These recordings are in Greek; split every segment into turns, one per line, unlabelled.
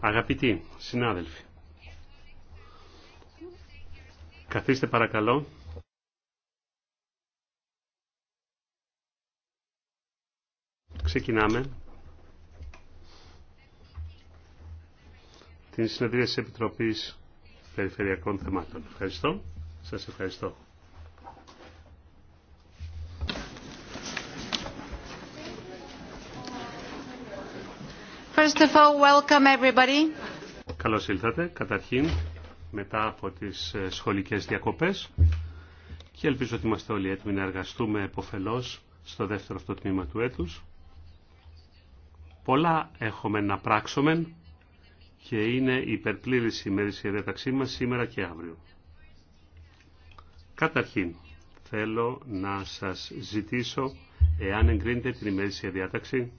Αγαπητοί συνάδελφοι, καθίστε παρακαλώ. Ξεκινάμε την συνεδρία της Επιτροπής Περιφερειακών Θεμάτων. Ευχαριστώ. Σας ευχαριστώ. First of welcome everybody. Καλώς ήλθατε, καταρχήν, μετά από τις ε, σχολικές διακοπές και ελπίζω ότι είμαστε όλοι έτοιμοι να εργαστούμε εποφελώς στο δεύτερο αυτό τμήμα του έτους. Πολλά έχουμε να πράξουμε και είναι υπερπλήρηση η μέρηση διαταξή μας σήμερα και αύριο. Καταρχήν, θέλω να σας ζητήσω, εάν εγκρίνετε την ημερήσια διάταξη,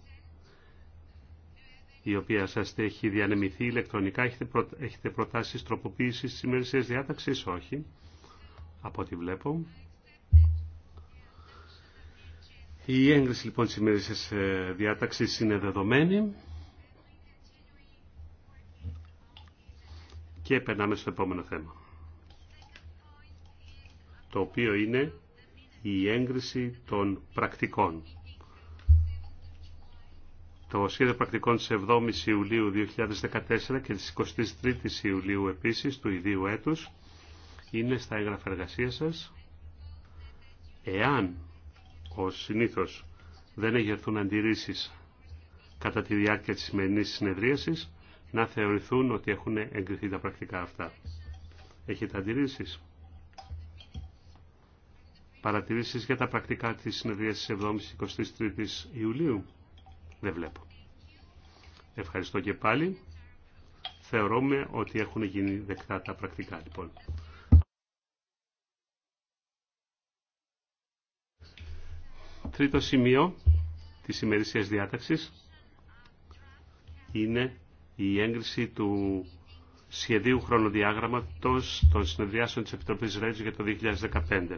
η οποία σας έχει διανεμηθεί ηλεκτρονικά. Έχετε, προ... έχετε προτάσεις τροποποίησης τη διάταξης, όχι, από ό,τι βλέπω. Η έγκριση λοιπόν τη ημερησίας ε, διάταξης είναι δεδομένη. Και περνάμε στο επόμενο θέμα. Το οποίο είναι η έγκριση των πρακτικών το σχέδιο πρακτικών της 7ης Ιουλίου 2014 και της 23ης Ιουλίου επίσης του ιδίου έτους είναι στα έγγραφα εργασία σας. Εάν, ως συνήθως, δεν εγερθούν αντιρρήσεις κατά τη διάρκεια της σημερινής συνεδρίασης, να θεωρηθούν ότι έχουν εγκριθεί τα πρακτικά αυτά. Έχετε αντιρρήσεις. Παρατηρήσεις για τα πρακτικά της συνεδρίασης 7ης 23ης Ιουλίου. Δεν βλέπω. Ευχαριστώ και πάλι. Θεωρούμε ότι έχουν γίνει δεκτά τα πρακτικά λοιπόν. Τρίτο σημείο της ημερησίας διάταξης είναι η έγκριση του σχεδίου χρονοδιάγραμματος των συνεδριάσεων της Επιτροπής Ρέτζου για το 2015.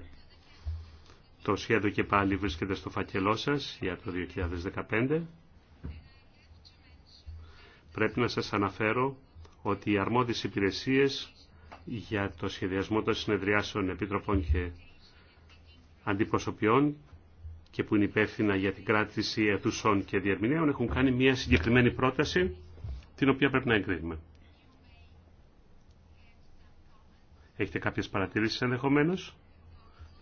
Το σχέδιο και πάλι βρίσκεται στο φακελό σας για το 2015 πρέπει να σας αναφέρω ότι οι αρμόδιες υπηρεσίες για το σχεδιασμό των συνεδριάσεων επιτροπών και αντιπροσωπιών και που είναι υπεύθυνα για την κράτηση αιθουσών και διερμηνέων έχουν κάνει μια συγκεκριμένη πρόταση την οποία πρέπει να εγκρίνουμε. Έχετε κάποιες παρατηρήσεις ενδεχομένως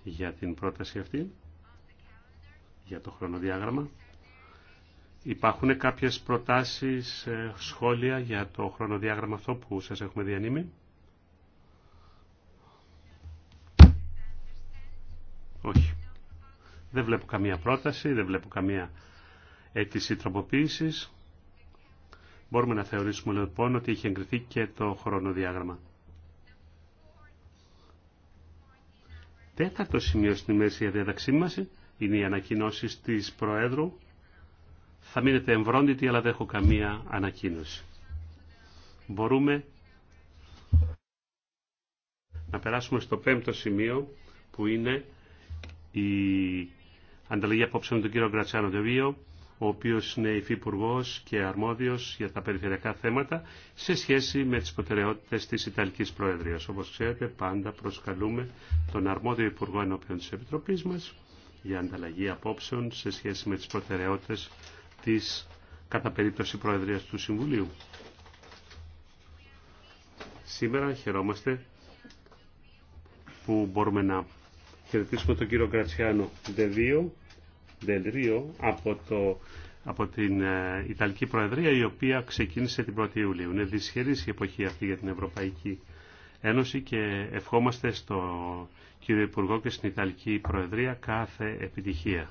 για την πρόταση αυτή, για το χρονοδιάγραμμα. Υπάρχουν κάποιες προτάσεις, ε, σχόλια για το χρονοδιάγραμμα αυτό που σας έχουμε διανύμει. Όχι. Δεν βλέπω καμία πρόταση, δεν βλέπω καμία αίτηση τροποποίησης. Μπορούμε να θεωρήσουμε λοιπόν ότι έχει εγκριθεί και το χρονοδιάγραμμα. Τέταρτο σημείο στην ημέρηση διαταξή μας είναι οι ανακοινώσει της Προέδρου θα μείνετε εμβρόντιτοι, αλλά δεν έχω καμία ανακοίνωση. Μπορούμε να περάσουμε στο πέμπτο σημείο, που είναι η ανταλλαγή απόψε με τον κύριο Γκρατσάνο δεβιο ο οποίος είναι υφυπουργό και αρμόδιος για τα περιφερειακά θέματα σε σχέση με τις προτεραιότητες της Ιταλικής Προεδρίας. Όπως ξέρετε, πάντα προσκαλούμε τον αρμόδιο υπουργό ενώπιον της Επιτροπής μας για ανταλλαγή απόψεων σε σχέση με τις προτεραιότητες της κατά περίπτωση Προεδρίας του Συμβουλίου. Σήμερα χαιρόμαστε που μπορούμε να χαιρετήσουμε τον κύριο Γκρατσιάνο Δεδίο, από, το, από την ε, Ιταλική Προεδρία η οποία ξεκίνησε την 1η Ιουλίου. Είναι δυσχερής η εποχή αυτή για την Ευρωπαϊκή Ένωση και ευχόμαστε στο κύριο Υπουργό και στην Ιταλική Προεδρία κάθε επιτυχία.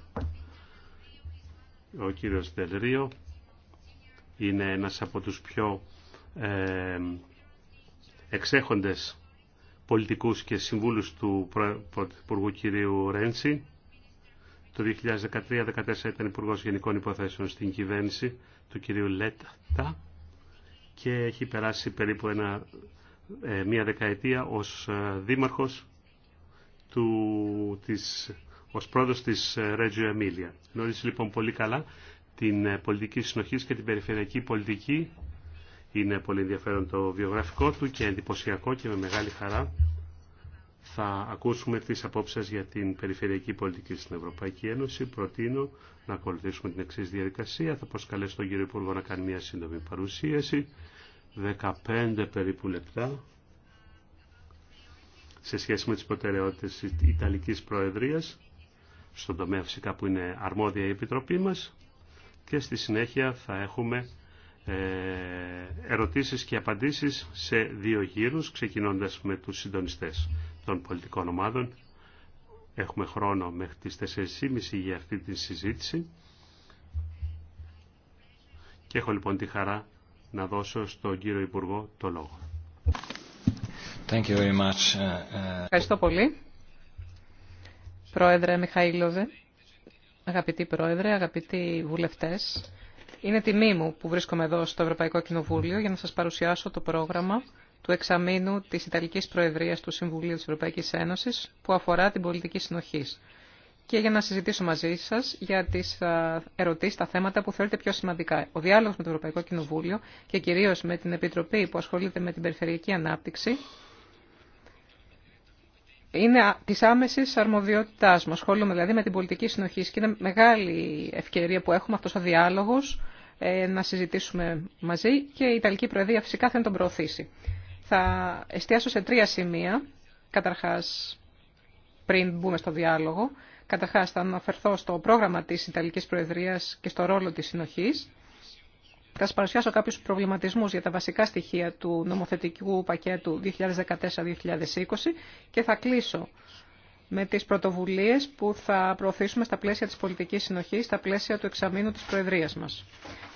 Ο κύριος Δελρίο είναι ένας από τους πιο ε, εξέχοντες πολιτικούς και συμβούλους του Πρωθυπουργού κυρίου Ρέντσι. Το 2013-2014 ήταν Υπουργός Γενικών Υποθέσεων στην κυβέρνηση του κυρίου Λέτα και έχει περάσει περίπου ε, μία δεκαετία ως ε, δήμαρχος του, της Ω πρόεδρος τη ε, Reggio Emilia. Γνωρίζει λοιπόν πολύ καλά την ε, πολιτική συνοχή και την περιφερειακή πολιτική. Είναι πολύ ενδιαφέρον το βιογραφικό του και εντυπωσιακό και με μεγάλη χαρά θα ακούσουμε τις απόψεις για την περιφερειακή πολιτική στην Ευρωπαϊκή Ένωση. Προτείνω να ακολουθήσουμε την εξή διαδικασία. Θα προσκαλέσω τον κύριο Υπουργό να κάνει μια σύντομη παρουσίαση. 15 περίπου λεπτά σε σχέση με τις προτεραιότητες της Ιταλικής Προεδρίας στον τομέα φυσικά που είναι αρμόδια η Επιτροπή μας και στη συνέχεια θα έχουμε ε, ερωτήσεις και απαντήσεις σε δύο γύρους ξεκινώντας με τους συντονιστές των πολιτικών ομάδων. Έχουμε χρόνο μέχρι τις 4.30 για αυτή τη συζήτηση και έχω λοιπόν τη χαρά να δώσω στον κύριο Υπουργό το λόγο. Thank you very ε, ε. Ευχαριστώ
πολύ. Πρόεδρε Μιχαήλοβε, αγαπητοί Πρόεδρε, αγαπητοί βουλευτές, είναι τιμή μου που βρίσκομαι εδώ στο Ευρωπαϊκό Κοινοβούλιο για να σας παρουσιάσω το πρόγραμμα του εξαμήνου της Ιταλικής Προεδρίας του Συμβουλίου της Ευρωπαϊκής Ένωσης που αφορά την πολιτική συνοχής και για να συζητήσω μαζί σα για τι ερωτήσει, τα θέματα που θεωρείτε πιο σημαντικά. Ο διάλογο με το Ευρωπαϊκό Κοινοβούλιο και κυρίω με την Επιτροπή που ασχολείται με την Περιφερειακή Ανάπτυξη είναι τη άμεση αρμοδιότητά μας. Ασχολούμαι δηλαδή με την πολιτική συνοχή και είναι μεγάλη ευκαιρία που έχουμε αυτό ο διάλογος ε, να συζητήσουμε μαζί και η Ιταλική Προεδρία φυσικά θα τον προωθήσει. Θα εστιάσω σε τρία σημεία, καταρχάς πριν μπούμε στο διάλογο. Καταρχά θα αναφερθώ στο πρόγραμμα της Ιταλικής Προεδρία και στο ρόλο τη συνοχή. Θα σα παρουσιάσω κάποιου προβληματισμού για τα βασικά στοιχεία του νομοθετικού πακέτου 2014-2020 και θα κλείσω με τι πρωτοβουλίε που θα προωθήσουμε στα πλαίσια τη πολιτική συνοχή, στα πλαίσια του εξαμήνου τη Προεδρία μα,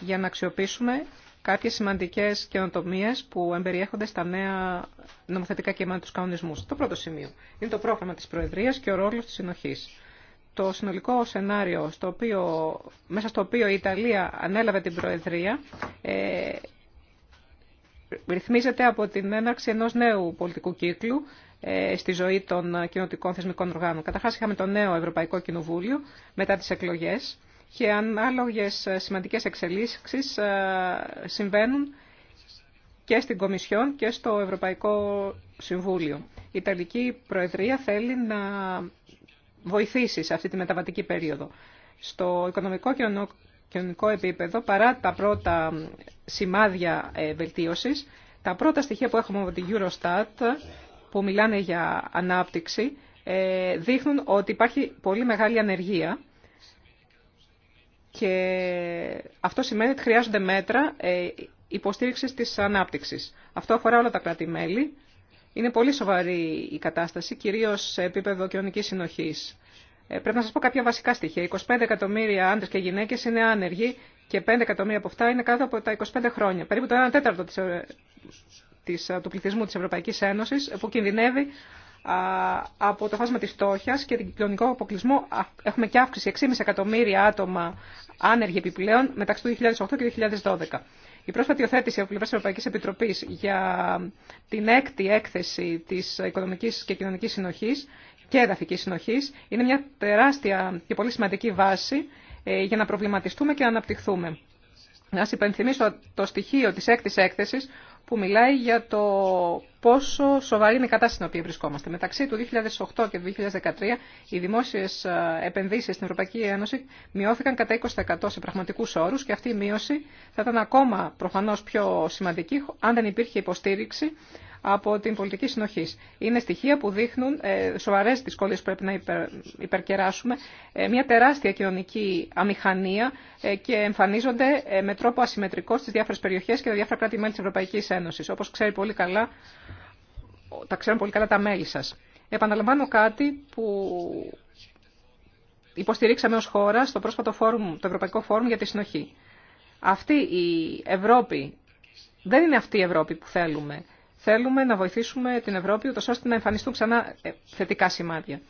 για να αξιοποιήσουμε κάποιε σημαντικέ καινοτομίε που εμπεριέχονται στα νέα νομοθετικά κείμενα του κανονισμού. Το πρώτο σημείο είναι το πρόγραμμα τη Προεδρία και ο ρόλο τη συνοχή το συνολικό σενάριο στο οποίο, μέσα στο οποίο η Ιταλία ανέλαβε την Προεδρία ε, ρυθμίζεται από την έναρξη ενός νέου πολιτικού κύκλου ε, στη ζωή των κοινοτικών θεσμικών οργάνων. Καταρχάς είχαμε το νέο Ευρωπαϊκό Κοινοβούλιο μετά τις εκλογές και ανάλογες σημαντικές εξελίξεις ε, συμβαίνουν και στην Κομισιόν και στο Ευρωπαϊκό Συμβούλιο. Η Ιταλική Προεδρία θέλει να βοηθήσει σε αυτή τη μεταβατική περίοδο. Στο οικονομικό και κοινωνικό επίπεδο, παρά τα πρώτα σημάδια ε, βελτίωσης, τα πρώτα στοιχεία που έχουμε από την Eurostat, που μιλάνε για ανάπτυξη, ε, δείχνουν ότι υπάρχει πολύ μεγάλη ανεργία και αυτό σημαίνει ότι χρειάζονται μέτρα ε, υποστήριξης της ανάπτυξης. Αυτό αφορά όλα τα κράτη-μέλη είναι πολύ σοβαρή η κατάσταση, κυρίως σε επίπεδο κοινωνικής συνοχής. Ε, πρέπει να σας πω κάποια βασικά στοιχεία. 25 εκατομμύρια άντρες και γυναίκες είναι άνεργοι και 5 εκατομμύρια από αυτά είναι κάτω από τα 25 χρόνια. Περίπου το 1 τέταρτο της, ε, της, ε, του πληθυσμού της Ευρωπαϊκής Ένωσης που κινδυνεύει α, από το φάσμα της φτώχειας και την κοινωνικό αποκλεισμό. Έχουμε και αύξηση 6,5 εκατομμύρια άτομα άνεργοι επιπλέον μεταξύ του 2008 και 2012. Η πρόσφατη οθέτηση από πλευρά Ευρωπαϊκή Επιτροπή για την έκτη έκθεση τη οικονομική και κοινωνική συνοχή και εδαφική συνοχή είναι μια τεράστια και πολύ σημαντική βάση ε, για να προβληματιστούμε και να αναπτυχθούμε. Να σα υπενθυμίσω το στοιχείο τη έκτη έκθεση που μιλάει για το πόσο σοβαρή είναι η κατάσταση στην οποία βρισκόμαστε. Μεταξύ του 2008 και του 2013 οι δημόσιε επενδύσει στην Ευρωπαϊκή Ένωση μειώθηκαν κατά 20% σε πραγματικού όρου και αυτή η μείωση θα ήταν ακόμα προφανώ πιο σημαντική αν δεν υπήρχε υποστήριξη από την πολιτική συνοχή. Είναι στοιχεία που δείχνουν ε, σοβαρέ δυσκολίε που πρέπει να υπερκεράσουμε, ε, μια τεράστια κοινωνική αμηχανία ε, και εμφανίζονται ε, με τρόπο ασυμμετρικό στι διάφορε περιοχέ και τα διάφορα κράτη-μέλη τη Ευρωπαϊκή Ένωση. Όπω ξέρει πολύ καλά τα ξέρουν πολύ καλά τα μέλη σας. Επαναλαμβάνω κάτι που υποστηρίξαμε ως χώρα στο πρόσφατο φόρουμ, το Ευρωπαϊκό Φόρουμ για τη Συνοχή. Αυτή η Ευρώπη δεν είναι αυτή η Ευρώπη που θέλουμε. Θέλουμε να βοηθήσουμε την Ευρώπη ούτως ώστε να εμφανιστούν ξανά ε, θετικά σημάδια.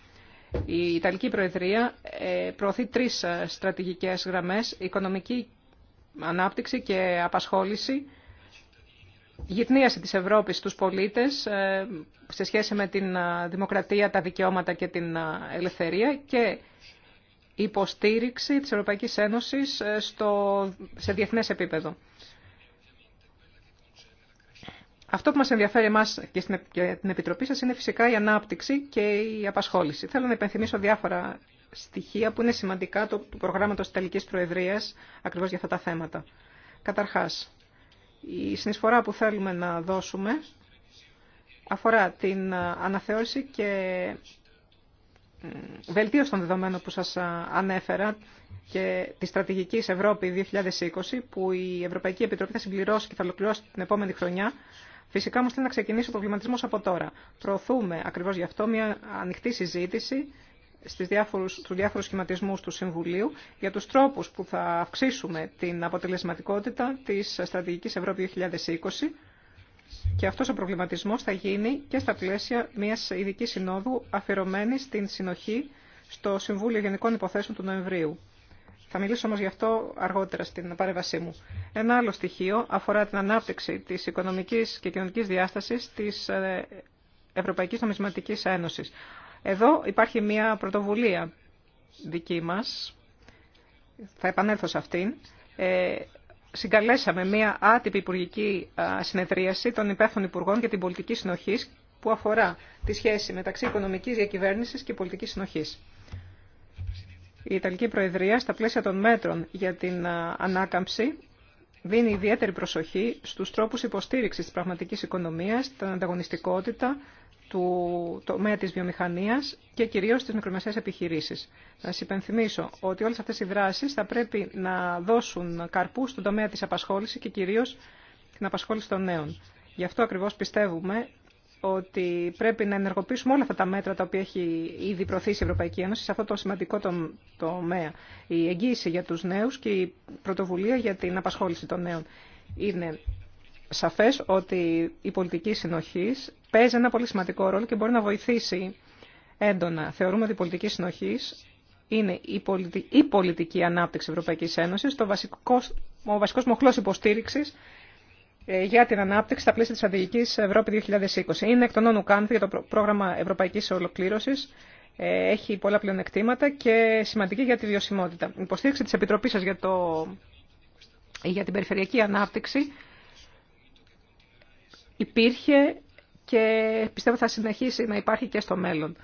Η Ιταλική Προεδρία ε, προωθεί τρεις ε, στρατηγικές γραμμές, οικονομική ανάπτυξη και απασχόληση γυπνίαση της Ευρώπης στους πολίτες ε, σε σχέση με την ε, δημοκρατία, τα δικαιώματα και την ε, ελευθερία και υποστήριξη της Ευρωπαϊκής Ένωσης στο, σε διεθνές επίπεδο. Αυτό που μας ενδιαφέρει εμάς και στην Επιτροπή σας είναι φυσικά η ανάπτυξη και η απασχόληση. Θέλω να υπενθυμίσω διάφορα στοιχεία που είναι σημαντικά του προγράμματος της Ιταλικής Προεδρίας ακριβώς για αυτά τα θέματα. Καταρχάς, η συνεισφορά που θέλουμε να δώσουμε αφορά την αναθεώρηση και βελτίωση των δεδομένων που σας ανέφερα και τη στρατηγικής Ευρώπη 2020 που η Ευρωπαϊκή Επιτροπή θα συμπληρώσει και θα ολοκληρώσει την επόμενη χρονιά. Φυσικά όμως θέλει να ξεκινήσει ο προβληματισμός από τώρα. Προωθούμε ακριβώς γι' αυτό μια ανοιχτή συζήτηση στις διάφορους, στους διάφορους σχηματισμούς του Συμβουλίου για τους τρόπους που θα αυξήσουμε την αποτελεσματικότητα της Στρατηγικής Ευρώπη 2020 και αυτός ο προβληματισμός θα γίνει και στα πλαίσια μιας ειδική συνόδου αφιερωμένη στην συνοχή στο Συμβούλιο Γενικών Υποθέσεων του Νοεμβρίου. Θα μιλήσω όμως γι' αυτό αργότερα στην παρέμβασή μου. Ένα άλλο στοιχείο αφορά την ανάπτυξη της οικονομικής και κοινωνικής διάστασης της ε, Ευρωπαϊκής Νομισματικής Ένωσης. Εδώ υπάρχει μια πρωτοβουλία δική μας, θα επανέλθω σε αυτήν. Ε, συγκαλέσαμε μια άτυπη υπουργική συνεδρίαση των υπεύθυνων υπουργών για την πολιτική συνοχή που αφορά τη σχέση μεταξύ οικονομικής διακυβέρνησης και πολιτικής συνοχής. Η Ιταλική Προεδρία, στα πλαίσια των μέτρων για την ανάκαμψη, δίνει ιδιαίτερη προσοχή στους τρόπους υποστήριξης της πραγματικής οικονομίας, την ανταγωνιστικότητα, του τομέα της βιομηχανίας και κυρίως στις μικρομεσαίες επιχειρήσεις. Να σας υπενθυμίσω ότι όλες αυτές οι δράσεις θα πρέπει να δώσουν καρπού στον τομέα της απασχόλησης και κυρίως την απασχόληση των νέων. Γι' αυτό ακριβώς πιστεύουμε ότι πρέπει να ενεργοποιήσουμε όλα αυτά τα μέτρα τα οποία έχει ήδη προωθήσει η Ευρωπαϊκή Ένωση σε αυτό το σημαντικό τομέα. Η εγγύηση για τους νέους και η πρωτοβουλία για την απασχόληση των νέων είναι σαφές ότι η πολιτική συνοχή παίζει ένα πολύ σημαντικό ρόλο και μπορεί να βοηθήσει έντονα. Θεωρούμε ότι η πολιτική συνοχή είναι η, πολιτική ανάπτυξη Ευρωπαϊκή Ένωση, ο βασικό μοχλό υποστήριξη ε, για την ανάπτυξη στα πλαίσια τη στρατηγικής Ευρώπη 2020. Είναι εκ των κάνθη για το πρόγραμμα Ευρωπαϊκή Ολοκλήρωση, ε, Έχει πολλά πλεονεκτήματα και σημαντική για τη βιωσιμότητα. Η υποστήριξη τη επιτροπή σα για, το... για την περιφερειακή ανάπτυξη υπήρχε και πιστεύω θα συνεχίσει να υπάρχει και στο μέλλον.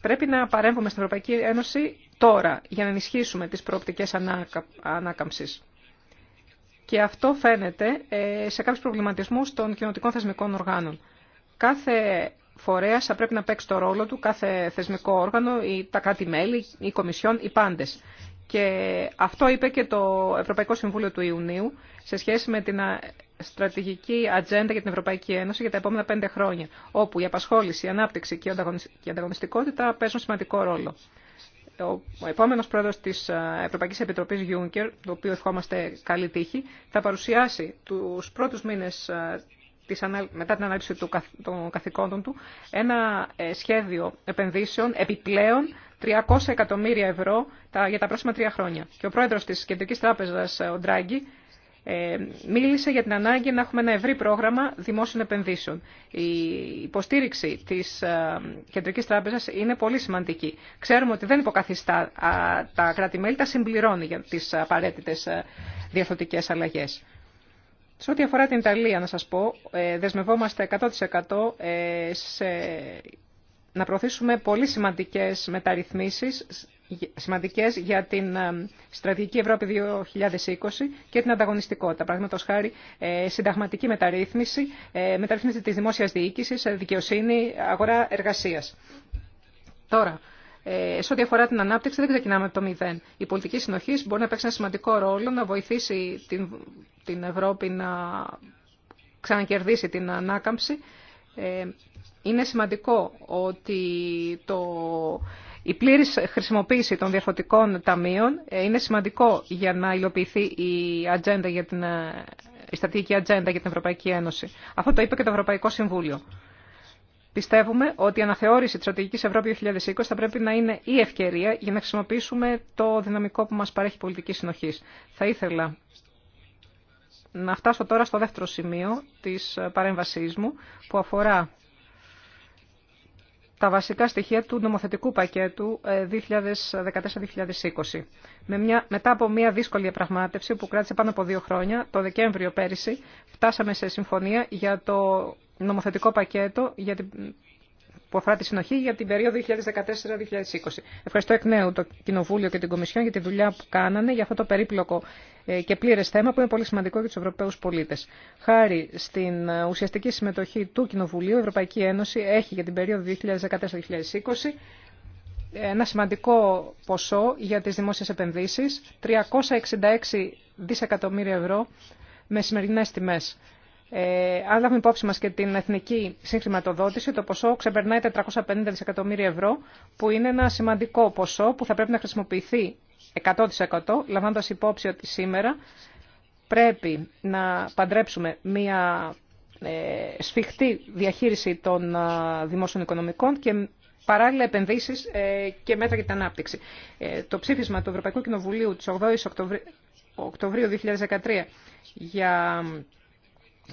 Πρέπει να παρέμβουμε στην Ευρωπαϊκή Ένωση τώρα για να ενισχύσουμε τις προοπτικές ανάκαμψης. Και αυτό φαίνεται ε, σε κάποιους προβληματισμούς των κοινωτικών θεσμικών οργάνων. Κάθε φορέας θα πρέπει να παίξει το ρόλο του, κάθε θεσμικό όργανο, ή τα κάτι μελη ή κομισιόν, οι πάντες. Και αυτό είπε και το Ευρωπαϊκό Συμβούλιο του Ιουνίου σε σχέση με την στρατηγική ατζέντα για την Ευρωπαϊκή Ένωση για τα επόμενα πέντε χρόνια, όπου η απασχόληση, η ανάπτυξη και η ανταγωνιστικότητα παίζουν σημαντικό ρόλο. Ο επόμενος πρόεδρος της ε, Ευρωπαϊκής Επιτροπής, Juncker, το οποίο ευχόμαστε καλή τύχη, θα παρουσιάσει τους πρώτους μήνες ε, μετά την ανάλυση των καθηκόντων του ένα ε, σχέδιο επενδύσεων επιπλέον 300 εκατομμύρια ευρώ για τα πρόσφατα τρία χρόνια. Και ο πρόεδρος της Κεντρικής Τράπεζας, ο Ντράγκη, ε, μίλησε για την ανάγκη να έχουμε ένα ευρύ πρόγραμμα δημόσιων επενδύσεων. Η υποστήριξη της ε, Κεντρικής Τράπεζας είναι πολύ σημαντική. Ξέρουμε ότι δεν υποκαθιστά τα κράτη-μέλη, τα συμπληρώνει για τις απαραίτητε ε, διαθωτικές αλλαγέ. Σε ό,τι αφορά την Ιταλία, να σας πω, δεσμευόμαστε 100% σε... να προωθήσουμε πολύ σημαντικέ μεταρρυθμίσει σημαντικές για την ε, Στρατηγική Ευρώπη 2020 και την ανταγωνιστικότητα. Παραδείγματο χάρη ε, συνταγματική μεταρρύθμιση, ε, μεταρρύθμιση της δημόσιας διοίκησης, δικαιοσύνη, αγορά εργασίας. Τώρα, σε ό,τι αφορά την ανάπτυξη, δεν ξεκινάμε από το μηδέν. Η πολιτική συνοχή μπορεί να παίξει ένα σημαντικό ρόλο να βοηθήσει την, την Ευρώπη να ξανακερδίσει την ανάκαμψη. είναι σημαντικό ότι το η πλήρη χρησιμοποίηση των διαφορετικών ταμείων ε, είναι σημαντικό για να υλοποιηθεί η, ατζέντα για την, ε, στρατηγική ατζέντα για την Ευρωπαϊκή Ένωση. Αυτό το είπε και το Ευρωπαϊκό Συμβούλιο. Πιστεύουμε ότι η αναθεώρηση της στρατηγικής Ευρώπη 2020 θα πρέπει να είναι η ευκαιρία για να χρησιμοποιήσουμε το δυναμικό που μας παρέχει η πολιτική συνοχή. Θα ήθελα να φτάσω τώρα στο δεύτερο σημείο της ε, παρέμβασή μου που αφορά τα βασικά στοιχεία του νομοθετικού πακέτου 2014-2020. Ε, Με μια, μετά από μια δύσκολη επραγμάτευση που κράτησε πάνω από δύο χρόνια, το Δεκέμβριο πέρυσι φτάσαμε σε συμφωνία για το νομοθετικό πακέτο για την που αφορά τη συνοχή για την περίοδο 2014-2020. Ευχαριστώ εκ νέου το Κοινοβούλιο και την Κομισιόν για τη δουλειά που κάνανε για αυτό το περίπλοκο ε, και πλήρε θέμα που είναι πολύ σημαντικό για του Ευρωπαίου πολίτε. Χάρη στην ε, ουσιαστική συμμετοχή του Κοινοβουλίου, η Ευρωπαϊκή Ένωση έχει για την περίοδο 2014-2020 ε, ένα σημαντικό ποσό για τις δημόσιες επενδύσεις, 366 δισεκατομμύρια ευρώ με σημερινές τιμές. Ε, αν λάβουμε υπόψη μας και την εθνική συγχρηματοδότηση, το ποσό ξεπερνάει 450 δισεκατομμύρια ευρώ, που είναι ένα σημαντικό ποσό που θα πρέπει να χρησιμοποιηθεί 100% λαμβάνοντας υπόψη ότι σήμερα πρέπει να παντρέψουμε μία ε, σφιχτή διαχείριση των ε, δημόσιων οικονομικών και παράλληλα επενδύσεις ε, και μέτρα για την ανάπτυξη. Ε, το ψήφισμα του Ευρωπαϊκού Κοινοβουλίου της 8ης Οκτωβρίου 2013 για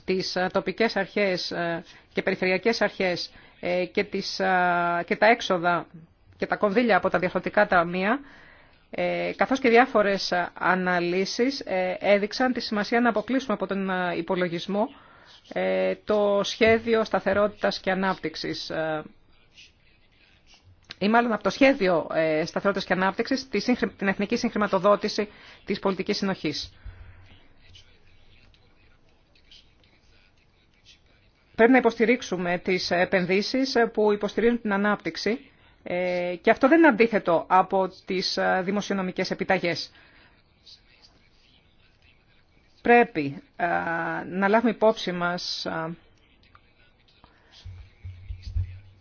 τις ε, τοπικές αρχές ε, και περιφερειακές αρχές ε, και, τις, και τα έξοδα και τα κονδύλια από τα διαφορετικά ταμεία, καθώς και διάφορες αναλύσεις έδειξαν τη σημασία να αποκλείσουμε από τον υπολογισμό το σχέδιο σταθερότητας και ανάπτυξης ή μάλλον από το σχέδιο σταθερότητας και ανάπτυξης την εθνική συγχρηματοδότηση της πολιτικής συνοχής. πρέπει να υποστηρίξουμε τις επενδύσεις που υποστηρίζουν την ανάπτυξη ε, και αυτό δεν είναι αντίθετο από τις ε, δημοσιονομικές επιταγές. Πρέπει ε, να λάβουμε υπόψη μας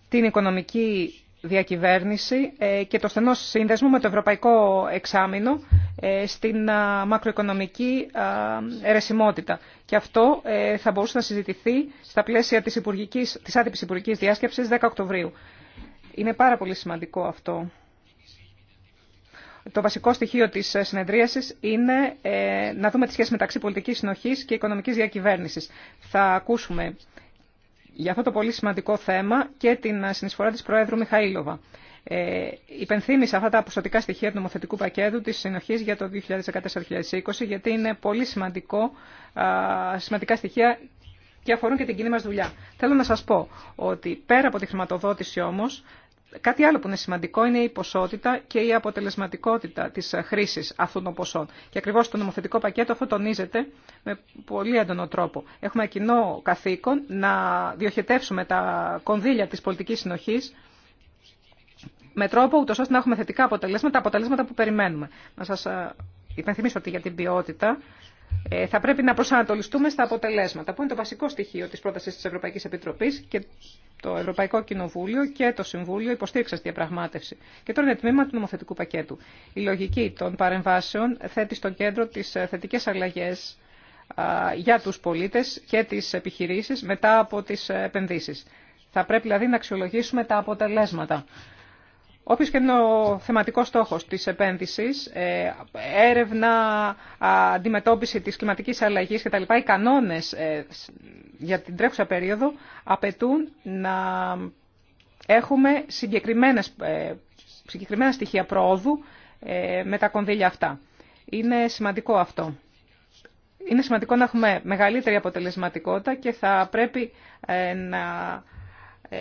την οικονομική διακυβέρνηση και το στενό σύνδεσμο με το Ευρωπαϊκό Εξάμεινο ε, στην μακροοικονομική ερεσιμότητα Και αυτό ε, θα μπορούσε να συζητηθεί στα πλαίσια της, υπουργικής, της άτυπης υπουργικής διάσκεψης 10 Οκτωβρίου. Είναι πάρα πολύ σημαντικό αυτό. Το βασικό στοιχείο της ε, συνεδρίασης είναι να δούμε τη σχέση μεταξύ πολιτικής συνοχής και οικονομικής διακυβέρνησης. Θα ακούσουμε για αυτό το πολύ σημαντικό θέμα και την συνεισφορά της Προέδρου Μιχαήλοβα. Ε, υπενθύμησα αυτά τα ποσοτικά στοιχεία του νομοθετικού πακέτου της συνοχής για το 2014-2020 γιατί είναι πολύ σημαντικό, σημαντικά στοιχεία και αφορούν και την κοινή μας δουλειά. Θέλω να σας πω ότι πέρα από τη χρηματοδότηση όμως Κάτι άλλο που είναι σημαντικό είναι η ποσότητα και η αποτελεσματικότητα τη χρήση αυτών των ποσών. Και ακριβώ το νομοθετικό πακέτο αυτό τονίζεται με πολύ έντονο τρόπο. Έχουμε κοινό καθήκον να διοχετεύσουμε τα κονδύλια τη πολιτική συνοχή με τρόπο ούτω ώστε να έχουμε θετικά αποτελέσματα, τα αποτελέσματα που περιμένουμε. Να σα ε, υπενθυμίσω ότι για την ποιότητα ε, θα πρέπει να προσανατολιστούμε στα αποτελέσματα, που είναι το βασικό στοιχείο τη πρόταση τη Ευρωπαϊκή Επιτροπή και το Ευρωπαϊκό Κοινοβούλιο και το Συμβούλιο υποστήριξαν στη διαπραγμάτευση. Και τώρα είναι τμήμα του νομοθετικού πακέτου. Η λογική των παρεμβάσεων θέτει στο κέντρο τι ε, θετικέ αλλαγέ για του πολίτε και τι επιχειρήσει μετά από τι επενδύσεις. Θα πρέπει δηλαδή να αξιολογήσουμε τα αποτελέσματα Όποιος και είναι ο θεματικός στόχος της επένδυσης, ε, έρευνα, αντιμετώπιση της κλιματικής αλλαγής κτλ. Οι κανόνες ε, για την τρέχουσα περίοδο απαιτούν να έχουμε συγκεκριμένες, ε, συγκεκριμένα στοιχεία προόδου με τα κονδύλια αυτά. Είναι σημαντικό αυτό. Είναι σημαντικό να έχουμε μεγαλύτερη αποτελεσματικότητα και θα πρέπει να ε,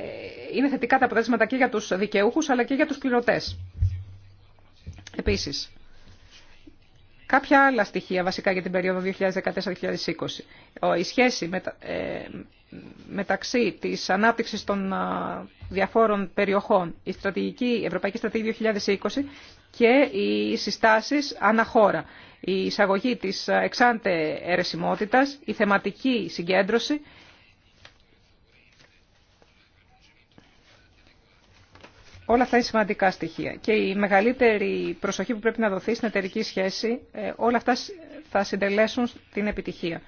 είναι θετικά τα αποτελέσματα και για τους δικαιούχους αλλά και για τους πληρωτές. Επίσης, κάποια άλλα στοιχεία βασικά για την περίοδο 2014-2020. Η σχέση ε, μεταξύ της ανάπτυξης των διαφόρων περιοχών, η, στρατηγική, Ευρωπαϊκή Στρατηγική 2020 και οι συστάσεις αναχώρα. Η εισαγωγή της εξάντε αιρεσιμότητας, η θεματική συγκέντρωση Όλα αυτά είναι σημαντικά στοιχεία. Και η μεγαλύτερη προσοχή που πρέπει να δοθεί στην εταιρική σχέση, ε, όλα αυτά θα συντελέσουν την επιτυχία.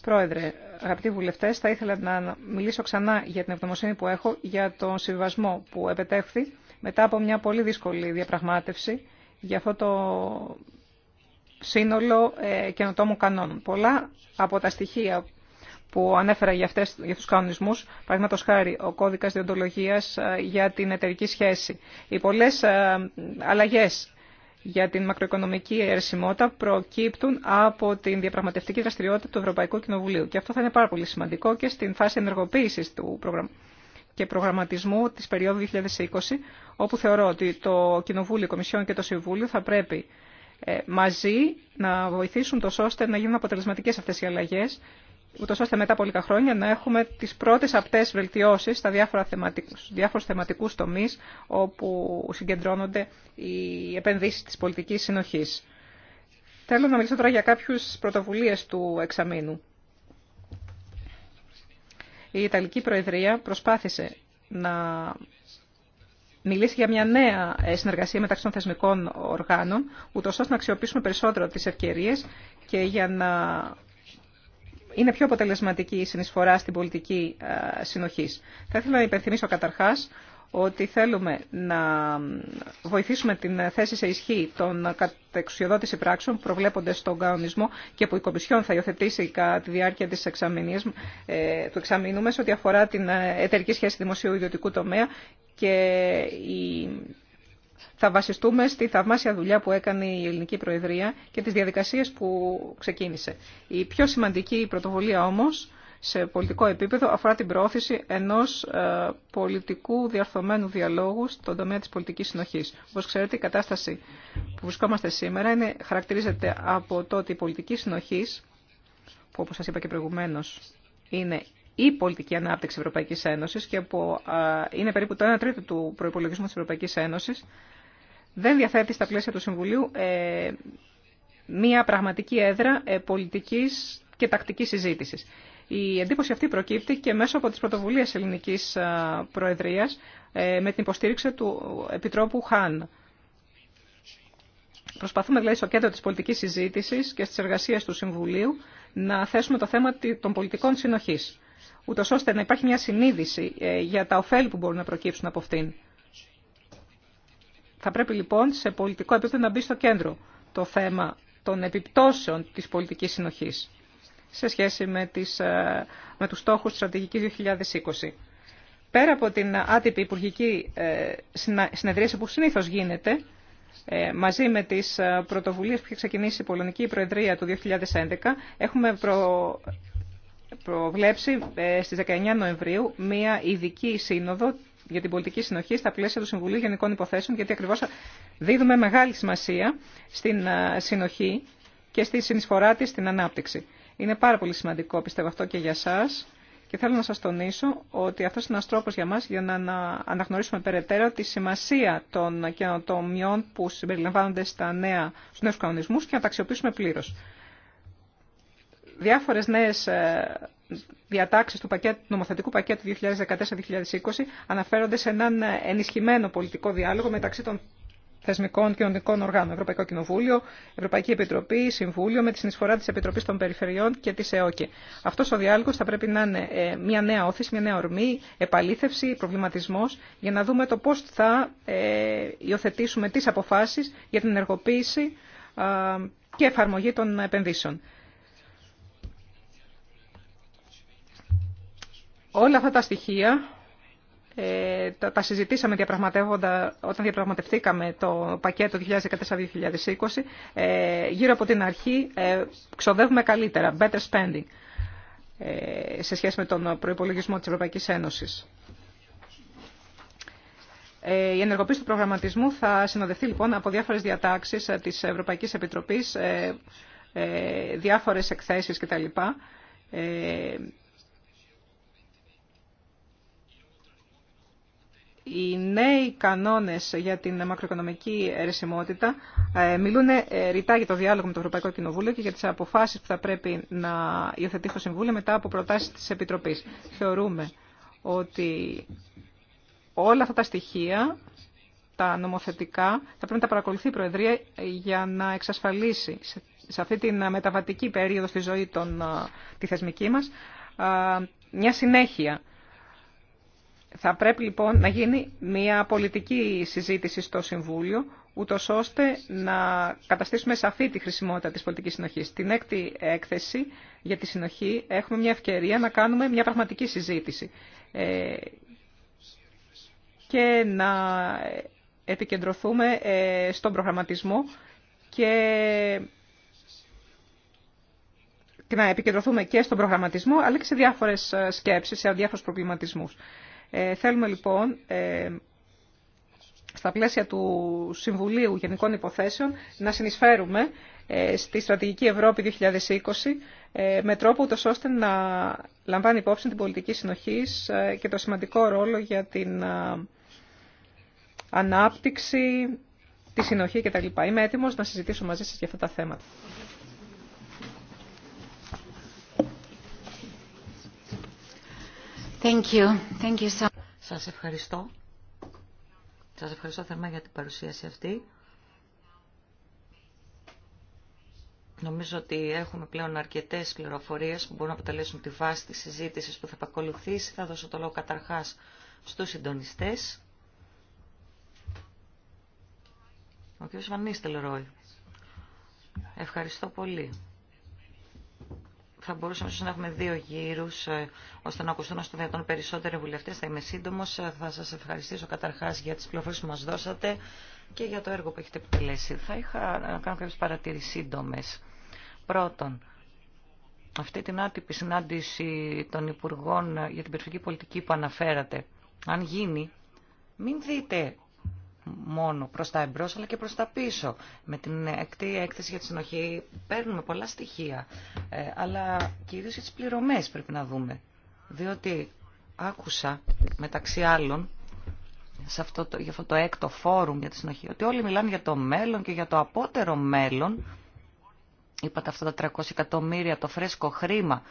Πρόεδρε, αγαπητοί βουλευτέ, θα ήθελα να μιλήσω ξανά για την ευγνωμοσύνη που έχω για τον συμβασμό που επετέχθη μετά από μια πολύ δύσκολη διαπραγμάτευση για αυτό το σύνολο ε, καινοτόμων κανόνων. Πολλά από τα στοιχεία που ανέφερα για, αυτές, για τους κανονισμούς, παραδείγματο χάρη ο κώδικας διοντολογίας ε, για την εταιρική σχέση. Οι πολλές ε, αλλαγές για την μακροοικονομική αιρεσιμότητα προκύπτουν από την διαπραγματευτική δραστηριότητα του Ευρωπαϊκού Κοινοβουλίου. Και αυτό θα είναι πάρα πολύ σημαντικό και στην φάση ενεργοποίησης του και προγραμματισμού της περίοδου 2020, όπου θεωρώ ότι το Κοινοβούλιο, η Κομισιόν και το Συμβούλιο θα πρέπει ε, μαζί να βοηθήσουν τόσο ώστε να γίνουν αποτελεσματικές αυτές οι αλλαγές ούτως ώστε μετά από λίγα χρόνια να έχουμε τις πρώτες απτές βελτιώσεις στα διάφορα θεματικούς, διάφορους θεματικούς τομείς όπου συγκεντρώνονται οι επενδύσεις της πολιτικής συνοχής. Θέλω να μιλήσω τώρα για κάποιους πρωτοβουλίες του εξαμήνου. Η Ιταλική Προεδρία προσπάθησε να μιλήσει για μια νέα ε, συνεργασία μεταξύ των θεσμικών οργάνων, ούτως ώστε να αξιοποιήσουμε περισσότερο τις ευκαιρίες και για να είναι πιο αποτελεσματική η συνεισφορά στην πολιτική ε, συνοχής. Θα ήθελα να υπενθυμίσω καταρχάς ότι θέλουμε να βοηθήσουμε την θέση σε ισχύ των κατεξουσιοδότηση πράξεων που προβλέπονται στον κανονισμό και που η Κομισιόν θα υιοθετήσει κατά τη διάρκεια της ε, του εξαμήνου μας ό,τι αφορά την ε, εταιρική σχέση δημοσίου ιδιωτικού τομέα και η θα βασιστούμε στη θαυμάσια δουλειά που έκανε η Ελληνική Προεδρία και τις διαδικασίες που ξεκίνησε. Η πιο σημαντική πρωτοβουλία όμως σε πολιτικό επίπεδο αφορά την προώθηση ενός ε, πολιτικού διαρθωμένου διαλόγου στον τομέα της πολιτικής συνοχής. Όπως ξέρετε η κατάσταση που βρισκόμαστε σήμερα είναι, χαρακτηρίζεται από το ότι η πολιτική συνοχής, που όπως σας είπα και προηγουμένως είναι η πολιτική ανάπτυξη Ευρωπαϊκή Ένωση και που είναι περίπου το 1 τρίτο του προπολογισμού τη Ευρωπαϊκή Ένωση, δεν διαθέτει στα πλαίσια του Συμβουλίου ε, μία πραγματική έδρα ε, πολιτική και τακτική συζήτηση. Η εντύπωση αυτή προκύπτει και μέσω από τις πρωτοβουλίες ελληνικής προεδρίας ε, με την υποστήριξη του Επιτρόπου Χάν. Προσπαθούμε δηλαδή στο κέντρο τη πολιτική συζήτηση και στι εργασίε του Συμβουλίου να θέσουμε το θέμα των πολιτικών συνοχή ούτως ώστε να υπάρχει μια συνείδηση ε, για τα ωφέλη που μπορούν να προκύψουν από αυτήν. Θα πρέπει λοιπόν σε πολιτικό επίπεδο να μπει στο κέντρο το θέμα των επιπτώσεων της πολιτικής συνοχής σε σχέση με, τις, ε, με τους στόχους της στρατηγικής 2020. Πέρα από την άτυπη υπουργική ε, συνεδρίαση που συνήθως γίνεται, μαζί με τις πρωτοβουλίες που είχε ξεκινήσει η Πολωνική Προεδρία του 2011, έχουμε προ προβλέψει ε, στις 19 Νοεμβρίου μία ειδική σύνοδο για την πολιτική συνοχή στα πλαίσια του Συμβουλίου Γενικών Υποθέσεων, γιατί ακριβώς δίδουμε μεγάλη σημασία στην ε, συνοχή και στη συνεισφορά της στην ανάπτυξη. Είναι πάρα πολύ σημαντικό, πιστεύω αυτό και για σας. Και θέλω να σας τονίσω ότι αυτός είναι ένας τρόπος για μας για να αναγνωρίσουμε περαιτέρω τη σημασία των καινοτομιών που συμπεριλαμβάνονται στα νέα, στους νέους κανονισμούς και να τα αξιοποιήσουμε πλήρως διάφορες νέες ε, διατάξεις του πακέτου, νομοθετικού πακέτου 2014-2020 αναφέρονται σε έναν ε, ενισχυμένο πολιτικό διάλογο μεταξύ των θεσμικών και κοινωνικών οργάνων, Ευρωπαϊκό Κοινοβούλιο, Ευρωπαϊκή Επιτροπή, Συμβούλιο, με τη συνεισφορά τη Επιτροπή των Περιφερειών και τη ΕΟΚΕ. Αυτό ο διάλογο θα πρέπει να είναι ε, μια νέα όθηση, μια νέα ορμή, επαλήθευση, προβληματισμό, για να δούμε το πώ θα υιοθετήσουμε τι αποφάσει για την ενεργοποίηση και εφαρμογή των επενδύσεων. Όλα αυτά τα στοιχεία ε, τα, συζητήσαμε διαπραγματεύοντα, όταν διαπραγματευτήκαμε το πακέτο 2014-2020. Ε, γύρω από την αρχή ε, ξοδεύουμε καλύτερα, better spending, ε, σε σχέση με τον προϋπολογισμό της Ευρωπαϊκής Ένωσης. Ε, η ενεργοποίηση του προγραμματισμού θα συνοδευτεί λοιπόν από διάφορες διατάξεις ε, της Ευρωπαϊκής Επιτροπής, ε, διάφορες εκθέσεις κτλ οι νέοι κανόνες για την μακροοικονομική ερεσιμότητα ε, μιλούν ε, ρητά για το διάλογο με το Ευρωπαϊκό Κοινοβούλιο και για τις αποφάσεις που θα πρέπει να υιοθετεί το Συμβούλιο μετά από προτάσεις της Επιτροπής. Θεωρούμε ότι όλα αυτά τα στοιχεία, τα νομοθετικά, θα πρέπει να τα παρακολουθεί η Προεδρία για να εξασφαλίσει σε αυτή τη μεταβατική περίοδο στη ζωή των, ε, τη θεσμική μας μια συνέχεια θα πρέπει λοιπόν να γίνει μια πολιτική συζήτηση στο Συμβούλιο, ούτω ώστε να καταστήσουμε σαφή τη χρησιμότητα της πολιτικής συνοχής. Στην έκτη έκθεση για τη συνοχή έχουμε μια ευκαιρία να κάνουμε μια πραγματική συζήτηση ε, και να επικεντρωθούμε ε, στον προγραμματισμό και και να επικεντρωθούμε και στον προγραμματισμό, αλλά και σε διάφορες ε, σκέψεις, σε διάφορους προβληματισμούς. Ε, θέλουμε λοιπόν ε, στα πλαίσια του Συμβουλίου Γενικών Υποθέσεων να συνεισφέρουμε ε, στη Στρατηγική Ευρώπη 2020 με τρόπο ούτως ώστε να λαμβάνει υπόψη την πολιτική συνοχής και το σημαντικό ρόλο για την ανάπτυξη, τη συνοχή κτλ. Είμαι έτοιμος να συζητήσω μαζί σας για αυτά τα θέματα.
Thank Σας ευχαριστώ. Σας ευχαριστώ θερμά για την παρουσίαση αυτή. Νομίζω ότι έχουμε πλέον αρκετές πληροφορίες που μπορούν να αποτελέσουν τη βάση της συζήτησης που θα επακολουθήσει. Θα δώσω το λόγο καταρχάς στους συντονιστές. Ο κ. Βανίστελ Ρόι. Ευχαριστώ πολύ θα μπορούσαμε να έχουμε δύο γύρους ε, ώστε να ακουστούν ως το δυνατόν περισσότεροι βουλευτές. Θα είμαι σύντομος. Ε, θα σας ευχαριστήσω καταρχάς για τις πληροφορίες που μας δώσατε και για το έργο που έχετε επιτελέσει. Θα είχα να κάνω κάποιες παρατηρήσεις σύντομε. Πρώτον, αυτή την άτυπη συνάντηση των Υπουργών για την Περιφερειακή Πολιτική που αναφέρατε, αν γίνει, μην δείτε μόνο προς τα εμπρός αλλά και προς τα πίσω. Με την εκτή έκθεση για τη συνοχή παίρνουμε πολλά στοιχεία, ε, αλλά κυρίως για τις πληρωμές πρέπει να δούμε. Διότι άκουσα μεταξύ άλλων σε αυτό το, για αυτό το έκτο φόρουμ για τη συνοχή, ότι όλοι μιλάνε για το μέλλον και για το απότερο μέλλον. Είπατε αυτά τα 300 εκατομμύρια, το φρέσκο χρήμα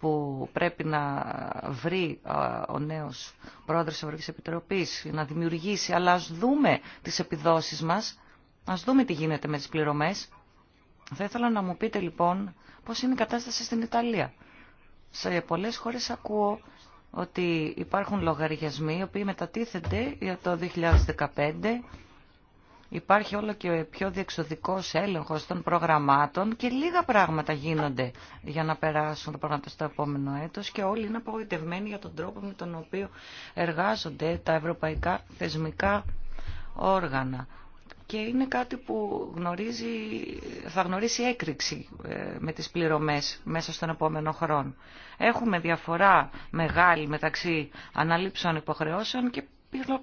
που πρέπει να βρει ο νέος πρόεδρος της Ευρωπαϊκής Επιτροπής, να δημιουργήσει, αλλά ας δούμε τις επιδόσεις μας, ας δούμε τι γίνεται με τις πληρωμές. Θα ήθελα να μου πείτε λοιπόν πώς είναι η κατάσταση στην Ιταλία. Σε πολλές χώρες ακούω ότι υπάρχουν λογαριασμοί οι οποίοι μετατίθενται για το 2015 Υπάρχει όλο και πιο διεξοδικός έλεγχος των προγραμμάτων και λίγα πράγματα γίνονται για να περάσουν τα πράγματα στο επόμενο έτος και όλοι είναι απογοητευμένοι για τον τρόπο με τον οποίο εργάζονται τα ευρωπαϊκά θεσμικά όργανα. Και είναι κάτι που γνωρίζει, θα γνωρίσει έκρηξη ε, με τις πληρωμές μέσα στον επόμενο χρόνο. Έχουμε διαφορά μεγάλη μεταξύ αναλήψεων υποχρεώσεων και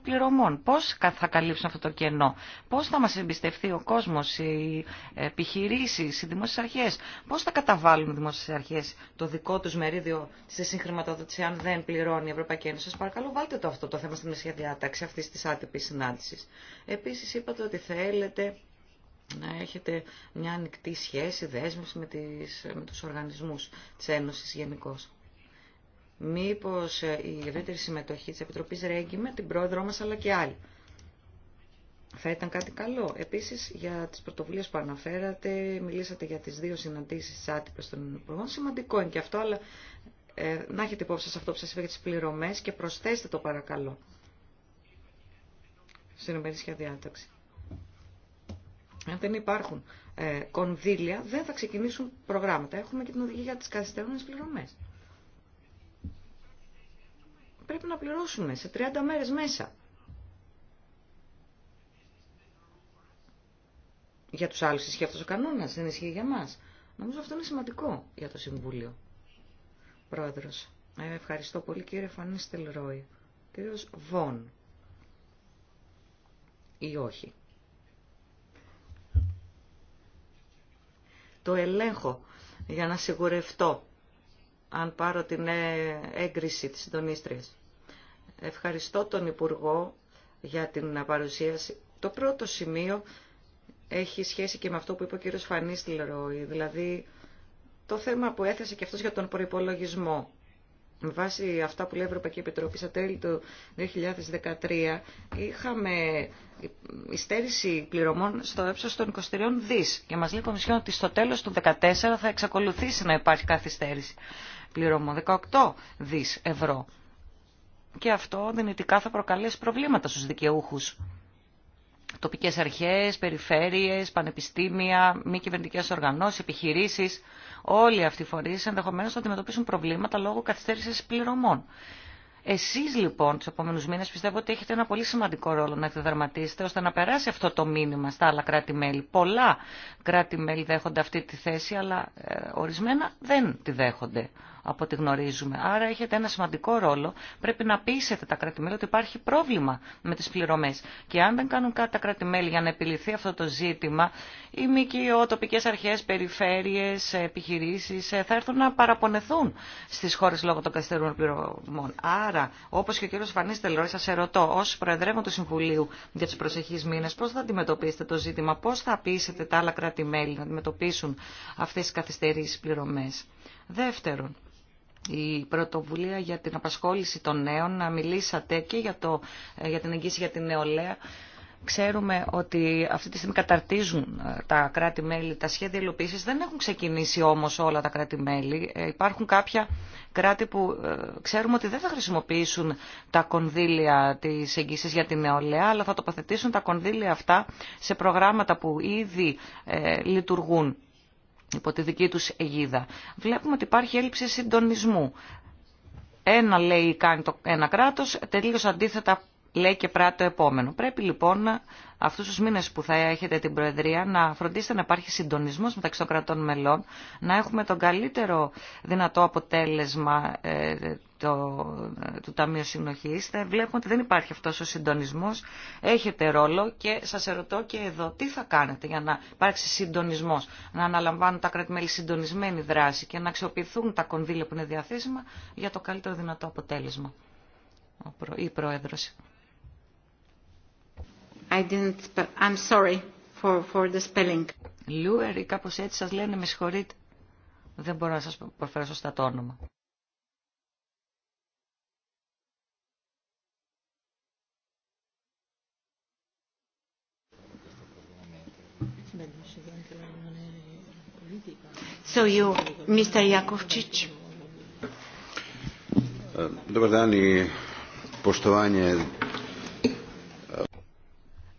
πληρωμών. Πώς θα καλύψουν αυτό το κενό, πώς θα μας εμπιστευτεί ο κόσμος, οι επιχειρήσει, οι δημόσιες αρχές, πώς θα καταβάλουν οι δημόσιες αρχές το δικό τους μερίδιο σε συγχρηματοδότηση αν δεν πληρώνει η Ευρωπαϊκή Ένωση. Σας παρακαλώ βάλτε το αυτό το θέμα στην μεσαία διάταξη αυτή της άτυπης συνάντηση. Επίσης είπατε ότι θέλετε να έχετε μια ανοιχτή σχέση, δέσμευση με, τις, με τους οργανισμούς της Ένωσης γενικώς. Μήπω η ευρύτερη συμμετοχή τη επιτροπή Ρέγγι με την πρόεδρό μα αλλά και άλλοι. Θα ήταν κάτι καλό. Επίση, για τι πρωτοβουλίε που αναφέρατε, μιλήσατε για τι δύο συναντήσει τη άτυπες των Υπουργών. Σημαντικό είναι και αυτό, αλλά ε, να έχετε υπόψη σε αυτό που σα είπα για τις πληρωμές και προσθέστε το παρακαλώ στην ημερήσια διάταξη. Αν δεν υπάρχουν ε, κονδύλια, δεν θα ξεκινήσουν προγράμματα. Έχουμε και την οδηγία για τι καθυστερούμενε πληρωμέ πρέπει να πληρώσουμε σε 30 μέρες μέσα. Για τους άλλους ισχύει αυτός ο κανόνας, δεν ισχύει για μας. Νομίζω αυτό είναι σημαντικό για το Συμβούλιο. Πρόεδρος, ε, ευχαριστώ πολύ κύριε Φανή Στελρόη. Κύριος Βον. Ή όχι. Το ελέγχω για να σιγουρευτώ αν πάρω την ε, έγκριση της συντονίστριας. Ευχαριστώ τον Υπουργό για την παρουσίαση. Το πρώτο σημείο έχει σχέση και με αυτό που είπε ο κύριος Φανής δηλαδή το θέμα που έθεσε και αυτός για τον προϋπολογισμό. Με βάση αυτά που λέει η Ευρωπαϊκή Επιτροπή στα τέλη του 2013 είχαμε υστέρηση πληρωμών στο έψος των 23 δις και μας λέει η Κομισιόν ότι στο τέλος του 2014 θα εξακολουθήσει να υπάρχει καθυστέρηση πληρωμών, 18 δις ευρώ. Και αυτό δυνητικά θα προκαλέσει προβλήματα στους δικαιούχους. Τοπικές αρχές, περιφέρειες, πανεπιστήμια, μη κυβερνητικέ οργανώσεις, επιχειρήσεις, όλοι αυτοί οι φορείς ενδεχομένως θα αντιμετωπίσουν προβλήματα λόγω καθυστέρησης πληρωμών. Εσείς λοιπόν τους επόμενους μήνες πιστεύω ότι έχετε ένα πολύ σημαντικό ρόλο να εκδεδερματίσετε ώστε να περάσει αυτό το μήνυμα στα άλλα κράτη-μέλη. Πολλά κράτη-μέλη δέχονται αυτή τη θέση αλλά ε, ορισμένα δεν τη δέχονται από ό,τι γνωρίζουμε. Άρα έχετε ένα σημαντικό ρόλο. Πρέπει να πείσετε τα κράτη-μέλη ότι υπάρχει πρόβλημα με τι πληρωμέ. Και αν δεν κάνουν κάτι τα κράτη-μέλη για να επιληθεί αυτό το ζήτημα, οι ΜΚΟ, τοπικέ αρχέ, περιφέρειες, επιχειρήσει, ε, θα έρθουν να παραπονεθούν στι χώρε λόγω των καθυστερούμενων πληρωμών. Άρα, όπω και ο κ. Φανή Τελόρη, σας ερωτώ, ω Προεδρεύον του Συμβουλίου για του προσεχεί μήνε, πώ θα αντιμετωπίσετε το ζήτημα, πώ θα πείσετε τα άλλα κρατημέλη να αντιμετωπίσουν αυτέ τι καθυστερήσει πληρωμέ. Δεύτερον, η πρωτοβουλία για την απασχόληση των νέων, να μιλήσατε και για, το, ε, για την εγγύηση για την νεολαία. Ξέρουμε ότι αυτή τη στιγμή καταρτίζουν ε, τα κράτη-μέλη τα σχέδια υλοποίησης. Δεν έχουν ξεκινήσει όμως όλα τα κράτη-μέλη. Ε, υπάρχουν κάποια κράτη που ξέρουμε ότι δεν θα χρησιμοποιήσουν τα κονδύλια της εγγύησης για την νεολαία, αλλά θα τοποθετήσουν τα κονδύλια αυτά σε προγράμματα που ήδη λειτουργούν υπό τη δική τους αιγίδα. Βλέπουμε ότι υπάρχει έλλειψη συντονισμού. Ένα λέει κάνει το ένα κράτος, τελείως αντίθετα λέει και πράττει το επόμενο. Πρέπει λοιπόν αυτού του μήνε που θα έχετε την Προεδρία να φροντίσετε να υπάρχει συντονισμό μεταξύ των κρατών μελών, να έχουμε το καλύτερο δυνατό αποτέλεσμα ε, το, ε, του Ταμείου Συνοχή. Βλέπουμε ότι δεν υπάρχει αυτό ο συντονισμό. Έχετε ρόλο και σα ερωτώ και εδώ τι θα κάνετε για να υπάρξει συντονισμό, να αναλαμβάνουν τα κρατημέλη συντονισμένη δράση και να αξιοποιηθούν τα κονδύλια που είναι διαθέσιμα για το καλύτερο δυνατό αποτέλεσμα. Η Πρόεδρος. I didn't spell. I'm sorry for, for the spelling. Λούερ ή κάπως έτσι σας λένε, με συγχωρείτε. Δεν μπορώ να σας προφέρω σωστά το όνομα. So you, Mr. Jakovčić.
Dobar dan i poštovanje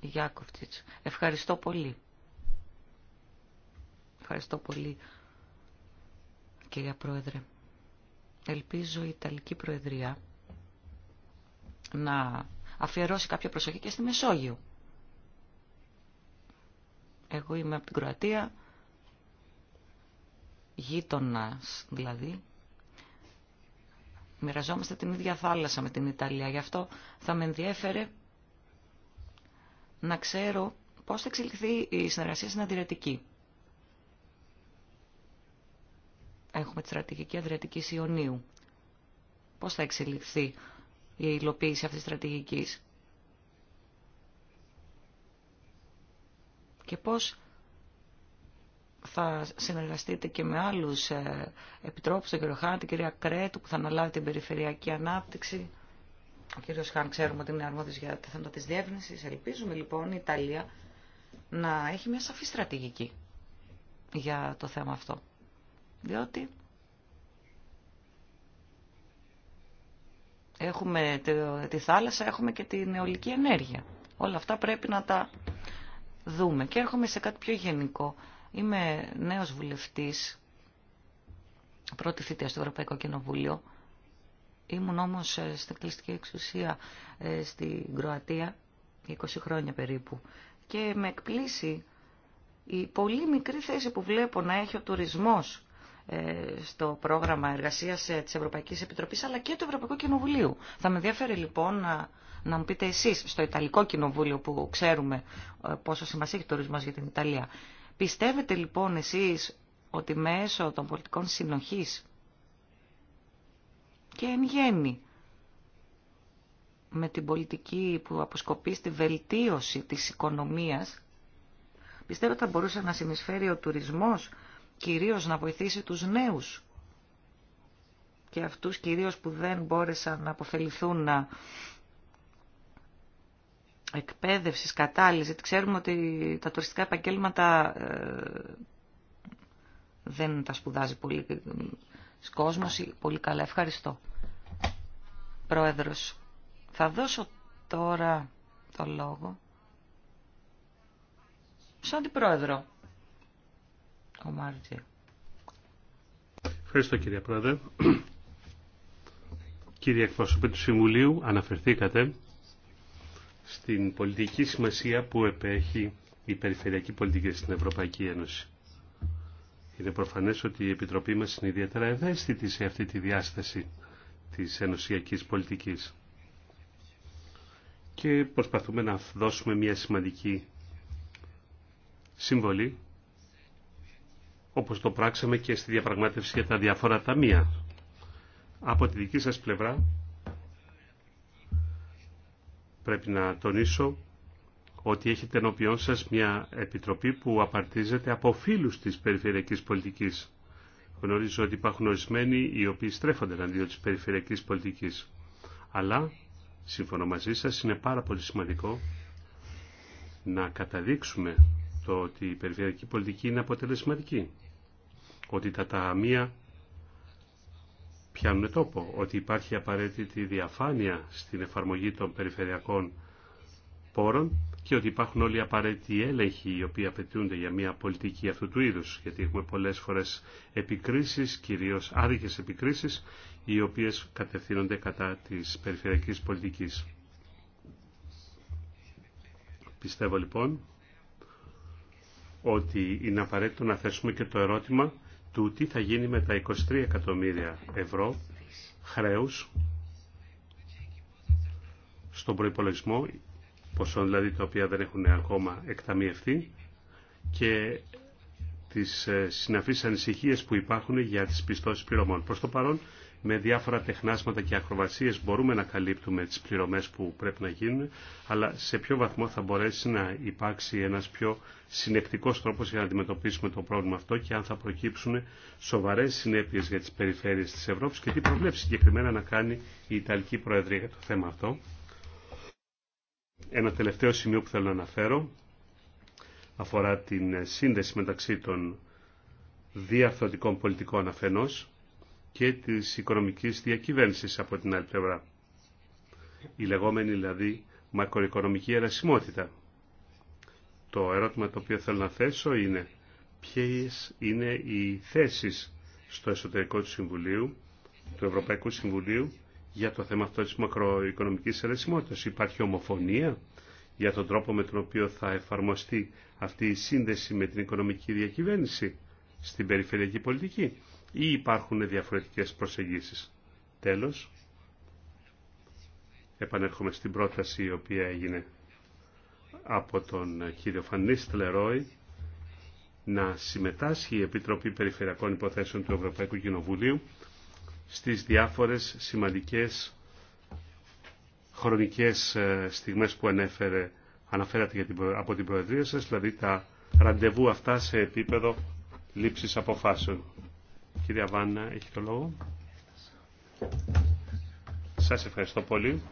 Γιάκοφτιτς. Ευχαριστώ πολύ. Ευχαριστώ πολύ, κυρία Πρόεδρε. Ελπίζω η Ιταλική Προεδρία να αφιερώσει κάποια προσοχή και στη Μεσόγειο. Εγώ είμαι από την Κροατία, γείτονα δηλαδή. Μοιραζόμαστε την ίδια θάλασσα με την Ιταλία, γι' αυτό θα με ενδιέφερε να ξέρω πώς θα εξελιχθεί η συνεργασία στην Αδριατική. Έχουμε τη στρατηγική Αδριατική Ιωνίου. Πώς θα εξελιχθεί η υλοποίηση αυτής της στρατηγικής. Και πώς θα συνεργαστείτε και με άλλους ε, επιτρόπους, τον κύριο Χάντη, την κυρία Κρέτου, που θα αναλάβει την περιφερειακή ανάπτυξη ο κύριο Χάν ξέρουμε ότι είναι αρμόδιο για τα θέματα τη διεύθυνση. Ελπίζουμε λοιπόν η Ιταλία να έχει μια σαφή στρατηγική για το θέμα αυτό. Διότι έχουμε τη θάλασσα, έχουμε και την νεολική ενέργεια. Όλα αυτά πρέπει να τα δούμε. Και έρχομαι σε κάτι πιο γενικό. Είμαι νέος βουλευτής πρώτη θητεία στο Ευρωπαϊκό Κοινοβούλιο Ήμουν όμως ε, στην κλειστική εξουσία ε, στην Κροατία 20 χρόνια περίπου και με εκπλήσει η πολύ μικρή θέση που βλέπω να έχει ο τουρισμός ε, στο πρόγραμμα εργασίας της Ευρωπαϊκής Επιτροπής αλλά και του Ευρωπαϊκού Κοινοβουλίου. Θα με ενδιαφέρει λοιπόν να, να μου πείτε εσείς στο Ιταλικό Κοινοβούλιο που ξέρουμε πόσο σημασία έχει ο τουρισμός για την Ιταλία. Πιστεύετε λοιπόν εσείς ότι μέσω των πολιτικών συνοχής και εν γέννη με την πολιτική που αποσκοπεί στη βελτίωση της οικονομίας, πιστεύω ότι θα μπορούσε να συνεισφέρει ο τουρισμός, κυρίως να βοηθήσει τους νέους και αυτούς κυρίως που δεν μπόρεσαν να αποφεληθούν να εκπαίδευσης κατάλληλης, γιατί ξέρουμε ότι τα τουριστικά επαγγέλματα ε, δεν τα σπουδάζει πολύ ε, κόσμος πολύ καλά. Ευχαριστώ. Πρόεδρος. Θα δώσω τώρα το λόγο στον αντιπρόεδρο. Ο Μάρτζη.
Ευχαριστώ κύριε Πρόεδρε. κύριε εκπρόσωπε του Συμβουλίου, αναφερθήκατε στην πολιτική σημασία που επέχει η περιφερειακή πολιτική στην Ευρωπαϊκή Ένωση. Είναι προφανές ότι η Επιτροπή μας είναι ιδιαίτερα ευαίσθητη σε αυτή τη διάσταση της ενωσιακής πολιτικής. Και προσπαθούμε να δώσουμε μια σημαντική συμβολή, όπως το πράξαμε και στη διαπραγμάτευση για τα διάφορα ταμεία. Από τη δική σας πλευρά πρέπει να τονίσω ότι έχετε ενώπιόν σας μια επιτροπή που απαρτίζεται από φίλους της περιφερειακής πολιτικής. Γνωρίζω ότι υπάρχουν ορισμένοι οι οποίοι στρέφονται εναντίον της περιφερειακής πολιτικής. Αλλά, σύμφωνα μαζί σας, είναι πάρα πολύ σημαντικό να καταδείξουμε το ότι η περιφερειακή πολιτική είναι αποτελεσματική. Ότι τα ταμεία πιάνουν τόπο. Ότι υπάρχει απαραίτητη διαφάνεια στην εφαρμογή των περιφερειακών πόρων και ότι υπάρχουν όλοι οι απαραίτητοι έλεγχοι οι οποίοι απαιτούνται για μια πολιτική αυτού του είδους, γιατί έχουμε πολλές φορές επικρίσεις, κυρίως άδικες επικρίσεις, οι οποίες κατευθύνονται κατά της περιφερειακής πολιτικής. Πιστεύω λοιπόν ότι είναι απαραίτητο να θέσουμε και το ερώτημα του τι θα γίνει με τα 23 εκατομμύρια ευρώ χρέους στον προϋπολογισμό ποσών δηλαδή τα οποία δεν έχουν ακόμα εκταμιευθεί και τις ε, συναφείς ανησυχίες που υπάρχουν για τις πιστώσεις πληρωμών. Προς το παρόν, με διάφορα τεχνάσματα και ακροβασίες μπορούμε να καλύπτουμε τις πληρωμές που πρέπει να γίνουν, αλλά σε ποιο βαθμό θα μπορέσει να υπάρξει ένας πιο συνεκτικός τρόπος για να αντιμετωπίσουμε το πρόβλημα αυτό και αν θα προκύψουν σοβαρές συνέπειες για τις περιφέρειες της Ευρώπης και τι προβλέψει συγκεκριμένα να κάνει η Ιταλική Προεδρία για το θέμα αυτό. Ένα τελευταίο σημείο που θέλω να αναφέρω αφορά την ε, σύνδεση μεταξύ των διαρθρωτικών πολιτικών αφενός και της οικονομικής διακυβέρνησης από την άλλη πλευρά. Η λεγόμενη δηλαδή μακροοικονομική ερασιμότητα. Το ερώτημα το οποίο θέλω να θέσω είναι ποιες είναι οι θέσεις στο εσωτερικό του Συμβουλίου, του Ευρωπαϊκού Συμβουλίου, για το θέμα αυτό της μακροοικονομικής αιρεσιμότητας. Υπάρχει ομοφωνία για τον τρόπο με τον οποίο θα εφαρμοστεί αυτή η σύνδεση με την οικονομική διακυβέρνηση στην περιφερειακή πολιτική ή υπάρχουν διαφορετικές προσεγγίσεις. Τέλος, επανέρχομαι στην πρόταση η οποία έγινε από τον κύριο Φανίστ Λερόι να συμμετάσχει η Επιτροπή Περιφερειακών Υποθέσεων του Ευρωπαϊκού Κοινοβουλίου στις διάφορες σημαντικές χρονικές ε, στιγμές που ανέφερε, αναφέρατε από την Προεδρία σας, δηλαδή τα ραντεβού αυτά σε επίπεδο λήψης αποφάσεων. Κυρία Βάνα, έχει το λόγο. Σας ευχαριστώ πολύ.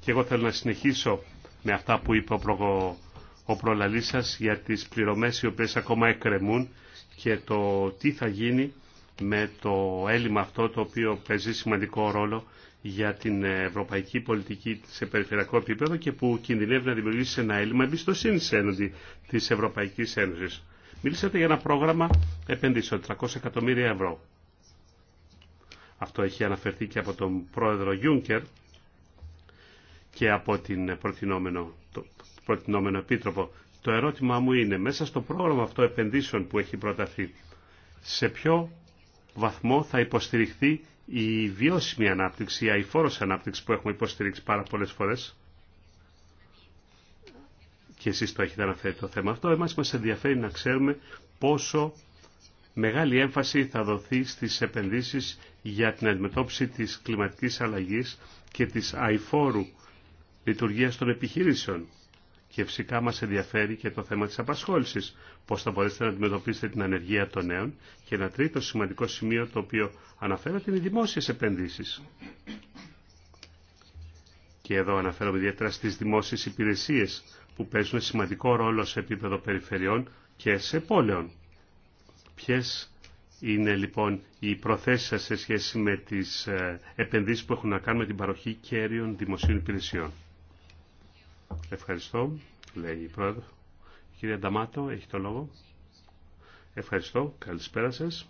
Και εγώ θέλω να συνεχίσω με αυτά που είπε ο, προ... ο προλαλής σας για τις πληρωμές οι οποίες ακόμα εκκρεμούν και το τι θα γίνει με το έλλειμμα αυτό το οποίο παίζει σημαντικό ρόλο για την ευρωπαϊκή πολιτική σε περιφερειακό επίπεδο και που κινδυνεύει να δημιουργήσει ένα έλλειμμα εμπιστοσύνη έναντι τη Ευρωπαϊκή Ένωση. Μίλησατε για ένα πρόγραμμα επενδύσεων 300 εκατομμύρια ευρώ. Αυτό έχει αναφερθεί και από τον πρόεδρο Γιούνκερ και από την προτινόμενο, το προτινόμενο επίτροπο. Το ερώτημά μου είναι, μέσα στο πρόγραμμα αυτό επενδύσεων που έχει προταθεί, σε ποιο βαθμό θα υποστηριχθεί η βιώσιμη ανάπτυξη, η αηφόρος ανάπτυξη που έχουμε υποστηρίξει πάρα πολλές φορές. Και εσείς το έχετε αναφέρει το θέμα αυτό. Εμάς μας ενδιαφέρει να ξέρουμε πόσο μεγάλη έμφαση θα δοθεί στις επενδύσεις για την αντιμετώπιση της κλιματικής αλλαγής και της αηφόρου λειτουργίας των επιχειρήσεων και φυσικά μας ενδιαφέρει και το θέμα της απασχόλησης, πώς θα μπορέσετε να αντιμετωπίσετε την ανεργία των νέων και ένα τρίτο σημαντικό σημείο το οποίο αναφέρατε είναι οι δημόσιες επενδύσεις. Και εδώ αναφέρομαι ιδιαίτερα στις δημόσιες υπηρεσίες που παίζουν σημαντικό ρόλο σε επίπεδο περιφερειών και σε πόλεων. Ποιε είναι λοιπόν οι προθέσεις σας σε σχέση με τις ε, επενδύσεις που έχουν να κάνουν με την παροχή κέριων δημοσίων υπηρεσιών. Ευχαριστώ, λέει η πρόεδρο. Κύριε Νταμάτο, έχει το λόγο. Ευχαριστώ. Καλησπέρα σας.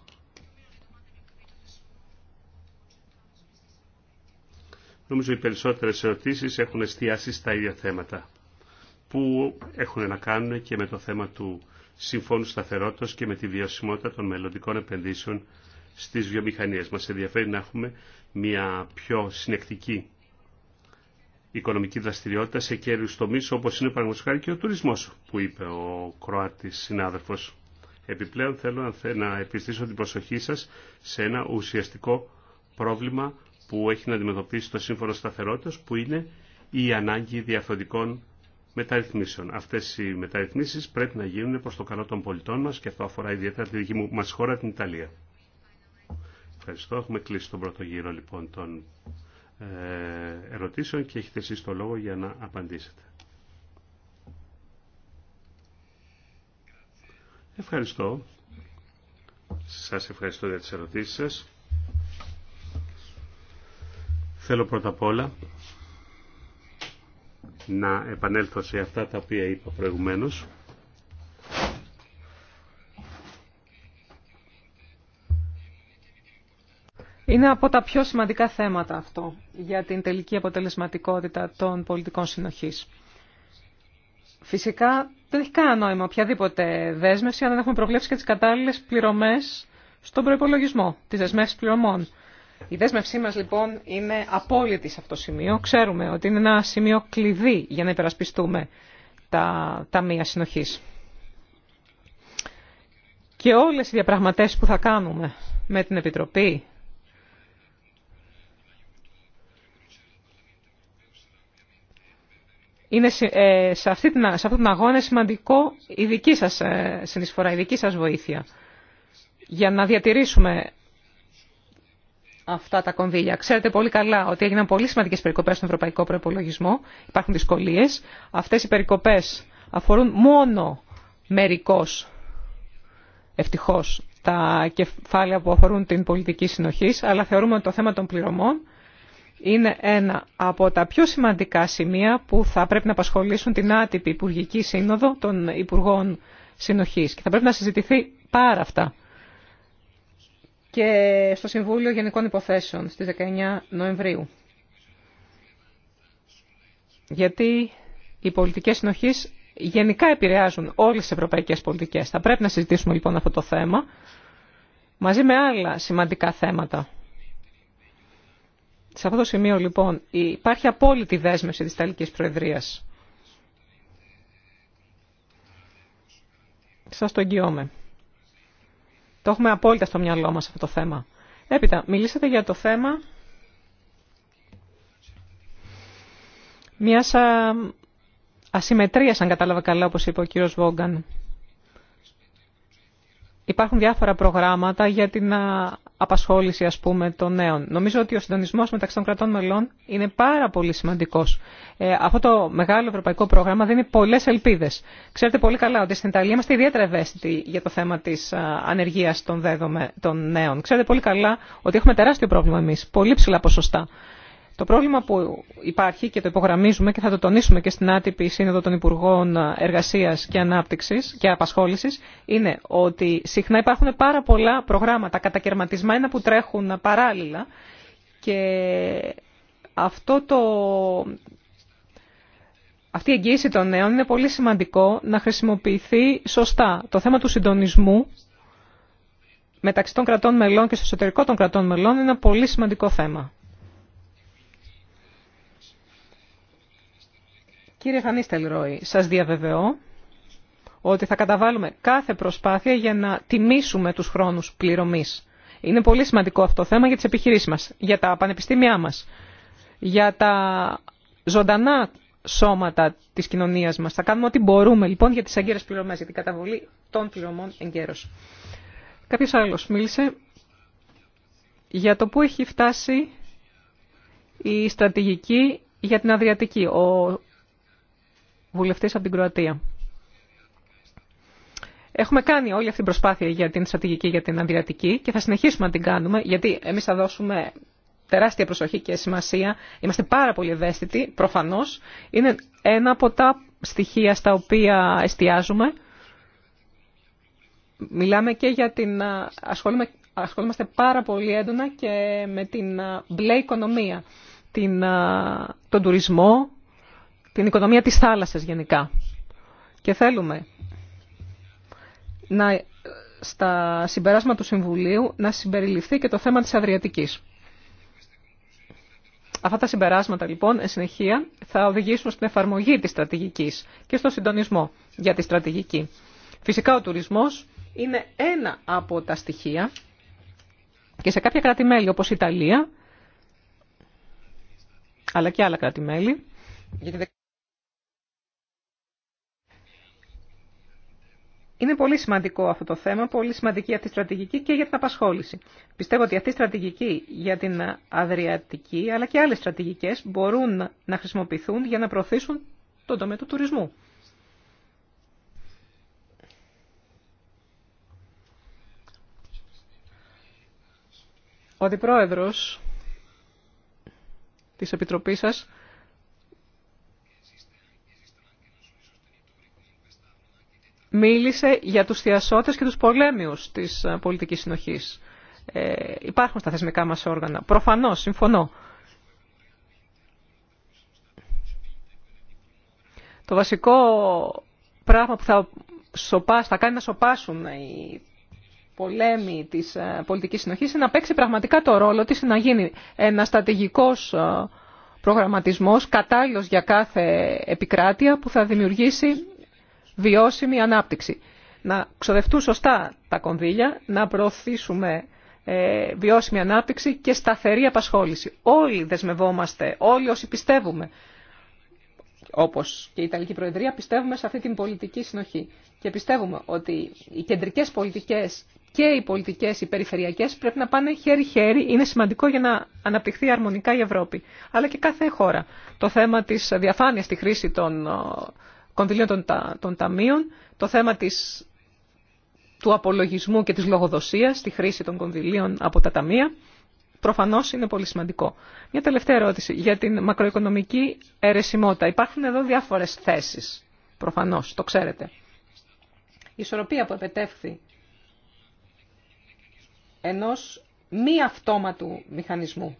Νομίζω οι περισσότερες ερωτήσεις έχουν εστιάσει στα ίδια θέματα που έχουν να κάνουν και με το θέμα του Συμφώνου Σταθερότητας και με τη βιωσιμότητα των μελλοντικών επενδύσεων στις βιομηχανίες. Μας ενδιαφέρει να έχουμε μια πιο συνεκτική οικονομική δραστηριότητα σε κέριου τομεί όπω είναι παραγωγικά και ο τουρισμό, που είπε ο Κροάτης συνάδελφος. Επιπλέον θέλω να επιστήσω την προσοχή σα σε ένα ουσιαστικό πρόβλημα που έχει να αντιμετωπίσει το Σύμφωνο σταθερότητα, που είναι η ανάγκη διαφορετικών μεταρρυθμίσεων. Αυτέ οι μεταρρυθμίσει πρέπει να γίνουν προ το καλό των πολιτών μα και αυτό αφορά ιδιαίτερα τη δική μα μας χώρα την Ιταλία. Ευχαριστώ. Έχουμε κλείσει τον πρώτο γύρο λοιπόν των ε, ερωτήσεων και έχετε εσείς το λόγο για να απαντήσετε. Ευχαριστώ. Σας ευχαριστώ για τις ερωτήσεις σας. Θέλω πρώτα απ' όλα να επανέλθω σε αυτά τα οποία είπα προηγουμένως.
Είναι από τα πιο σημαντικά θέματα αυτό για την τελική αποτελεσματικότητα των πολιτικών συνοχής. Φυσικά δεν έχει κανένα νόημα οποιαδήποτε δέσμευση αν δεν έχουμε προβλέψει και τις κατάλληλες πληρωμές στον προϋπολογισμό, τις δεσμεύσεις πληρωμών. Η δέσμευσή μας λοιπόν είναι απόλυτη σε αυτό το σημείο. Ξέρουμε ότι είναι ένα σημείο κλειδί για να υπερασπιστούμε τα ταμεία συνοχής. Και όλες οι διαπραγματεύσεις που θα κάνουμε με την Επιτροπή, είναι ε, σε, αυτή την, σε αυτόν τον αγώνα σημαντικό η δική σας ε, συνεισφορά, η δική σας βοήθεια για να διατηρήσουμε αυτά τα κονδύλια. Ξέρετε πολύ καλά ότι έγιναν πολύ σημαντικές περικοπές στον ευρωπαϊκό προπολογισμό. Υπάρχουν δυσκολίες. Αυτές οι περικοπές αφορούν μόνο μερικώς, ευτυχώς, τα κεφάλαια που αφορούν την πολιτική συνοχή, αλλά θεωρούμε ότι το θέμα των πληρωμών είναι ένα από τα πιο σημαντικά σημεία που θα πρέπει να απασχολήσουν την άτυπη Υπουργική Σύνοδο των Υπουργών Συνοχής και θα πρέπει να συζητηθεί πάρα αυτά και στο Συμβούλιο Γενικών Υποθέσεων στις 19 Νοεμβρίου. Γιατί οι πολιτικές συνοχής γενικά επηρεάζουν όλες τις ευρωπαϊκές πολιτικές. Θα πρέπει να συζητήσουμε λοιπόν αυτό το θέμα μαζί με άλλα σημαντικά θέματα σε αυτό το σημείο λοιπόν υπάρχει απόλυτη δέσμευση της Ιταλικής Προεδρίας. Σας το εγγυώμαι. Το έχουμε απόλυτα στο μυαλό μας αυτό το θέμα. Έπειτα, μιλήσατε για το θέμα μιας ασυμμετρίας, αν κατάλαβα καλά, όπως είπε ο κύριος Βόγκαν. Υπάρχουν διάφορα προγράμματα για την απασχόληση ας πούμε των νέων. Νομίζω ότι ο συντονισμός μεταξύ των κρατών μελών είναι πάρα πολύ σημαντικός. Ε, αυτό το μεγάλο ευρωπαϊκό πρόγραμμα δίνει πολλές ελπίδες. Ξέρετε πολύ καλά ότι στην Ιταλία είμαστε ιδιαίτερα ευαίσθητοι για το θέμα της ανεργία των, των νέων. Ξέρετε πολύ καλά ότι έχουμε τεράστιο πρόβλημα εμείς, πολύ ψηλά ποσοστά. Το πρόβλημα που υπάρχει και το υπογραμμίζουμε και θα το τονίσουμε και στην άτυπη Σύνοδο των Υπουργών Εργασία και Ανάπτυξη και Απασχόληση είναι ότι συχνά υπάρχουν πάρα πολλά προγράμματα κατακαιρματισμένα που τρέχουν παράλληλα και αυτό το, αυτή η εγγύηση των νέων είναι πολύ σημαντικό να χρησιμοποιηθεί σωστά. Το θέμα του συντονισμού μεταξύ των κρατών μελών και στο εσωτερικό των κρατών μελών είναι ένα πολύ σημαντικό θέμα. Κύριε Φανίστελ Ρόι, σας διαβεβαιώ ότι θα καταβάλουμε κάθε προσπάθεια για να τιμήσουμε τους χρόνους πληρωμής. Είναι πολύ σημαντικό αυτό το θέμα για τις επιχειρήσεις μας, για τα πανεπιστήμια μας, για τα ζωντανά σώματα της κοινωνίας μας. Θα κάνουμε ό,τι μπορούμε λοιπόν για τις αγκαίρες πληρωμές, για την καταβολή των πληρωμών εγκαίρως. Κάποιος άλλο μίλησε για το που έχει φτάσει η στρατηγική για την Αδριατική. Ο βουλευτής από την Κροατία. Έχουμε κάνει όλη αυτή την προσπάθεια για την στρατηγική για την Αδριατική και θα συνεχίσουμε να την κάνουμε γιατί εμείς θα δώσουμε τεράστια προσοχή και σημασία. Είμαστε πάρα πολύ ευαίσθητοι, προφανώς. Είναι ένα από τα στοιχεία στα οποία εστιάζουμε. Μιλάμε και για την... Ασχολούμαστε πάρα πολύ έντονα και με την μπλε οικονομία, την, τον τουρισμό, την οικονομία της θάλασσας γενικά. Και θέλουμε να, στα συμπεράσματα του Συμβουλίου να συμπεριληφθεί και το θέμα της Αδριατικής. Αυτά τα συμπεράσματα λοιπόν, εν συνεχεία, θα οδηγήσουν στην εφαρμογή της στρατηγικής και στο συντονισμό για τη στρατηγική. Φυσικά ο τουρισμός είναι ένα από τα στοιχεία και σε κάποια κράτη-μέλη όπως η Ιταλία, αλλά και άλλα κράτη-μέλη, Είναι πολύ σημαντικό αυτό το θέμα, πολύ σημαντική αυτή η στρατηγική και για την απασχόληση. Πιστεύω ότι αυτή η στρατηγική για την Αδριατική, αλλά και άλλες στρατηγικές, μπορούν να χρησιμοποιηθούν για να προωθήσουν τον τομέα του τουρισμού. Ο Αντιπρόεδρος της Επιτροπής σας μίλησε για τους θειασότες και τους πολέμιους της ε, πολιτικής συνοχής. Ε, υπάρχουν στα θεσμικά μας όργανα. Προφανώς, συμφωνώ. Το βασικό πράγμα που θα, σοπάς, κάνει να σοπάσουν οι πολέμοι της ε, πολιτικής συνοχής είναι να παίξει πραγματικά το ρόλο της, να γίνει ένα στρατηγικός ε, προγραμματισμός κατάλληλος για κάθε επικράτεια που θα δημιουργήσει βιώσιμη ανάπτυξη. Να ξοδευτούν σωστά τα κονδύλια, να προωθήσουμε ε, βιώσιμη ανάπτυξη και σταθερή απασχόληση. Όλοι δεσμευόμαστε, όλοι όσοι πιστεύουμε, όπως και η Ιταλική Προεδρία, πιστεύουμε σε αυτή την πολιτική συνοχή. Και πιστεύουμε ότι οι κεντρικές πολιτικές και οι πολιτικές, οι περιφερειακές πρέπει να πάνε χέρι-χέρι. Είναι σημαντικό για να αναπτυχθεί αρμονικά η Ευρώπη. Αλλά και κάθε χώρα. Το θέμα της διαφάνειας στη χρήση των κονδυλίων των, ταμείων, το θέμα της, του απολογισμού και της λογοδοσίας τη χρήση των κονδυλίων από τα ταμεία. Προφανώς είναι πολύ σημαντικό. Μια τελευταία ερώτηση για την μακροοικονομική αιρεσιμότητα. Υπάρχουν εδώ διάφορες θέσεις, προφανώς, το ξέρετε. Η ισορροπία που επετεύχθη ενός μη αυτόματου μηχανισμού.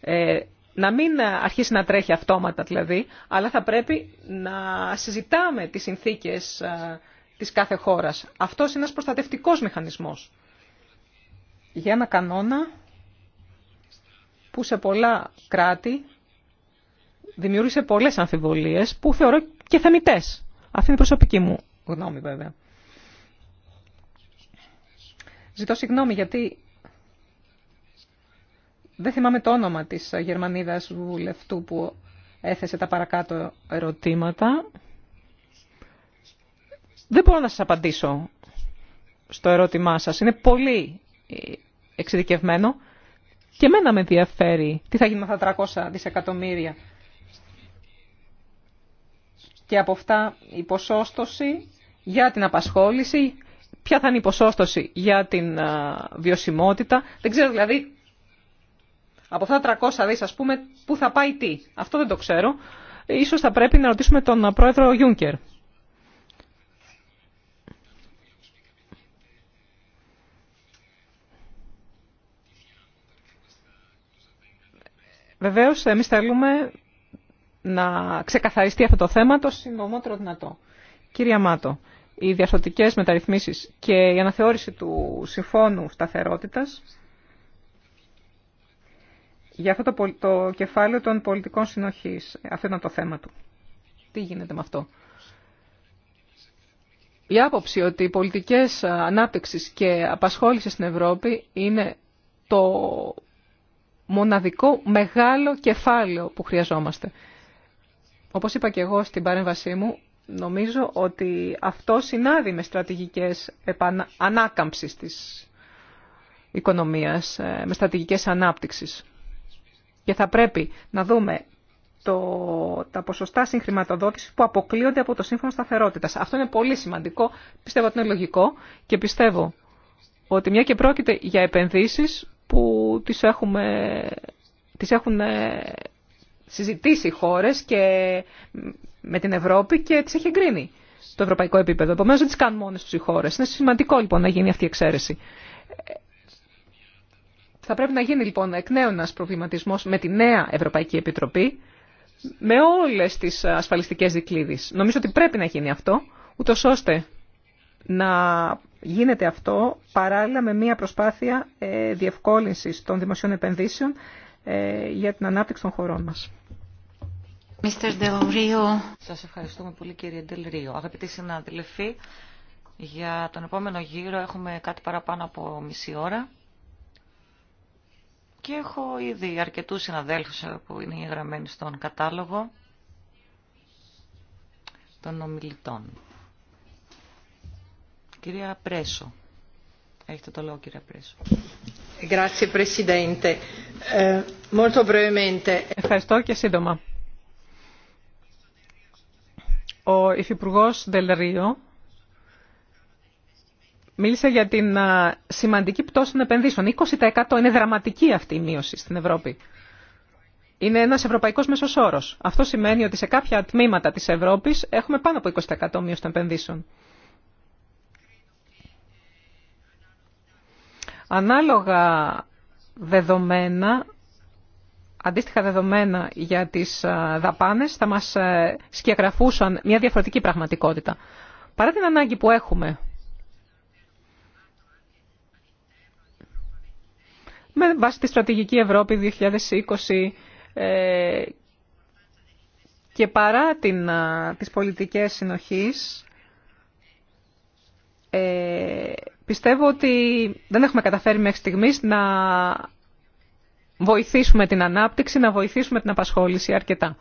Ε, να μην αρχίσει να τρέχει αυτόματα δηλαδή, αλλά θα πρέπει να συζητάμε τις συνθήκες ε, της κάθε χώρας. Αυτός είναι ένας προστατευτικός μηχανισμός για ένα κανόνα που σε πολλά κράτη δημιούργησε πολλές αμφιβολίες που θεωρώ και θεμητές. Αυτή είναι η προσωπική μου γνώμη βέβαια. Ζητώ συγγνώμη γιατί δεν θυμάμαι το όνομα της Γερμανίδας βουλευτού που έθεσε τα παρακάτω ερωτήματα. Δεν μπορώ να σας απαντήσω στο ερώτημά σας. Είναι πολύ ε, εξειδικευμένο. Και εμένα με ενδιαφέρει τι θα γίνει με αυτά τα 300 δισεκατομμύρια. Και από αυτά η ποσόστοση για την απασχόληση, ποια θα είναι η ποσόστοση για την ε, βιωσιμότητα. Δεν ξέρω δηλαδή από αυτά τα 300 δις, ας πούμε, πού θα πάει τι. Αυτό δεν το ξέρω. Ίσως θα πρέπει να ρωτήσουμε τον πρόεδρο Γιούνκερ. Βεβαίως, εμείς θέλουμε να ξεκαθαριστεί αυτό το θέμα το συντομότερο δυνατό. Κύριε Μάτο, οι διαρθωτικές μεταρρυθμίσεις και η αναθεώρηση του Συμφώνου Σταθερότητας για αυτό το, κεφάλαιο των πολιτικών συνοχής. Αυτό ήταν το θέμα του. Τι γίνεται με αυτό. Η άποψη ότι οι πολιτικές ανάπτυξης και απασχόλησης στην Ευρώπη είναι το μοναδικό μεγάλο κεφάλαιο που χρειαζόμαστε. Όπως είπα και εγώ στην παρέμβασή μου, νομίζω ότι αυτό συνάδει με στρατηγικές ανάκαμψης της οικονομίας, ε, με στρατηγικές ανάπτυξης και θα πρέπει να δούμε το, τα ποσοστά συγχρηματοδότηση που αποκλείονται από το σύμφωνο σταθερότητα. Αυτό είναι πολύ σημαντικό, πιστεύω ότι είναι λογικό και πιστεύω ότι μια και πρόκειται για επενδύσεις που τις, έχουμε, τις έχουν ε, συζητήσει οι χώρες και με την Ευρώπη και τις έχει εγκρίνει το ευρωπαϊκό επίπεδο. Επομένως δεν τις κάνουν μόνες τους οι χώρες. Είναι σημαντικό λοιπόν να γίνει αυτή η εξαίρεση. Θα πρέπει να γίνει λοιπόν εκ νέου ένας προβληματισμός με τη νέα Ευρωπαϊκή Επιτροπή, με όλες τις ασφαλιστικές δικλείδεις. Νομίζω ότι πρέπει να γίνει αυτό, ούτω ώστε να γίνεται αυτό παράλληλα με μια προσπάθεια ε, διευκόλυνσης των δημοσίων επενδύσεων ε, για την ανάπτυξη των χωρών μας.
Σας ευχαριστούμε πολύ κύριε Ντελρίο. Αγαπητοί συνάδελφοι, για τον επόμενο γύρο έχουμε κάτι παραπάνω από μισή ώρα. Και έχω ήδη αρκετούς συναδέλφους που είναι γραμμένοι στον κατάλογο των ομιλητών. Κυρία Πρέσο. Έχετε το λόγο κυρία Πρέσο.
Ε, Ευχαριστώ και σύντομα. Ο Υφυπουργός Δελρίο Μίλησε για την σημαντική πτώση των επενδύσεων. 20% είναι δραματική αυτή η μείωση στην Ευρώπη. Είναι ένας ευρωπαϊκός μέσο όρο. Αυτό σημαίνει ότι σε κάποια τμήματα της Ευρώπης έχουμε πάνω από 20% μείωση των επενδύσεων. Ανάλογα δεδομένα, αντίστοιχα δεδομένα για τις δαπάνες θα μας ε, σκιαγραφούσαν μια διαφορετική πραγματικότητα. Παρά την ανάγκη που έχουμε με βάση τη στρατηγική Ευρώπη 2020 ε, και παρά την, τις πολιτικές συνοχής, ε, πιστεύω ότι δεν έχουμε καταφέρει μέχρι στιγμής να βοηθήσουμε την ανάπτυξη, να βοηθήσουμε την απασχόληση αρκετά.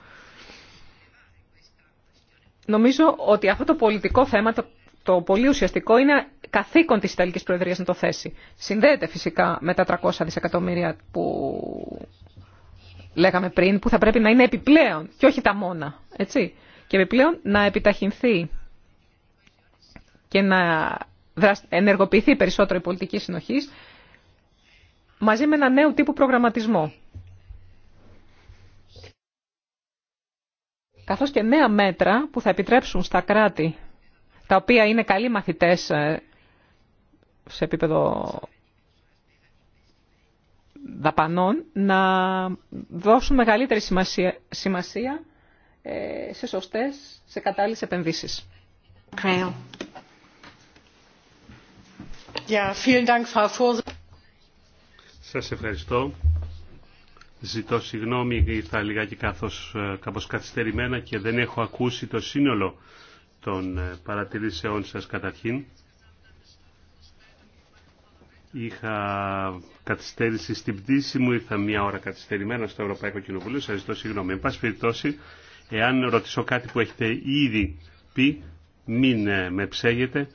Νομίζω ότι αυτό το πολιτικό θέμα, το το πολύ ουσιαστικό είναι καθήκον της Ιταλικής Προεδρίας να το θέσει. Συνδέεται φυσικά με τα 300 δισεκατομμύρια που λέγαμε πριν, που θα πρέπει να είναι επιπλέον και όχι τα μόνα. Έτσι. Και επιπλέον να επιταχυνθεί και να ενεργοποιηθεί περισσότερο η πολιτική συνοχή μαζί με ένα νέο τύπου προγραμματισμό. Καθώς και νέα μέτρα που θα επιτρέψουν στα κράτη τα οποία είναι καλοί μαθητές ε, σε επίπεδο δαπανών, να δώσουν μεγαλύτερη σημασία, σημασία ε, σε σωστές, σε κατάλληλες επενδύσεις.
Σας ευχαριστώ. Ζητώ συγγνώμη, ήρθα λιγάκι καθώς, ε, καθυστερημένα και δεν έχω ακούσει το σύνολο των ε, παρατηρήσεών σας καταρχήν. Είχα καθυστέρηση στην πτήση μου, ήρθα μία ώρα καθυστερημένα στο Ευρωπαϊκό Κοινοβούλιο, σας ζητώ συγγνώμη. Εν πάση περιπτώσει, εάν ρωτήσω κάτι που έχετε ήδη πει, μην ε, με ψέγετε,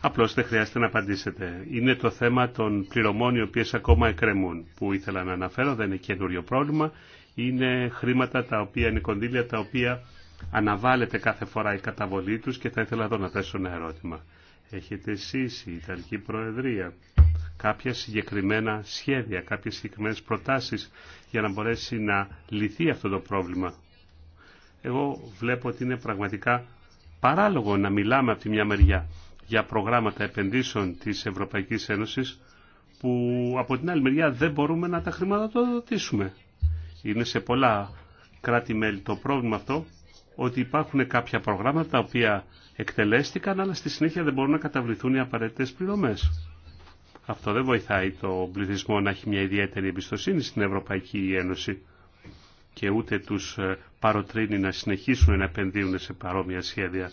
απλώς δεν χρειάζεται να απαντήσετε. Είναι το θέμα των πληρωμών οι οποίες ακόμα εκκρεμούν, που ήθελα να αναφέρω, δεν είναι καινούριο πρόβλημα. Είναι χρήματα τα οποία είναι κονδύλια τα οποία αναβάλλεται κάθε φορά η καταβολή τους και θα ήθελα εδώ να θέσω ένα ερώτημα. Έχετε εσείς η Ιταλική Προεδρία κάποια συγκεκριμένα σχέδια, κάποιες συγκεκριμένες προτάσεις για να μπορέσει να λυθεί αυτό το πρόβλημα. Εγώ βλέπω ότι είναι πραγματικά παράλογο να μιλάμε από τη μια μεριά για προγράμματα επενδύσεων της Ευρωπαϊκής Ένωσης που από την άλλη μεριά δεν μπορούμε να τα χρηματοδοτήσουμε. Είναι σε πολλά κράτη-μέλη το πρόβλημα αυτό ότι υπάρχουν κάποια προγράμματα τα οποία εκτελέστηκαν, αλλά στη συνέχεια δεν μπορούν να καταβληθούν οι απαραίτητε πληρωμές. Αυτό δεν βοηθάει τον πληθυσμό να έχει μια ιδιαίτερη εμπιστοσύνη στην Ευρωπαϊκή Ένωση και ούτε τους ε, παροτρύνει να συνεχίσουν να επενδύουν σε παρόμοια σχέδια.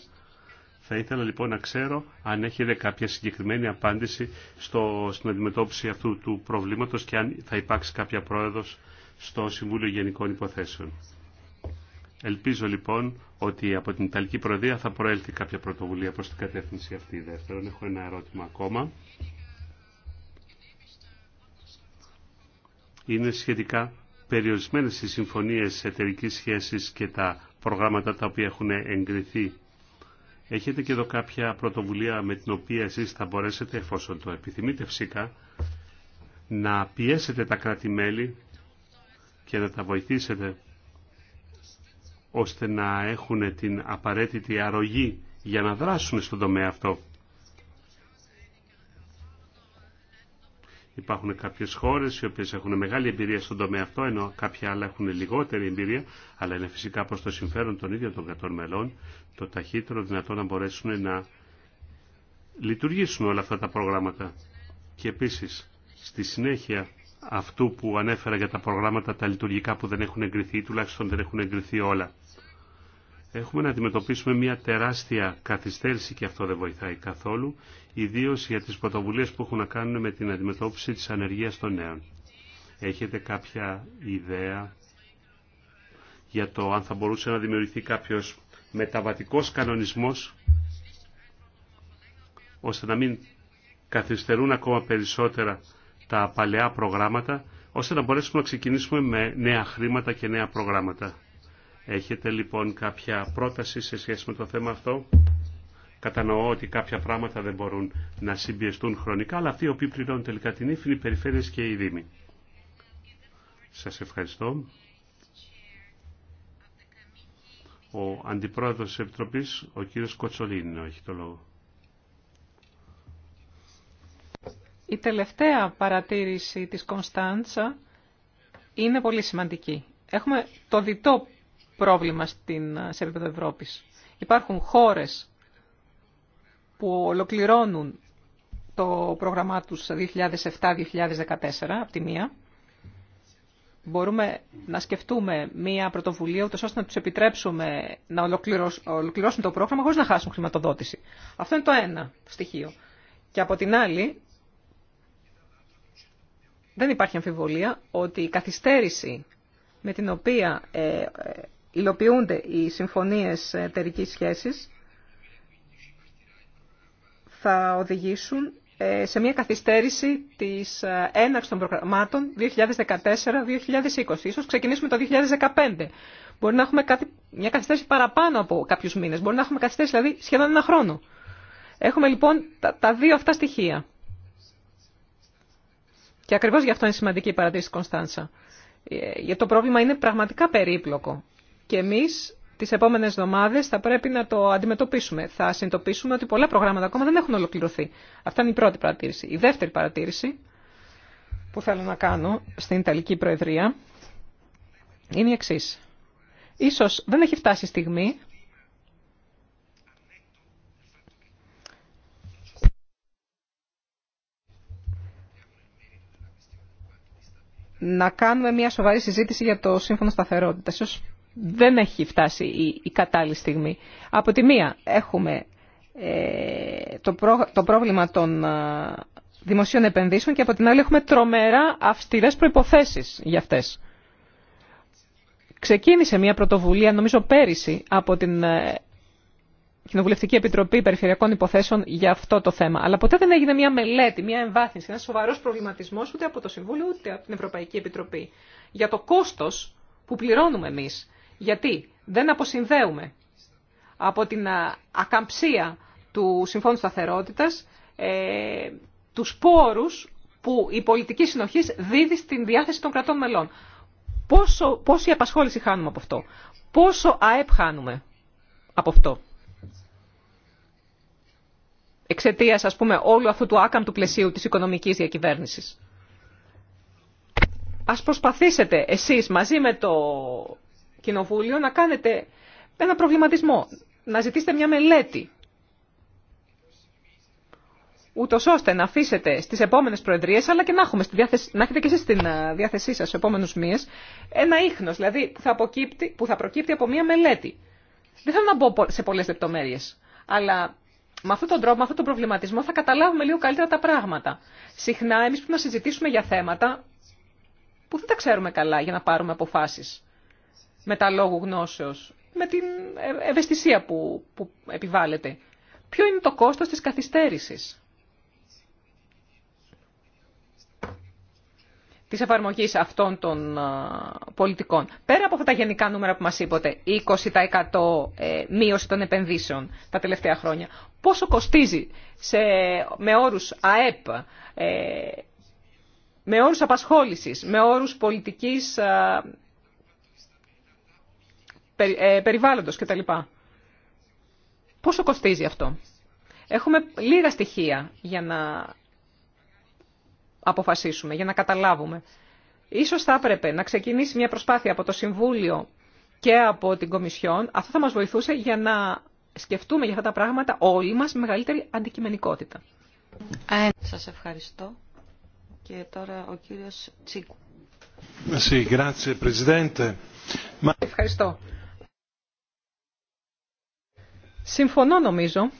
Θα ήθελα λοιπόν να ξέρω αν έχετε κάποια συγκεκριμένη απάντηση στο, στην αντιμετώπιση αυτού του προβλήματος και αν θα υπάρξει κάποια πρόεδρος στο Συμβούλιο Γενικών Υποθέσεων. Ελπίζω λοιπόν ότι από την Ιταλική Προεδρία θα προέλθει κάποια πρωτοβουλία προς την κατεύθυνση αυτή. Δεύτερον, έχω ένα ερώτημα ακόμα. Είναι σχετικά περιορισμένες οι συμφωνίες εταιρικής σχέσης και τα προγράμματα τα οποία έχουν εγκριθεί. Έχετε και εδώ κάποια πρωτοβουλία με την οποία εσείς θα μπορέσετε, εφόσον το επιθυμείτε φυσικά, να πιέσετε τα κράτη-μέλη και να τα βοηθήσετε ώστε να έχουν την απαραίτητη αρρωγή για να δράσουν στον τομέα αυτό. Υπάρχουν κάποιες χώρες οι οποίες έχουν μεγάλη εμπειρία στον τομέα αυτό, ενώ κάποια άλλα έχουν λιγότερη εμπειρία, αλλά είναι φυσικά προς το συμφέρον των ίδιων των κατών μελών, το ταχύτερο δυνατό να μπορέσουν να λειτουργήσουν όλα αυτά τα προγράμματα. Και επίσης, στη συνέχεια αυτού που ανέφερα για τα προγράμματα τα λειτουργικά που δεν έχουν εγκριθεί, τουλάχιστον δεν έχουν εγκριθεί όλα έχουμε να αντιμετωπίσουμε μια τεράστια καθυστέρηση και αυτό δεν βοηθάει καθόλου, ιδίω για τις πρωτοβουλίε που έχουν να κάνουν με την αντιμετώπιση της ανεργίας των νέων. Έχετε κάποια ιδέα για το αν θα μπορούσε να δημιουργηθεί κάποιος μεταβατικός κανονισμός ώστε να μην καθυστερούν ακόμα περισσότερα τα παλαιά προγράμματα ώστε να μπορέσουμε να ξεκινήσουμε με νέα χρήματα και νέα προγράμματα. Έχετε λοιπόν κάποια πρόταση σε σχέση με το θέμα αυτό. Κατανοώ ότι κάποια πράγματα δεν μπορούν να συμπιεστούν χρονικά, αλλά αυτοί οι οποίοι πληρώνουν τελικά την ύφη είναι οι περιφέρειες και οι δήμοι. Σας ευχαριστώ. Ο Αντιπρόεδρος της Επιτροπής, ο κύριος Κοτσολίνιν έχει το λόγο.
Η
τελευταία παρατήρηση της Κωνσταντσα είναι πολύ σημαντική. Έχουμε το διτό πρόβλημα στην, σε επίπεδο Ευρώπης. Υπάρχουν χώρες που ολοκληρώνουν το πρόγραμμά τους 2007-2014 από τη μία. Μπορούμε να σκεφτούμε μία πρωτοβουλία ούτως ώστε να τους επιτρέψουμε να ολοκληρώσουν το πρόγραμμα χωρίς να χάσουν χρηματοδότηση. Αυτό είναι το ένα στοιχείο. Και από την άλλη, δεν υπάρχει αμφιβολία ότι η καθυστέρηση με την οποία ε, ε, υλοποιούνται οι συμφωνίες εταιρικής σχέσης, θα οδηγήσουν ε, σε μια καθυστέρηση της ε, έναρξης των προγραμμάτων 2014-2020. Ίσως ξεκινήσουμε το 2015. Μπορεί να έχουμε κάτι, μια καθυστέρηση παραπάνω από κάποιους μήνες. Μπορεί να έχουμε καθυστέρηση δηλαδή σχεδόν ένα χρόνο. Έχουμε λοιπόν τα, δύο αυτά στοιχεία. Και ακριβώς γι' αυτό είναι σημαντική η παρατήρηση Κωνσταντσα. Γιατί ε, το πρόβλημα είναι πραγματικά περίπλοκο. Και εμείς τις επόμενες εβδομάδε θα πρέπει να το αντιμετωπίσουμε. Θα συνειδητοποιήσουμε ότι πολλά προγράμματα ακόμα δεν έχουν ολοκληρωθεί. Αυτά είναι η πρώτη παρατήρηση. Η δεύτερη παρατήρηση που θέλω να κάνω στην Ιταλική Προεδρία είναι η εξή. Ίσως δεν έχει φτάσει η στιγμή να κάνουμε μια σοβαρή συζήτηση για το Σύμφωνο Σταθερότητας δεν έχει φτάσει η, η κατάλληλη στιγμή. Από τη μία έχουμε ε, το, το πρόβλημα των ε, δημοσίων επενδύσεων και από την άλλη έχουμε τρομερά αυστηρές προϋποθέσεις για αυτές. Ξεκίνησε μια πρωτοβουλία, νομίζω πέρυσι, από την ε, Κοινοβουλευτική Επιτροπή Περιφερειακών Υποθέσεων για αυτό το θέμα. Αλλά ποτέ δεν έγινε μια μελέτη, μια εμβάθυνση, ένα σοβαρό προβληματισμό ούτε από το Συμβούλιο ούτε από την Ευρωπαϊκή Επιτροπή για το κόστο που πληρώνουμε εμεί. Γιατί δεν αποσυνδέουμε από την ακαμψία του Συμφώνου Σταθερότητας ε, τους πόρους που η πολιτική συνοχή δίδει στην διάθεση των κρατών μελών. Πόσο, πόση απασχόληση χάνουμε από αυτό. Πόσο ΑΕΠ χάνουμε από αυτό. Εξαιτίας, ας πούμε, όλου αυτού του άκαμπτου πλαισίου της οικονομικής διακυβέρνησης. Ας προσπαθήσετε εσείς μαζί με το Κοινοβούλιο να κάνετε ένα προβληματισμό, να ζητήσετε μια μελέτη, ούτω ώστε να αφήσετε στις επόμενες προεδρίες, αλλά και να, στη διάθεση, να έχετε και εσείς στην ε, διάθεσή σας στους επόμενους μήνες, ένα ίχνος, δηλαδή που θα, αποκύπτει, που θα προκύπτει από μια μελέτη. Δεν θέλω να μπω σε πολλές λεπτομέρειες, αλλά με αυτόν τον τρόπο, με αυτόν τον προβληματισμό θα καταλάβουμε λίγο καλύτερα τα πράγματα. Συχνά εμείς πρέπει να συζητήσουμε για θέματα που δεν τα ξέρουμε καλά για να πάρουμε αποφάσεις με τα λόγου γνώσεως, με την ευαισθησία που, που επιβάλλεται. Ποιο είναι το κόστος της καθυστέρησης της εφαρμογής αυτών των πολιτικών. Πέρα από αυτά τα γενικά νούμερα που μας είπατε, 20% ε, μείωση των επενδύσεων τα τελευταία χρόνια, πόσο κοστίζει σε, με όρους ΑΕΠ, ε, με όρους απασχόλησης, με όρους πολιτικής ε, περιβάλλοντος κτλ. Πόσο κοστίζει αυτό. Έχουμε λίγα στοιχεία για να αποφασίσουμε, για να καταλάβουμε. Ίσως θα έπρεπε να ξεκινήσει μια προσπάθεια από το Συμβούλιο και από την Κομισιόν. Αυτό θα μας βοηθούσε για να σκεφτούμε για αυτά τα πράγματα όλοι μας με μεγαλύτερη αντικειμενικότητα. Ε, σας ευχαριστώ. Και τώρα ο κύριος Τσίκου. Ευχαριστώ. Συμφωνώ νομίζω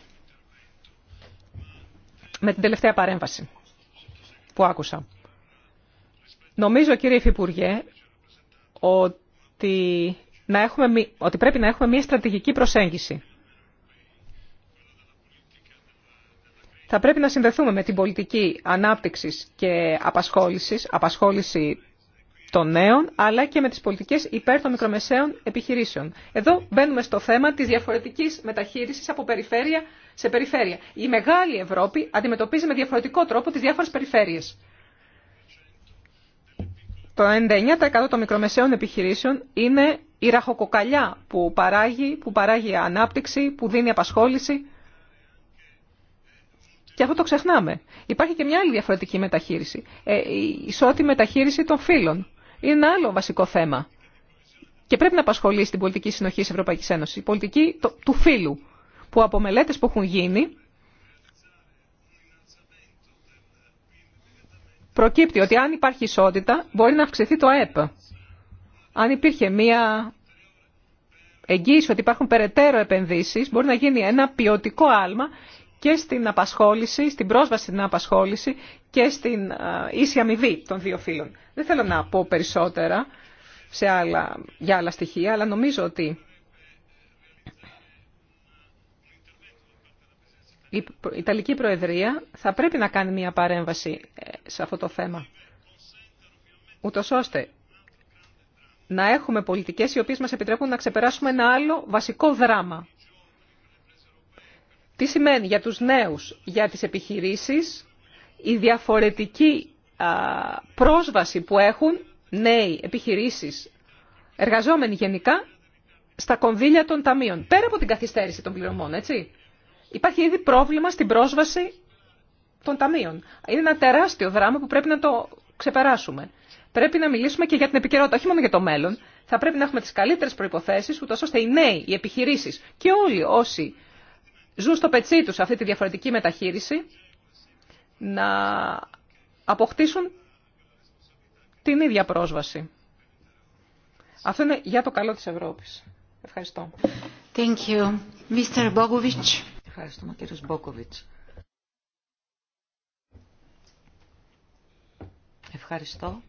με την τελευταία παρέμβαση που άκουσα. Νομίζω κύριε Υφυπουργέ ότι, ότι πρέπει να έχουμε μια στρατηγική προσέγγιση. Θα πρέπει να συνδεθούμε με την πολιτική ανάπτυξης και απασχόλησης, απασχόληση των νέων, αλλά και με τις πολιτικές υπέρ των μικρομεσαίων επιχειρήσεων. Εδώ μπαίνουμε στο θέμα της διαφορετικής μεταχείρισης από περιφέρεια σε περιφέρεια. Η μεγάλη Ευρώπη αντιμετωπίζει με διαφορετικό τρόπο τις διάφορες περιφέρειες. Το 99% των μικρομεσαίων επιχειρήσεων είναι η ραχοκοκαλιά που παράγει, που παράγει ανάπτυξη, που δίνει απασχόληση. Και αυτό το ξεχνάμε. Υπάρχει και μια άλλη διαφορετική μεταχείριση. Ε, η ισότιμη μεταχείριση των φύλων είναι ένα άλλο βασικό θέμα. Και πρέπει να απασχολεί στην πολιτική συνοχή τη Ευρωπαϊκή Ένωση. Η πολιτική του φίλου Που από μελέτε που έχουν γίνει προκύπτει ότι αν υπάρχει ισότητα μπορεί να αυξηθεί το ΑΕΠ. Αν υπήρχε μία εγγύηση ότι υπάρχουν περαιτέρω επενδύσεις, μπορεί να γίνει ένα ποιοτικό άλμα και στην απασχόληση, στην πρόσβαση στην απασχόληση και στην ίση αμοιβή των δύο φίλων. Δεν θέλω να πω περισσότερα σε για άλλα στοιχεία, αλλά νομίζω ότι η Ιταλική Προεδρία θα πρέπει να κάνει μια παρέμβαση ε, σε αυτό το θέμα. Ούτως ώστε να έχουμε πολιτικές οι οποίες μας επιτρέπουν να ξεπεράσουμε ένα άλλο βασικό δράμα τι σημαίνει για τους νέους, για τις επιχειρήσεις, η διαφορετική πρόσβαση που έχουν νέοι, επιχειρήσεις, εργαζόμενοι γενικά, στα κονδύλια των ταμείων. Πέρα από την καθυστέρηση των πληρωμών, έτσι. Υπάρχει ήδη πρόβλημα στην πρόσβαση των ταμείων. Είναι ένα τεράστιο δράμα που πρέπει να το ξεπεράσουμε. Πρέπει να μιλήσουμε και για την επικαιρότητα, όχι μόνο για το μέλλον. Θα πρέπει να έχουμε τι καλύτερε προποθέσει, ούτω ώστε οι νέοι, οι επιχειρήσει και όλοι όσοι ζουν στο πετσί τους αυτή τη διαφορετική μεταχείριση, να αποκτήσουν την ίδια πρόσβαση. Αυτό είναι για το καλό της Ευρώπης. Ευχαριστώ.
Thank you. Mr. Ευχαριστούμε κύριος Μπόκοβιτς. Ευχαριστώ.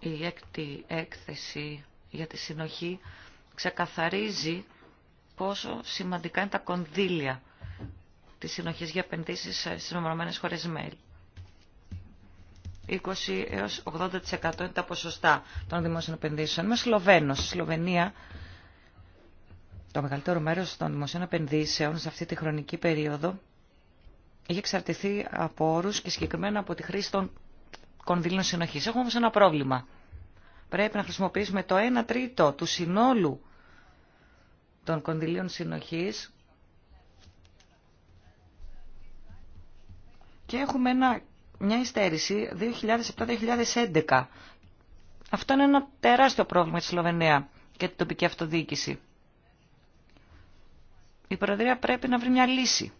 Η έκτη έκθεση για τη συνοχή ξεκαθαρίζει πόσο σημαντικά είναι τα κονδύλια της συνοχής για επενδύσεις στις νομιωμένες χώρες μέλη. 20 έως 80% είναι τα ποσοστά των δημόσιων επενδύσεων. Είμαι Σλοβαίνος. Στη Σλοβενία το μεγαλύτερο μέρος των δημοσίων επενδύσεων σε αυτή τη χρονική περίοδο είχε εξαρτηθεί από όρου και συγκεκριμένα από τη χρήση των κονδύλων συνοχής. Έχουμε όμως ένα πρόβλημα. Πρέπει να χρησιμοποιήσουμε το 1 τρίτο του συνόλου των κονδυλίων συνοχής και έχουμε ένα, μια υστέρηση 2007-2011. Αυτό είναι ένα τεράστιο πρόβλημα της Σλοβενία και την τοπική αυτοδιοίκηση. Η Προεδρία πρέπει να βρει μια λύση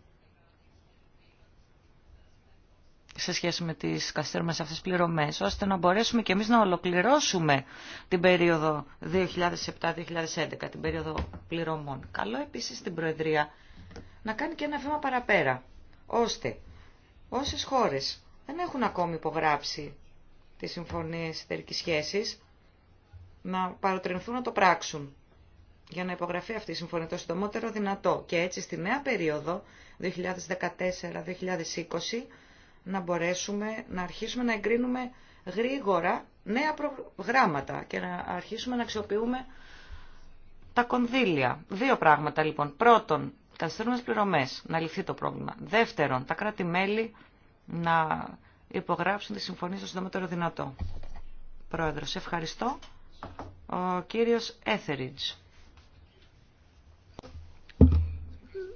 σε σχέση με τις καθυστερούμενες αυτές πληρωμές, ώστε να μπορέσουμε και εμείς να ολοκληρώσουμε την περίοδο 2007-2011, την περίοδο πληρωμών. Καλό επίσης την Προεδρία να κάνει και ένα βήμα παραπέρα, ώστε όσες χώρες δεν έχουν ακόμη υπογράψει τις συμφωνίες εταιρική σχέσης, να παροτρινθούν να το πράξουν για να υπογραφεί αυτή η συμφωνία το συντομότερο δυνατό. Και έτσι στη νέα περίοδο, 2014-2020, να μπορέσουμε να αρχίσουμε να εγκρίνουμε γρήγορα νέα προγράμματα και να αρχίσουμε να αξιοποιούμε τα κονδύλια. Δύο πράγματα λοιπόν. Πρώτον, τι πληρωμές, να λυθεί το πρόβλημα. Δεύτερον, τα κράτη-μέλη να υπογράψουν τη συμφωνία στο συντομότερο δυνατό. Πρόεδρος, ευχαριστώ. Ο κύριος Έθεριτζ.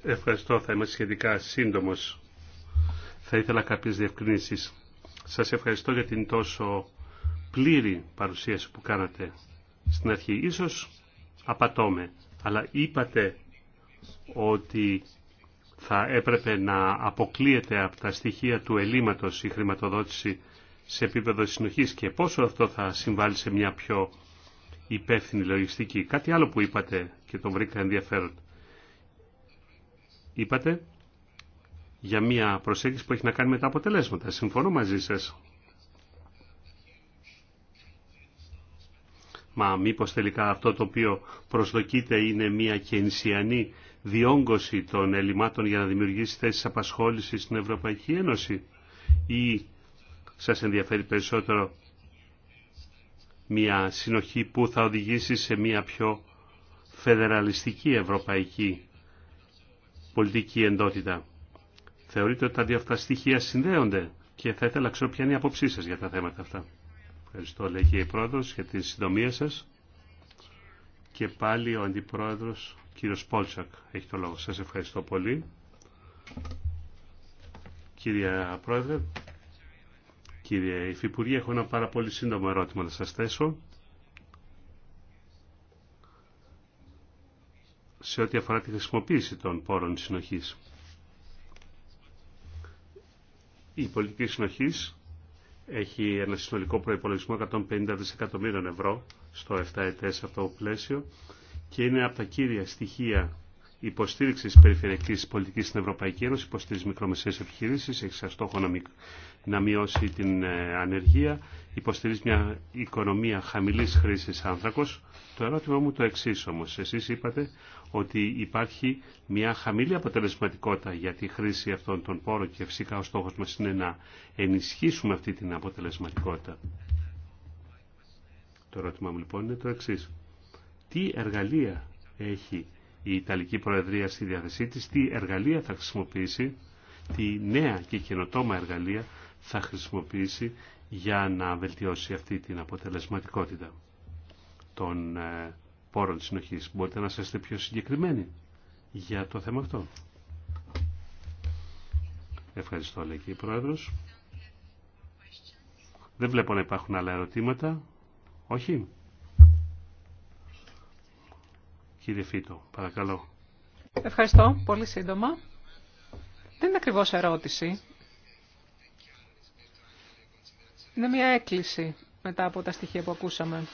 Ευχαριστώ, θα είμαι σχετικά σύντομος θα ήθελα κάποιες διευκρινήσεις. Σας ευχαριστώ για την τόσο πλήρη παρουσίαση που κάνατε στην αρχή. Ίσως απατώμε, αλλά είπατε ότι θα έπρεπε να αποκλείεται από τα στοιχεία του ελλείμματος η χρηματοδότηση σε επίπεδο συνοχής και πόσο αυτό θα συμβάλλει σε μια πιο υπεύθυνη λογιστική. Κάτι άλλο που είπατε και τον βρήκα ενδιαφέρον. Είπατε για μια προσέγγιση που έχει να κάνει με τα αποτελέσματα. Συμφωνώ μαζί σας. Μα μήπως τελικά αυτό το οποίο προσδοκείται είναι μια κενσιανή διόγκωση των ελλημάτων για να δημιουργήσει θέσεις απασχόλησης στην Ευρωπαϊκή Ένωση ή σας ενδιαφέρει περισσότερο μια συνοχή που θα οδηγήσει σε μια πιο φεδεραλιστική ευρωπαϊκή πολιτική εντότητα. Θεωρείτε ότι τα δύο αυτά στοιχεία συνδέονται και θα ήθελα να ξέρω ποια είναι η απόψή σα για τα θέματα αυτά. Ευχαριστώ, λέγει και η πρόεδρο για τη συντομία σα Και πάλι ο αντιπρόεδρο κύριο Πόλτσακ, έχει το λόγο. σα ευχαριστώ πολύ. Κύριε Πρόεδρε, κύριε Υφυπουργέ, έχω ένα πάρα πολύ σύντομο ερώτημα να σας θέσω. σε ό,τι αφορά τη χρησιμοποίηση των πόρων συνοχής. Η πολιτική συνοχή έχει ένα συνολικό προπολογισμό 150 δισεκατομμύρων ευρώ στο 7 ετές αυτό το πλαίσιο και είναι από τα κύρια στοιχεία υποστήριξη περιφερειακή πολιτική στην Ευρωπαϊκή Ένωση, υποστήριξη μικρομεσαίε επιχειρήσει, έχει σαν στόχο να, να μειώσει την ε, ανεργία, υποστηρίζει μια οικονομία χαμηλή χρήση άνθρακο. Το ερώτημα μου το εξή όμω. Εσεί είπατε ότι υπάρχει μια χαμηλή αποτελεσματικότητα για τη χρήση αυτών των πόρων και φυσικά ο στόχος μας είναι να ενισχύσουμε αυτή την αποτελεσματικότητα. Το ερώτημα μου λοιπόν είναι το εξή. Τι εργαλεία έχει η Ιταλική Προεδρία στη διάθεσή της, τι εργαλεία θα χρησιμοποιήσει, τι νέα και καινοτόμα εργαλεία θα χρησιμοποιήσει για να βελτιώσει αυτή την αποτελεσματικότητα των ε, πόρων συνοχής. Μπορείτε να είστε πιο συγκεκριμένοι για το θέμα αυτό. Ευχαριστώ, λέει και η Πρόεδρος. Δεν βλέπω να υπάρχουν άλλα ερωτήματα. Όχι. Κύριε Φίτο, παρακαλώ.
Ευχαριστώ. Πολύ σύντομα. Δεν είναι ακριβώς ερώτηση. Είναι μια έκκληση μετά από τα στοιχεία που ακούσαμε.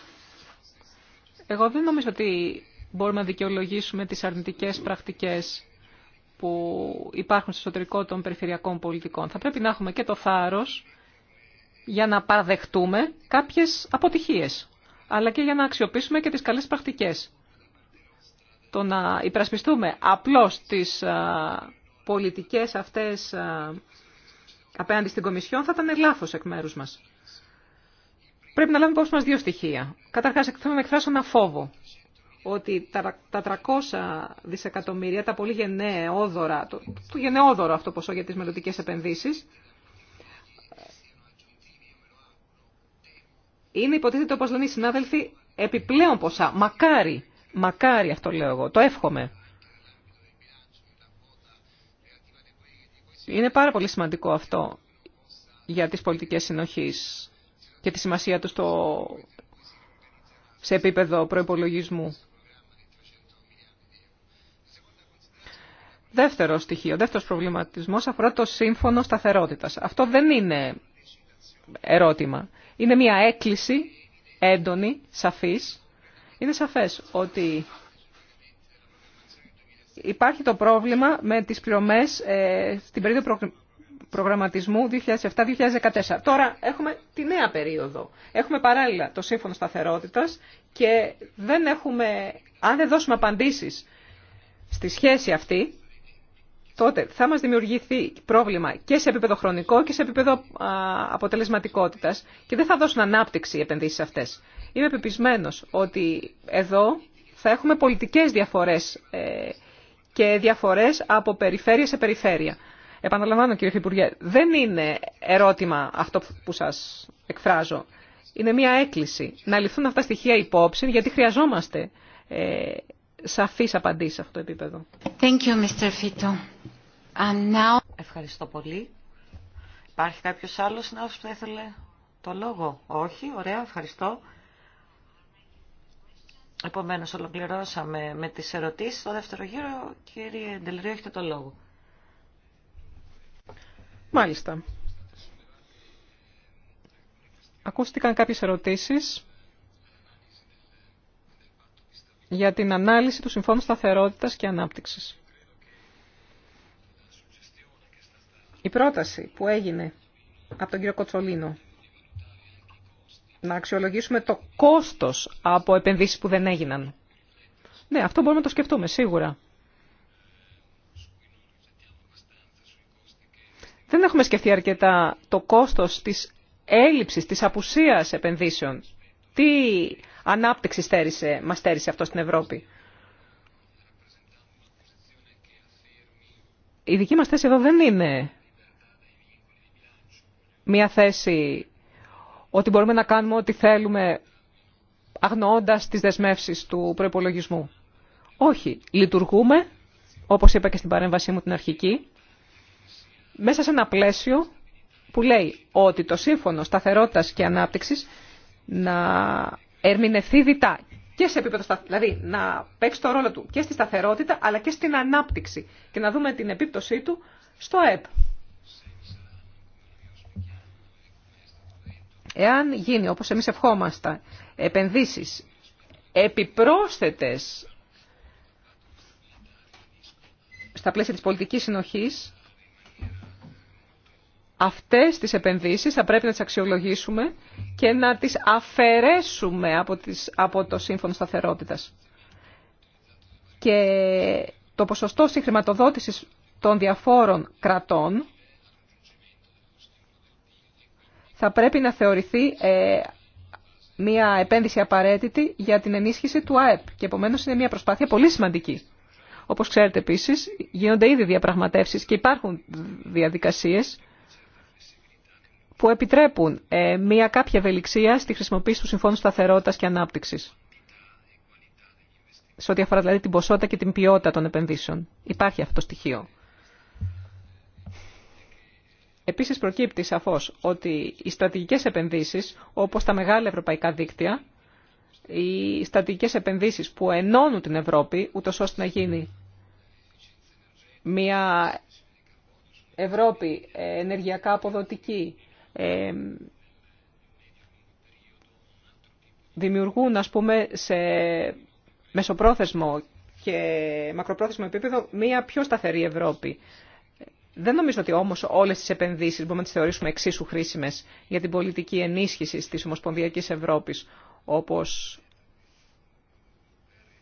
Εγώ δεν νομίζω ότι μπορούμε να δικαιολογήσουμε τις αρνητικές πρακτικές που υπάρχουν στο εσωτερικό των περιφερειακών πολιτικών. Θα πρέπει να έχουμε και το θάρρος για να παραδεχτούμε κάποιες αποτυχίες, αλλά και για να αξιοποιήσουμε και τις καλές πρακτικές. Το να υπερασπιστούμε απλώς τις πολιτικές αυτές απέναντι στην Κομισιόν θα ήταν λάθος εκ μέρους μας. Πρέπει να λάβουμε υπόψη μας δύο στοιχεία. Καταρχάς, θέλω να εκφράσω ένα φόβο ότι τα 300 δισεκατομμύρια, τα πολύ γενναιόδωρα, το, το γενναιόδωρο αυτό ποσό για τις μελλοντικέ επενδύσεις, είναι υποτίθεται, όπω λένε οι συνάδελφοι, επιπλέον ποσά. Μακάρι, μακάρι αυτό λέω εγώ, το εύχομαι. Είναι πάρα πολύ σημαντικό αυτό για τις πολιτικές συνοχής και τη σημασία του στο, σε επίπεδο προϋπολογισμού. Δεύτερο στοιχείο, δεύτερος προβληματισμός αφορά το σύμφωνο σταθερότητας. Αυτό δεν είναι ερώτημα. Είναι μια έκκληση έντονη, σαφής. Είναι σαφές ότι υπάρχει το πρόβλημα με τις πληρωμές ε, στην περίοδο προγραμματισμού 2007-2014. Τώρα έχουμε τη νέα περίοδο. Έχουμε παράλληλα το σύμφωνο σταθερότητας και δεν έχουμε, αν δεν δώσουμε απαντήσεις στη σχέση αυτή, τότε θα μας δημιουργηθεί πρόβλημα και σε επίπεδο χρονικό και σε επίπεδο αποτελεσματικότητας και δεν θα δώσουν ανάπτυξη οι επενδύσεις αυτές. Είμαι πεπισμένος ότι εδώ θα έχουμε πολιτικές διαφορές ε, και διαφορές από περιφέρεια σε περιφέρεια. Επαναλαμβάνω κύριε Υπουργέ, δεν είναι ερώτημα αυτό που σας εκφράζω. Είναι μια έκκληση να ληφθούν αυτά τα στοιχεία υπόψη γιατί χρειαζόμαστε ε,
σαφείς απαντήσεις σε αυτό το επίπεδο. Thank you, Mr. Fito. now... Ευχαριστώ πολύ. Υπάρχει κάποιος άλλος να που θα ήθελε το λόγο. Όχι, ωραία, ευχαριστώ. Επομένως, ολοκληρώσαμε με τις ερωτήσεις. Στο δεύτερο γύρο, κύριε Ντελρίο, έχετε το λόγο.
Μάλιστα. Ακούστηκαν κάποιες ερωτήσεις για την ανάλυση του Συμφώνου Σταθερότητας και Ανάπτυξης. Η πρόταση που έγινε από τον κύριο Κοτσολίνο να αξιολογήσουμε το κόστος από επενδύσεις που δεν έγιναν. Ναι, αυτό μπορούμε να το σκεφτούμε σίγουρα. Δεν έχουμε σκεφτεί αρκετά το κόστος της έλλειψης, της απουσίας επενδύσεων. Τι ανάπτυξη στέρισε, μας στέρισε αυτό στην Ευρώπη. Η δική μας θέση εδώ δεν είναι μια θέση ότι μπορούμε να κάνουμε ό,τι θέλουμε αγνοώντας τις δεσμεύσεις του προϋπολογισμού. Όχι, λειτουργούμε, όπως είπα και στην παρέμβασή μου την αρχική, μέσα σε ένα πλαίσιο που λέει ότι το Σύμφωνο Σταθερότητας και Ανάπτυξης να ερμηνευθεί διτά και σε επίπεδο δηλαδή να παίξει το ρόλο του και στη σταθερότητα αλλά και στην ανάπτυξη και να δούμε την επίπτωσή του στο ΕΠ. Εάν γίνει, όπως εμείς ευχόμαστε, επενδύσεις επιπρόσθετες στα πλαίσια της πολιτικής συνοχής, Αυτές τις επενδύσεις θα πρέπει να τις αξιολογήσουμε και να τις αφαιρέσουμε από, τις, από το σύμφωνο σταθερότητας. Και το ποσοστό συγχρηματοδότησης των διαφόρων κρατών θα πρέπει να θεωρηθεί ε, μια επένδυση απαραίτητη για την ενίσχυση του ΑΕΠ και επομένως είναι μια προσπάθεια πολύ σημαντική. Όπως ξέρετε επίσης γίνονται ήδη διαπραγματεύσεις και υπάρχουν διαδικασίες που επιτρέπουν ε, μια κάποια ευελιξία στη χρησιμοποίηση του Συμφώνου Σταθερότητας και Ανάπτυξης. Σε ό,τι αφορά δηλαδή την ποσότητα και την ποιότητα των επενδύσεων. Υπάρχει αυτό το στοιχείο. Επίσης προκύπτει σαφώς ότι οι στρατηγικές επενδύσεις, όπως τα μεγάλα ευρωπαϊκά δίκτυα, οι στρατηγικές επενδύσεις που ενώνουν την Ευρώπη, ούτω ώστε να γίνει μια Ευρώπη ε, ενεργειακά αποδοτική, δημιουργούν, ας πούμε, σε μεσοπρόθεσμο και μακροπρόθεσμο επίπεδο μία πιο σταθερή Ευρώπη. Δεν νομίζω ότι όμως όλες τι επενδύσεις μπορούμε να τι θεωρήσουμε εξίσου χρήσιμες για την πολιτική ενίσχυση της Ομοσπονδιακής Ευρώπης, όπως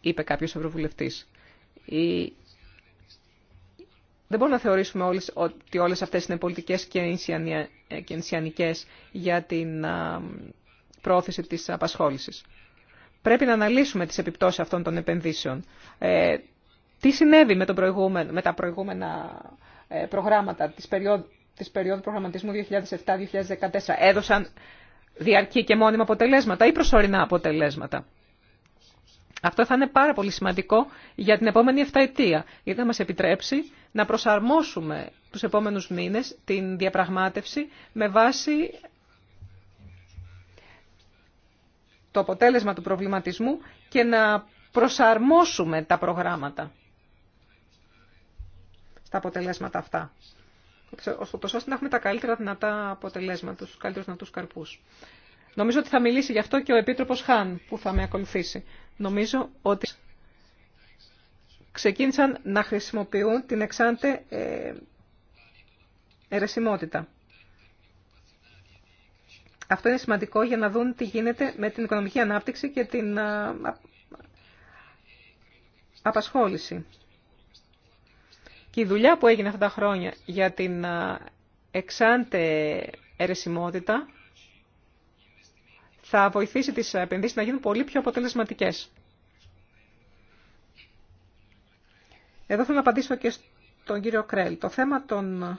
είπε κάποιο Ευρωβουλευτή. Η δεν μπορούμε να θεωρήσουμε όλες, ότι όλες αυτές είναι πολιτικές και ε, ενσιανικές για την πρόθεση της απασχόλησης. Πρέπει να αναλύσουμε τις επιπτώσεις αυτών των επενδύσεων. Ε, τι συνέβη με, τα προηγούμενα ε, προγράμματα της περίοδου, προγραμματισμου προγραμματισμού 2007-2014. Έδωσαν διαρκή και μόνιμα αποτελέσματα ή προσωρινά αποτελέσματα. Αυτό θα είναι πάρα πολύ σημαντικό για την επόμενη εφταετία. θα μας επιτρέψει να προσαρμόσουμε τους επόμενους μήνες την διαπραγμάτευση με βάση το αποτέλεσμα του προβληματισμού και να προσαρμόσουμε τα προγράμματα στα αποτελέσματα αυτά. Ωστόσο, ώστε να έχουμε τα καλύτερα δυνατά αποτελέσματα, τους καλύτερους δυνατούς καρπούς. Νομίζω ότι θα μιλήσει γι' αυτό και ο Επίτροπος Χάν που θα με ακολουθήσει. Νομίζω ότι ξεκίνησαν να χρησιμοποιούν την εξάντε ερεσιμότητα. Αυτό είναι σημαντικό για να δουν τι γίνεται με την οικονομική ανάπτυξη και την απασχόληση. Και η δουλειά που έγινε αυτά τα χρόνια για την εξάντε ερεσιμότητα θα βοηθήσει τις επενδύσεις να γίνουν πολύ πιο αποτελεσματικές. Εδώ θέλω να απαντήσω και στον κύριο Κρέλ. Το θέμα των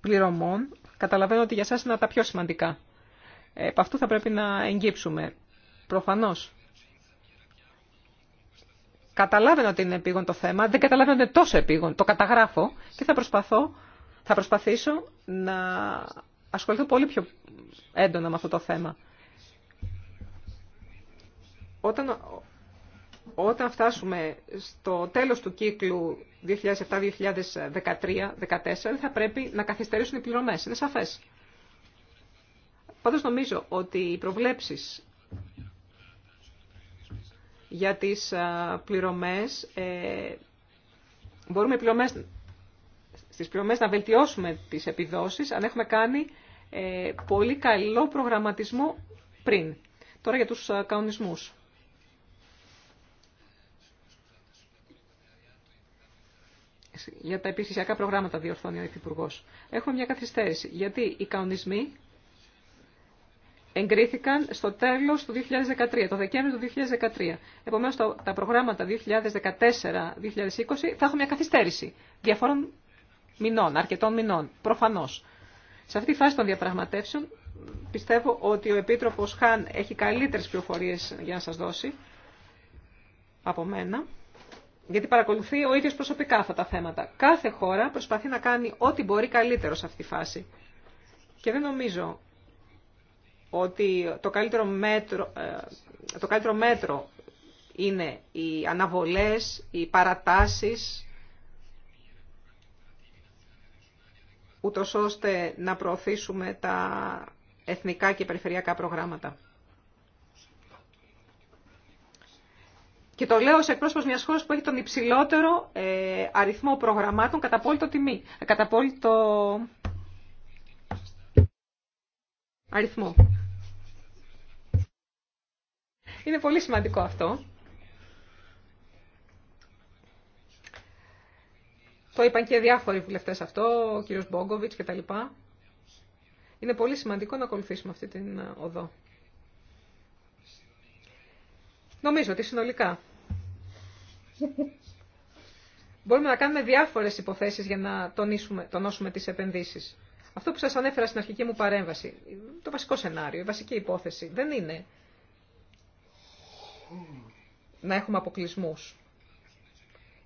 πληρωμών καταλαβαίνω ότι για σας είναι τα πιο σημαντικά. Ε, επ' αυτού θα πρέπει να εγγύψουμε. Προφανώς. Καταλάβαινα ότι είναι επίγον το θέμα, δεν καταλάβαινα ότι είναι τόσο επίγον. Το καταγράφω και θα, προσπαθώ, θα προσπαθήσω να ασχοληθώ πολύ πιο έντονα με αυτό το θέμα. Όταν όταν φτάσουμε στο τέλος του κύκλου 2007-2013-2014 θα πρέπει να καθυστερήσουν οι πληρωμές. Είναι σαφές. Πάντως νομίζω ότι οι προβλέψεις για τις πληρωμές ε, μπορούμε πληρωμές, στις πληρωμές να βελτιώσουμε τις επιδόσεις αν έχουμε κάνει ε, πολύ καλό προγραμματισμό πριν. Τώρα για τους κανονισμούς. για τα επιχειρησιακά προγράμματα, διορθώνει ο Υφυπουργό. Έχουμε μια καθυστέρηση, γιατί οι κανονισμοί εγκρίθηκαν στο τέλο του 2013, το Δεκέμβριο του 2013. Επομένω τα προγράμματα 2014-2020 θα έχουν μια καθυστέρηση διαφόρων μηνών, αρκετών μηνών, Προφανώ. Σε αυτή τη φάση των διαπραγματεύσεων πιστεύω ότι ο Επίτροπος Χάν έχει καλύτερες πληροφορίες για να σας δώσει από μένα γιατί παρακολουθεί ο ίδιος προσωπικά αυτά τα θέματα. Κάθε χώρα προσπαθεί να κάνει ό,τι μπορεί καλύτερο σε αυτή τη φάση. Και δεν νομίζω ότι το καλύτερο μέτρο, ε, το καλύτερο μέτρο είναι οι αναβολές, οι παρατάσεις, ούτω ώστε να προωθήσουμε τα εθνικά και περιφερειακά προγράμματα. Και το λέω ω εκπρόσωπο μιας χώρας που έχει τον υψηλότερο ε, αριθμό προγραμμάτων κατά απόλυτο τιμή, ε, κατά απόλυτο αριθμό. Είναι πολύ σημαντικό αυτό. Το είπαν και διάφοροι βουλευτέ αυτό, ο κύριος Μπόγκοβιτς λοιπά. Είναι πολύ σημαντικό να ακολουθήσουμε αυτή την ε, οδό. Νομίζω ότι συνολικά Μπορούμε να κάνουμε διάφορες υποθέσεις για να τονίσουμε, τονώσουμε τις επενδύσεις. Αυτό που σας ανέφερα στην αρχική μου παρέμβαση, το βασικό σενάριο, η βασική υπόθεση, δεν είναι να έχουμε αποκλεισμού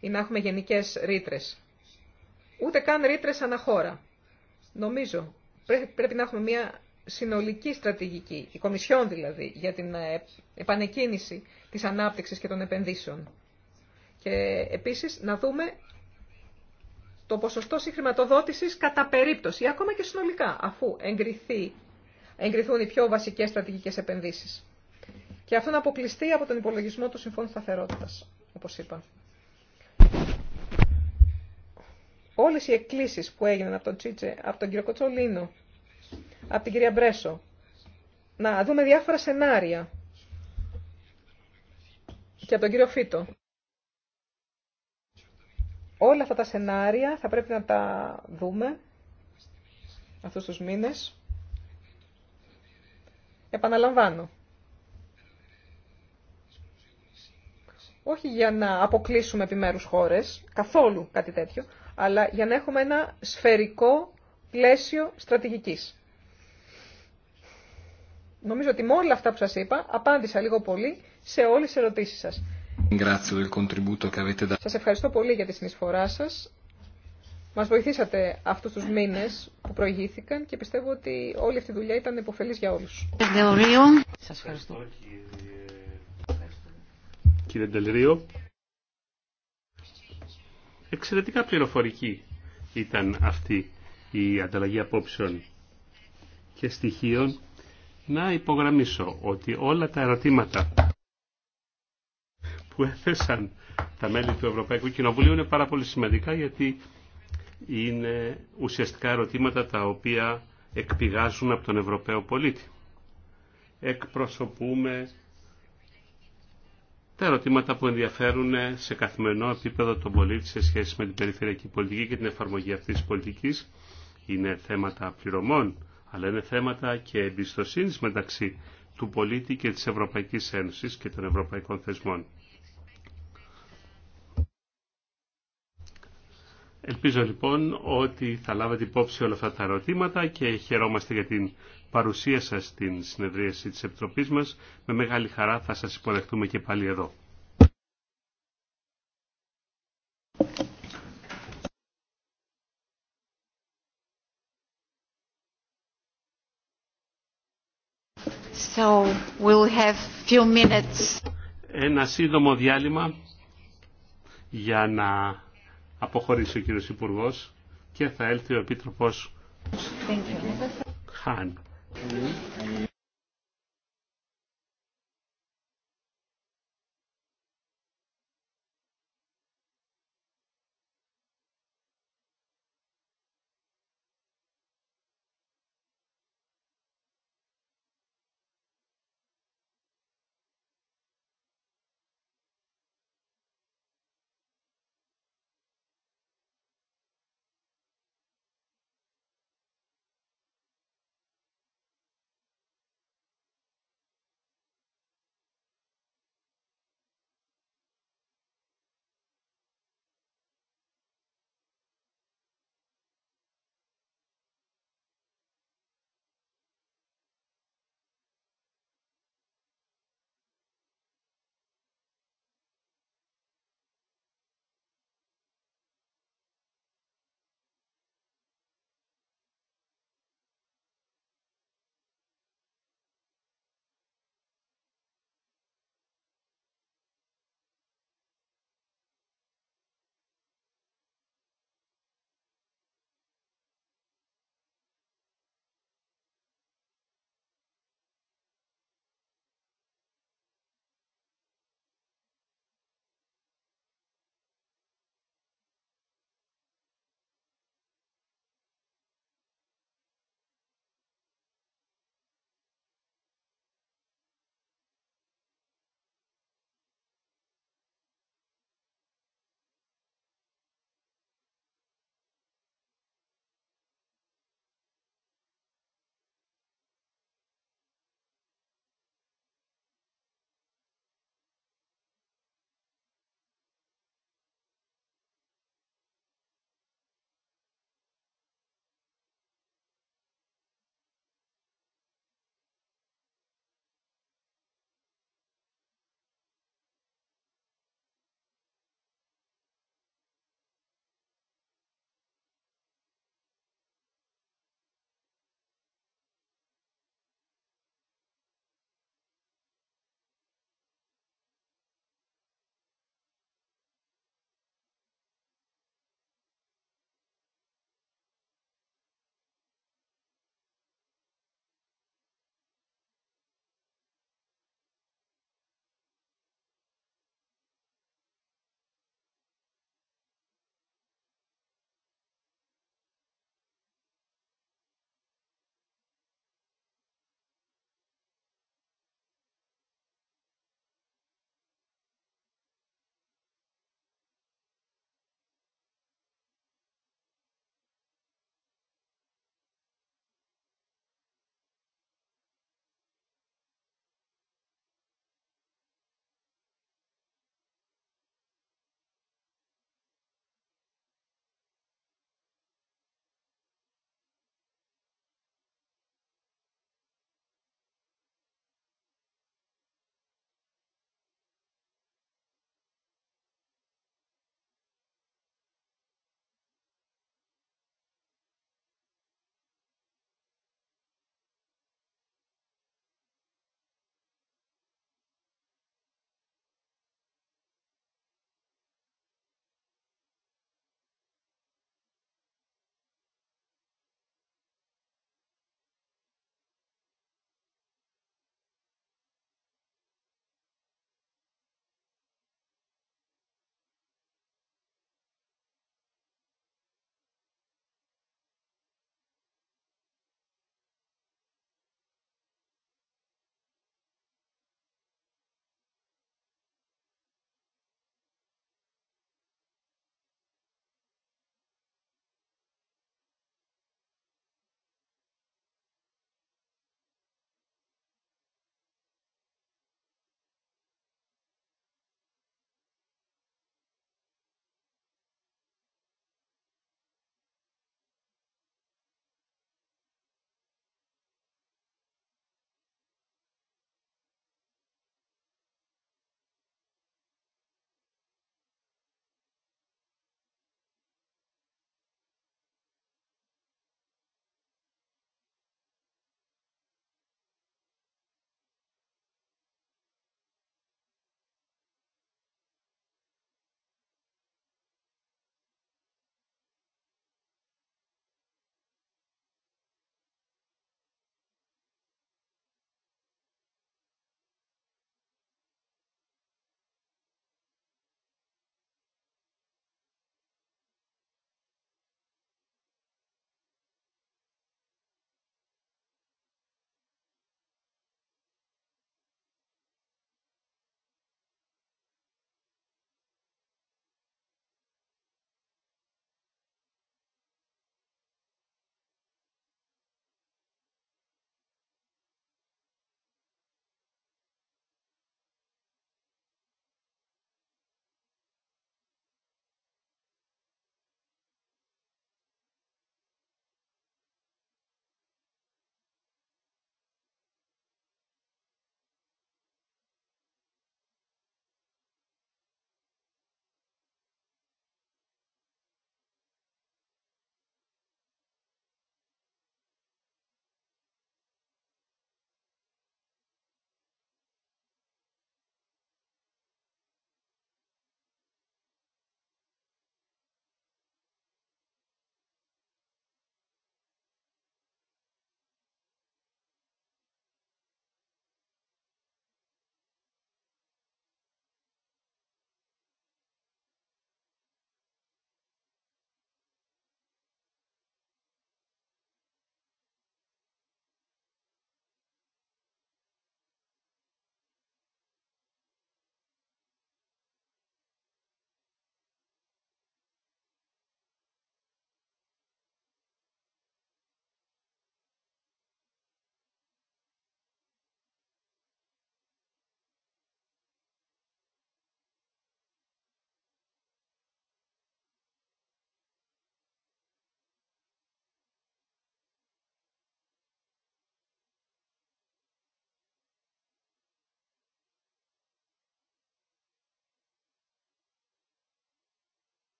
ή να έχουμε γενικές ρήτρε. Ούτε καν ρήτρε αναχώρα. Νομίζω πρέπει να έχουμε μια συνολική στρατηγική, η Κομισιόν δηλαδή, για την ε, επανεκκίνηση της ανάπτυξης και των επενδύσεων. Και επίσης να δούμε το ποσοστό συγχρηματοδότησης κατά περίπτωση, ακόμα και συνολικά, αφού εγκριθεί, εγκριθούν οι πιο βασικές στρατηγικές επενδύσεις. Και αυτό να αποκλειστεί από τον υπολογισμό του Συμφώνου Σταθερότητας, όπως είπα. Όλες οι εκκλήσεις που έγιναν από τον Τσίτσε, από τον κύριο Κοτσολίνο, από την κυρία Μπρέσο, να δούμε διάφορα σενάρια και από τον κύριο Φίτο. Όλα αυτά τα σενάρια θα πρέπει να τα δούμε αυτούς τους μήνες. Επαναλαμβάνω. Όχι για να αποκλείσουμε επιμέρους χώρες, καθόλου κάτι τέτοιο, αλλά για να έχουμε ένα σφαιρικό πλαίσιο στρατηγικής. Νομίζω ότι με όλα αυτά που σας είπα, απάντησα λίγο πολύ σε όλες τις ερωτήσεις σας. Σας ευχαριστώ πολύ για τη συνεισφορά σας. Μας βοηθήσατε αυτούς τους μήνες που προηγήθηκαν και πιστεύω ότι όλη αυτή η δουλειά ήταν υποφελής για όλους.
Σας ευχαριστώ.
Κύριε Ντελρίο, εξαιρετικά πληροφορική ήταν αυτή η ανταλλαγή απόψεων και στοιχείων. Να υπογραμμίσω ότι όλα τα ερωτήματα που έθεσαν τα μέλη του Ευρωπαϊκού Κοινοβουλίου είναι πάρα πολύ σημαντικά γιατί είναι ουσιαστικά ερωτήματα τα οποία εκπηγάζουν από τον Ευρωπαίο πολίτη. Εκπροσωπούμε τα ερωτήματα που ενδιαφέρουν σε καθημερινό επίπεδο τον πολίτη σε σχέση με την περιφερειακή πολιτική και την εφαρμογή αυτής της πολιτικής. Είναι θέματα πληρωμών, αλλά είναι θέματα και εμπιστοσύνης μεταξύ του πολίτη και της Ευρωπαϊκής Ένωσης και των Ευρωπαϊκών Θεσμών. Ελπίζω λοιπόν ότι θα λάβετε υπόψη όλα αυτά τα ερωτήματα και χαιρόμαστε για την παρουσία σας στην συνεδρίαση της Επιτροπής μας. Με μεγάλη χαρά θα σας υποδεχτούμε και πάλι εδώ.
So have few
Ένα σύντομο διάλειμμα για να αποχωρήσει ο κύριος Υπουργός και θα έλθει ο Επίτροπος Χάν.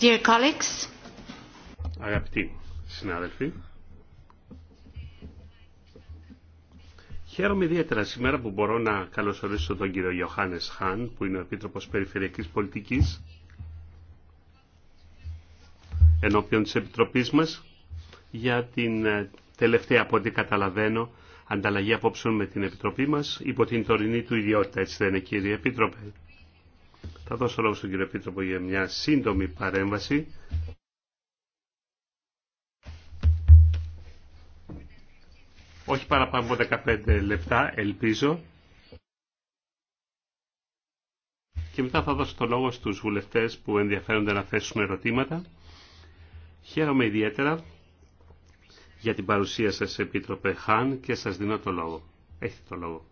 Dear colleagues.
Αγαπητοί συνάδελφοι, χαίρομαι ιδιαίτερα σήμερα που μπορώ να καλωσορίσω τον κύριο Ιωάννης Χάν, που είναι ο Επίτροπος Περιφερειακής Πολιτικής, ενώπιον της Επιτροπής μας, για την ε, τελευταία, από ό,τι καταλαβαίνω, ανταλλαγή απόψεων με την Επιτροπή μας, υπό την τωρινή του ιδιότητα, έτσι δεν είναι κύριε Επίτροπε. Θα δώσω λόγο στον κύριο Επίτροπο για μια σύντομη παρέμβαση. Όχι παραπάνω από 15 λεπτά, ελπίζω. Και μετά θα δώσω το λόγο στους βουλευτές που ενδιαφέρονται να θέσουν ερωτήματα. Χαίρομαι ιδιαίτερα για την παρουσία σας, Επίτροπε Χάν, και σας δίνω το λόγο. Έχετε το λόγο.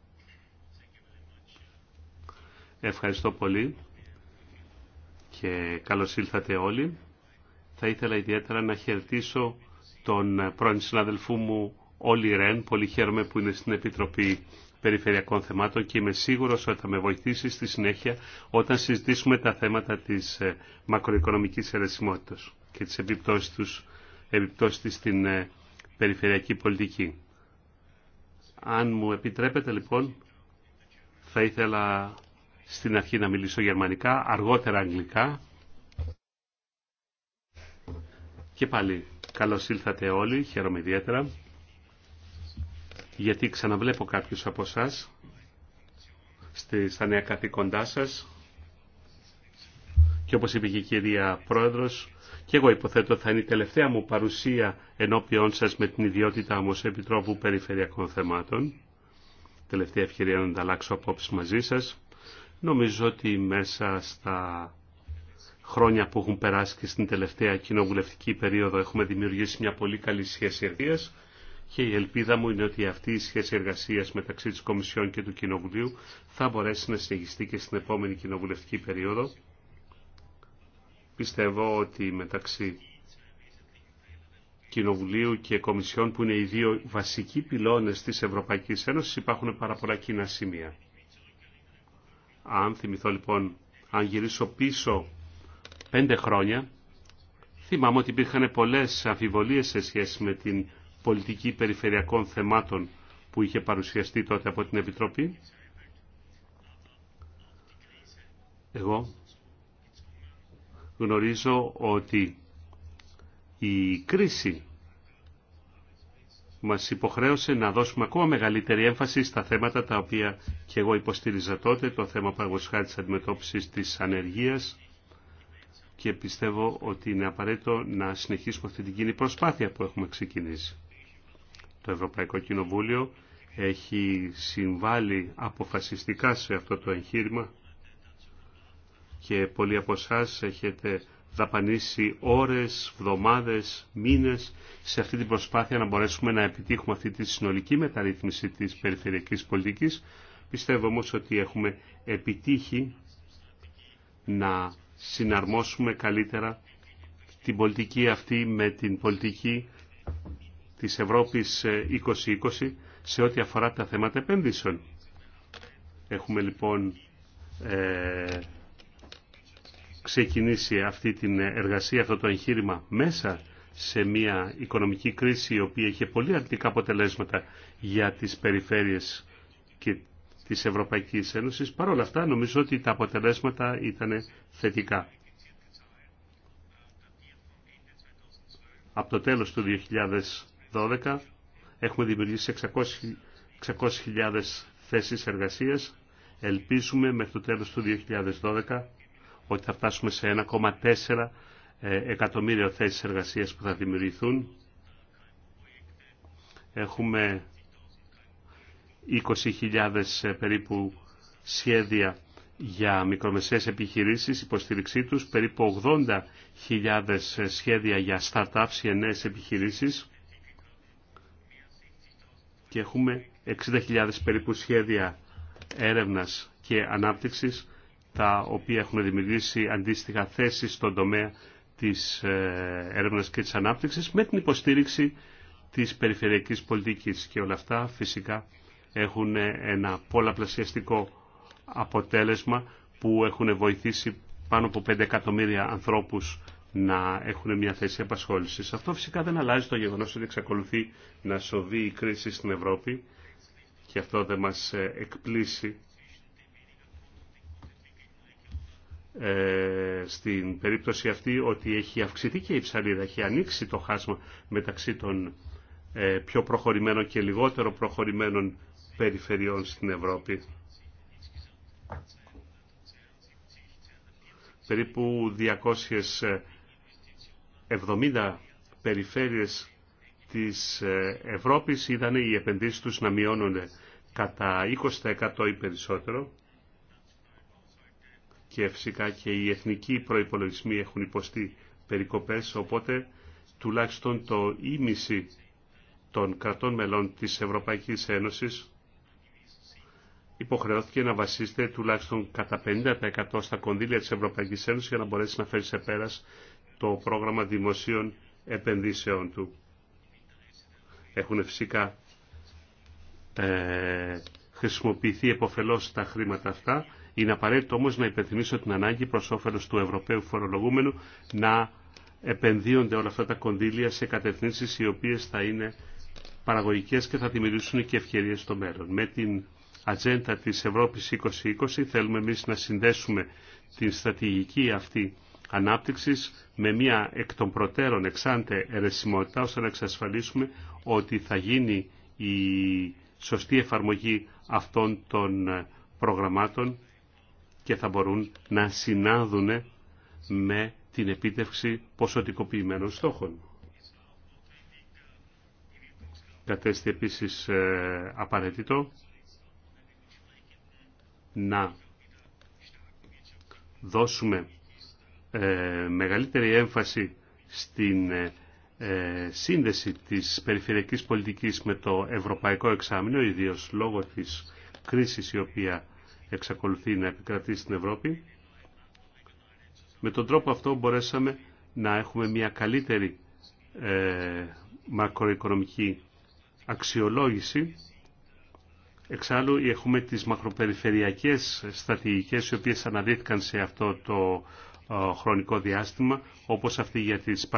Ευχαριστώ πολύ και καλώς ήλθατε όλοι. Θα ήθελα ιδιαίτερα να χαιρετήσω τον πρώην συναδελφού μου Όλη Ρεν. Πολύ χαίρομαι που είναι στην Επιτροπή Περιφερειακών Θεμάτων και είμαι σίγουρος ότι θα με βοηθήσει στη συνέχεια όταν συζητήσουμε τα θέματα της ε, μακροοικονομικής αιρεσιμότητας και της επιπτώσεις, τους, επιπτώσεις της στην ε, περιφερειακή πολιτική. Αν μου επιτρέπετε λοιπόν, θα ήθελα στην αρχή να μιλήσω γερμανικά, αργότερα αγγλικά. Και πάλι, καλώς ήλθατε όλοι, χαίρομαι ιδιαίτερα, γιατί ξαναβλέπω κάποιους από εσά στα νέα καθήκοντά σας. Και όπως είπε και η κυρία Πρόεδρος, και εγώ υποθέτω θα είναι η τελευταία μου παρουσία ενώπιον σας με την ιδιότητά μου ως Επιτρόπου Περιφερειακών Θεμάτων. Τελευταία ευκαιρία να ανταλλάξω απόψεις μαζί σας. Νομίζω ότι μέσα στα χρόνια που έχουν περάσει και στην τελευταία κοινοβουλευτική περίοδο έχουμε δημιουργήσει μια πολύ καλή σχέση εργασίας και η ελπίδα μου είναι ότι αυτή η σχέση εργασία μεταξύ της Κομισιόν και του Κοινοβουλίου θα μπορέσει να συνεχιστεί και στην επόμενη κοινοβουλευτική περίοδο. Πιστεύω ότι μεταξύ Κοινοβουλίου και Κομισιόν που είναι οι δύο βασικοί πυλώνες της Ευρωπαϊκής Ένωσης υπάρχουν πάρα πολλά κοινά σημεία. Αν θυμηθώ λοιπόν, αν γυρίσω πίσω πέντε χρόνια, θυμάμαι ότι υπήρχαν πολλές αμφιβολίες σε σχέση με την πολιτική περιφερειακών θεμάτων που είχε παρουσιαστεί τότε από την Επιτροπή. Εγώ γνωρίζω ότι η κρίση μας υποχρέωσε να δώσουμε ακόμα μεγαλύτερη έμφαση στα θέματα τα οποία και εγώ υποστήριζα τότε, το θέμα παγκοσχάρη της αντιμετώπισης της ανεργίας και πιστεύω ότι είναι απαραίτητο να συνεχίσουμε αυτή την κοινή προσπάθεια που έχουμε ξεκινήσει. Το Ευρωπαϊκό Κοινοβούλιο έχει συμβάλει αποφασιστικά σε αυτό το εγχείρημα και πολλοί από εσά έχετε δαπανίσει ώρες, βδομάδες, μήνες σε αυτή την προσπάθεια να μπορέσουμε να επιτύχουμε αυτή τη συνολική μεταρρύθμιση της περιφερειακής πολιτικής. Πιστεύω όμως ότι έχουμε επιτύχει να συναρμόσουμε καλύτερα την πολιτική αυτή με την πολιτική της Ευρώπης 2020 σε ό,τι αφορά τα θέματα επενδύσεων. Έχουμε λοιπόν ε, ξεκινήσει αυτή την εργασία, αυτό το εγχείρημα μέσα σε μια οικονομική κρίση η οποία είχε πολύ αρνητικά αποτελέσματα για τις περιφέρειες και της Ευρωπαϊκής Ένωσης. Παρ' όλα αυτά νομίζω ότι τα αποτελέσματα ήταν θετικά. Από το τέλος του 2012 έχουμε δημιουργήσει 600.000 θέσεις εργασίας. Ελπίζουμε μέχρι το τέλος του 2012 ότι θα φτάσουμε σε 1,4 ε, εκατομμύρια θέσεις εργασίας που θα δημιουργηθούν. Έχουμε 20.000 ε, περίπου σχέδια για μικρομεσαίες επιχειρήσεις, υποστήριξή τους, περίπου 80.000 ε, σχέδια για startups, και νέες επιχειρήσεις και έχουμε 60.000 περίπου σχέδια έρευνας και ανάπτυξης τα οποία έχουν δημιουργήσει αντίστοιχα θέσεις στον τομέα της ε, έρευνας και της ανάπτυξης με την υποστήριξη της περιφερειακής πολιτικής. Και όλα αυτά φυσικά έχουν ένα πολλαπλασιαστικό αποτέλεσμα που έχουν βοηθήσει πάνω από 5 εκατομμύρια ανθρώπους να έχουν μια θέση απασχόλησης. Αυτό φυσικά δεν αλλάζει το γεγονός ότι εξακολουθεί να σοβεί η κρίση στην Ευρώπη και αυτό δεν μας ε, εκπλήσει Ε, στην περίπτωση αυτή ότι έχει αυξηθεί και η ψαλίδα, έχει ανοίξει το χάσμα μεταξύ των ε, πιο προχωρημένων και λιγότερο προχωρημένων περιφερειών στην Ευρώπη. Περίπου 270 περιφέρειες της ε, Ευρώπης είδαν οι επενδύσεις τους να μειώνουν κατά 20% ή περισσότερο και φυσικά και οι εθνικοί προϋπολογισμοί έχουν υποστεί περικοπές, οπότε τουλάχιστον το ίμιση των κρατών μελών της Ευρωπαϊκής Ένωσης υποχρεώθηκε να βασίζεται τουλάχιστον κατά 50% στα κονδύλια της Ευρωπαϊκής Ένωσης για να μπορέσει να φέρει σε πέρας το πρόγραμμα δημοσίων επενδύσεων του. Έχουν φυσικά ε, χρησιμοποιηθεί επωφελώς τα χρήματα αυτά είναι απαραίτητο όμω να υπενθυμίσω την ανάγκη προ όφελο του Ευρωπαίου φορολογούμενου να επενδύονται όλα αυτά τα κονδύλια σε κατευθύνσει, οι οποίε θα είναι παραγωγικέ και θα δημιουργήσουν και ευκαιρίε στο μέλλον. Με την ατζέντα της Ευρώπης 2020 θέλουμε εμεί να συνδέσουμε την στρατηγική αυτή ανάπτυξη με μια εκ των προτέρων εξάντε ερεσιμότητα ώστε να εξασφαλίσουμε ότι θα γίνει η σωστή εφαρμογή αυτών των προγραμμάτων και θα μπορούν να συνάδουν με την επίτευξη ποσοτικοποιημένων στόχων. Κατέστη επίσης ε, απαραίτητο να δώσουμε ε, μεγαλύτερη έμφαση στην ε, σύνδεση της περιφερειακής πολιτικής με το ευρωπαϊκό εξάμεινο, ιδίως λόγω της κρίσης η οποία εξακολουθεί να επικρατεί στην Ευρώπη. Με τον τρόπο αυτό μπορέσαμε να έχουμε μια καλύτερη ε, μακροοικονομική αξιολόγηση. Εξάλλου έχουμε τις μακροπεριφερειακές στρατηγικές οι οποίες αναδείχθηκαν σε αυτό το ε, χρονικό διάστημα, όπως αυτή για τις,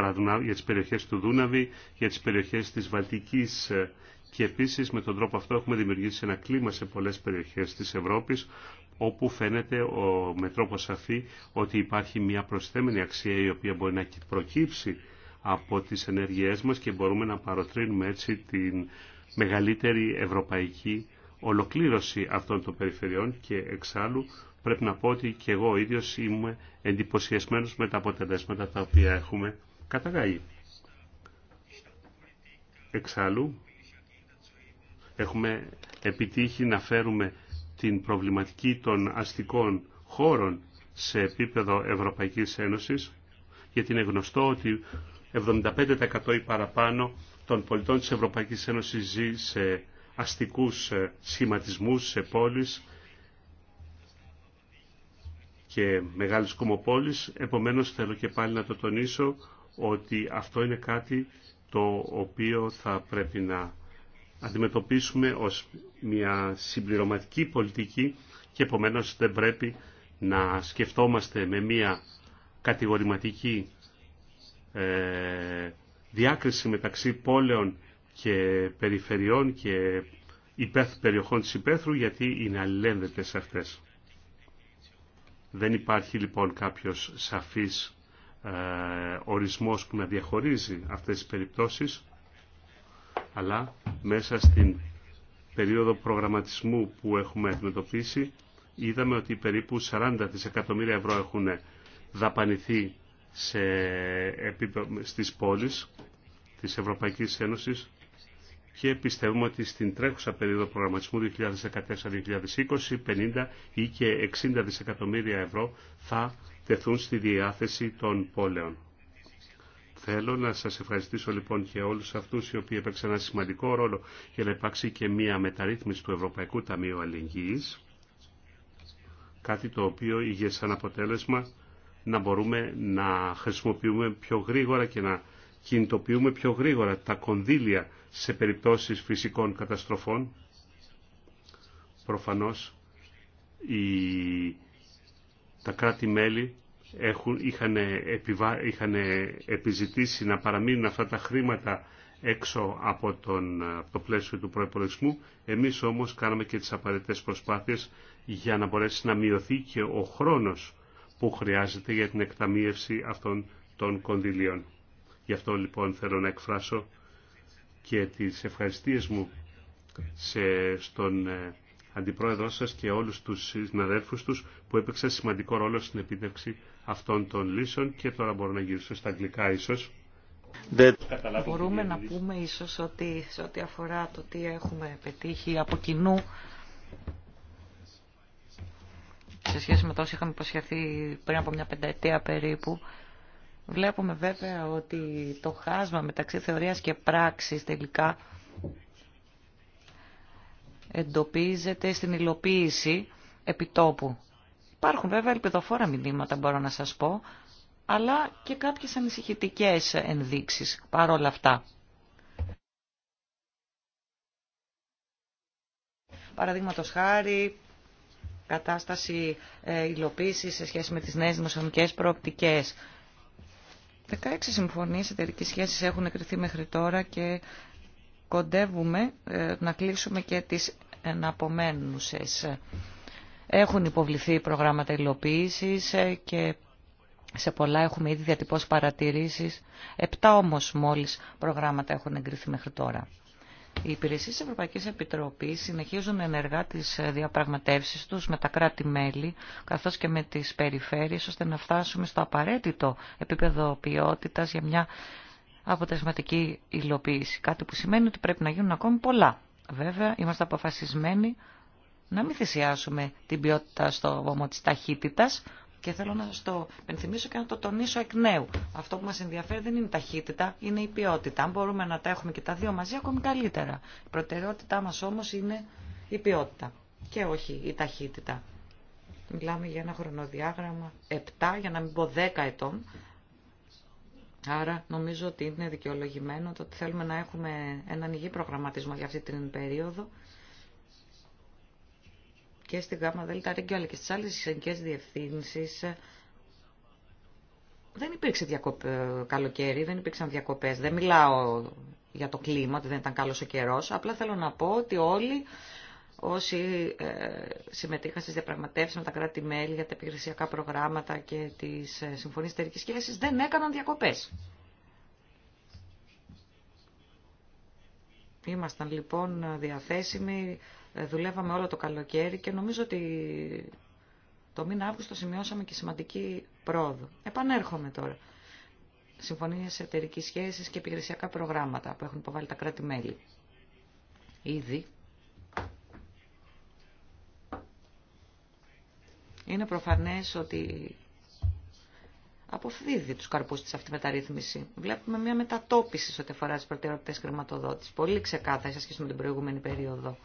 για τις περιοχές του Δούναβη, για τις περιοχές της Βαλτικής ε, και επίσης με τον τρόπο αυτό έχουμε δημιουργήσει ένα κλίμα σε πολλές περιοχές της Ευρώπης όπου φαίνεται ο, με τρόπο σαφή ότι υπάρχει μια προσθέμενη αξία η οποία μπορεί να προκύψει από τις ενέργειές μας και μπορούμε να παροτρύνουμε έτσι την μεγαλύτερη ευρωπαϊκή ολοκλήρωση αυτών των περιφερειών και εξάλλου πρέπει να πω ότι και εγώ ίδιος είμαι εντυπωσιασμένος με τα αποτελέσματα τα οποία έχουμε καταγάγει. Εξάλλου, Έχουμε επιτύχει να φέρουμε την προβληματική των αστικών χώρων σε επίπεδο Ευρωπαϊκής Ένωσης, γιατί είναι γνωστό ότι 75% ή παραπάνω των πολιτών της Ευρωπαϊκής Ένωσης ζει σε αστικούς ε, σχηματισμούς, σε πόλεις και μεγάλες κομοπόλεις. Επομένως θέλω και πάλι να το τονίσω ότι αυτό είναι κάτι το οποίο θα πρέπει να αντιμετωπίσουμε ως μια συμπληρωματική πολιτική και επομένως δεν πρέπει να σκεφτόμαστε με μια κατηγορηματική ε, διάκριση μεταξύ πόλεων και περιφερειών και υπέθ, περιοχών της υπαίθρου γιατί είναι αλληλένδετες αυτές. Δεν υπάρχει λοιπόν κάποιος σαφής ε, ορισμός που να διαχωρίζει αυτές τις περιπτώσεις αλλά μέσα στην περίοδο προγραμματισμού που έχουμε αντιμετωπίσει είδαμε ότι περίπου 40 δισεκατομμύρια ευρώ έχουν δαπανηθεί σε στις πόλεις της Ευρωπαϊκής Ένωσης και πιστεύουμε ότι στην τρέχουσα περίοδο προγραμματισμού 2014-2020 50 ή και 60 δισεκατομμύρια ευρώ θα τεθούν στη διάθεση των πόλεων. Θέλω να σα ευχαριστήσω λοιπόν και όλου αυτού οι οποίοι έπαιξαν ένα σημαντικό ρόλο για να υπάρξει και μία μεταρρύθμιση του Ευρωπαϊκού Ταμείου Αλληλεγγύη. κάτι το οποίο είχε σαν αποτέλεσμα να μπορούμε να χρησιμοποιούμε πιο γρήγορα και να κινητοποιούμε πιο γρήγορα τα κονδύλια σε περιπτώσεις φυσικών καταστροφών. Προφανώς τα κράτη-μέλη έχουν, είχαν, επιβα... επιζητήσει να παραμείνουν αυτά τα χρήματα έξω από, τον, το πλαίσιο του προϋπολογισμού. Εμείς όμως κάναμε και τις απαραίτητες προσπάθειες για να μπορέσει να μειωθεί και ο χρόνος που χρειάζεται για την εκταμείευση αυτών των κονδυλίων. Γι' αυτό λοιπόν θέλω να εκφράσω και τις ευχαριστίες μου στον ε, αντιπρόεδρό σα και όλους τους συναδέλφους του που έπαιξαν σημαντικό ρόλο στην επίτευξη αυτών των λύσεων και τώρα μπορώ να γυρίσω στα αγγλικά ίσως. Μπορούμε
να πούμε ίσως ότι σε ό,τι αφορά το τι έχουμε πετύχει από κοινού σε σχέση με το όσο είχαμε υποσχεθεί πριν από μια πενταετία περίπου βλέπουμε βέβαια ότι το χάσμα μεταξύ θεωρίας και πράξης τελικά εντοπίζεται στην υλοποίηση επιτόπου. Υπάρχουν βέβαια ελπιδοφόρα μηνύματα μπορώ να σας πω, αλλά και κάποιες ανησυχητικές ενδείξεις παρόλα αυτά. Παραδείγματο χάρη, κατάσταση ε, υλοποίηση σε σχέση με τις νέες δημοσιονομικές προοπτικές. 16 συμφωνίες εταιρικής σχέσης έχουν εκριθεί μέχρι τώρα και κοντεύουμε ε, να κλείσουμε και τις εναπομένουσες. Έχουν υποβληθεί προγράμματα υλοποίησης ε, και σε πολλά έχουμε ήδη διατυπώσει παρατηρήσεις. Επτά όμως μόλις προγράμματα έχουν εγκριθεί μέχρι τώρα. Οι υπηρεσίε τη Ευρωπαϊκή Επιτροπή συνεχίζουν ενεργά τι ε, διαπραγματεύσει του με τα κράτη-μέλη καθώ και με τι περιφέρειες ώστε να φτάσουμε στο απαραίτητο επίπεδο ποιότητα για μια αποτελεσματική υλοποίηση. Κάτι που σημαίνει ότι πρέπει να γίνουν ακόμη πολλά. Βέβαια, είμαστε αποφασισμένοι να μην θυσιάσουμε την ποιότητα στο βωμό της ταχύτητας και θέλω να σας το ενθυμίσω και να το τονίσω εκ νέου. Αυτό που μας ενδιαφέρει δεν είναι η ταχύτητα, είναι η ποιότητα. Αν μπορούμε να τα έχουμε και τα δύο μαζί, ακόμη καλύτερα. Η προτεραιότητά μας όμως είναι η ποιότητα και όχι η ταχύτητα. Μιλάμε για ένα χρονοδιάγραμμα 7, για να μην πω 10 ετών, Άρα νομίζω ότι είναι δικαιολογημένο το ότι θέλουμε να έχουμε έναν υγιή προγραμματισμό για αυτή την περίοδο και στην ΓΑΜΑ ΔΕΛΤΑ ΡΕΚΙΟ αλλά και στις άλλες γενικές διευθύνσεις ε, δεν υπήρξε ε, καλοκαίρι, δεν υπήρξαν διακοπές. Δεν μιλάω για το κλίμα, ότι δεν ήταν καλός ο καιρός. Απλά θέλω να πω ότι όλοι όσοι ε, συμμετείχαν στις διαπραγματεύσεις με τα κράτη-μέλη για τα επιχειρησιακά προγράμματα και τις ε, συμφωνίες εταιρικής σχέσης δεν έκαναν διακοπές. Ήμασταν λοιπόν διαθέσιμοι, ε, δουλεύαμε όλο το καλοκαίρι και νομίζω ότι το μήνα Αύγουστο σημειώσαμε και σημαντική πρόοδο. Επανέρχομαι τώρα. Συμφωνίες εταιρικής σχέσης και υπηρεσιακά προγράμματα που έχουν υποβάλει τα κράτη-μέλη. Ήδη Είναι προφανές ότι αποφύγει τους καρπούς της αυτή μεταρρύθμιση. Βλέπουμε μια μετατόπιση σε ό,τι αφορά τις προτεραιότητες χρηματοδότησης. Πολύ ξεκάθαρα σε σχέση με την προηγούμενη περίοδο.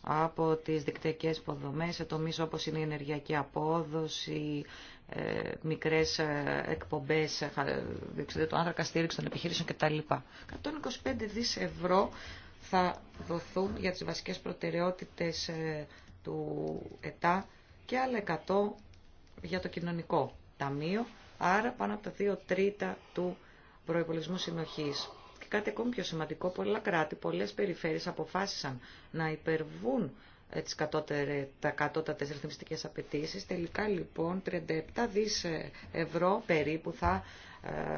Από τις δικτυακές υποδομές σε τομείς όπως είναι η ενεργειακή απόδοση, ε, μικρές ε, εκπομπές, ε, διοξιδίου του άνθρακα, στήριξη των επιχειρήσεων κτλ. 125 δις ευρώ θα δοθούν για τις βασικές προτεραιότητες του ΕΤΑ και άλλα 100 για το κοινωνικό ταμείο, άρα πάνω από τα 2 τρίτα του προϋπολογισμού συνοχής. Και κάτι ακόμη πιο σημαντικό, πολλά κράτη, πολλές περιφέρειες αποφάσισαν να υπερβούν ε, τις τα κατώτατες ρυθμιστικές απαιτήσεις. Τελικά λοιπόν 37 δις ε, ευρώ περίπου θα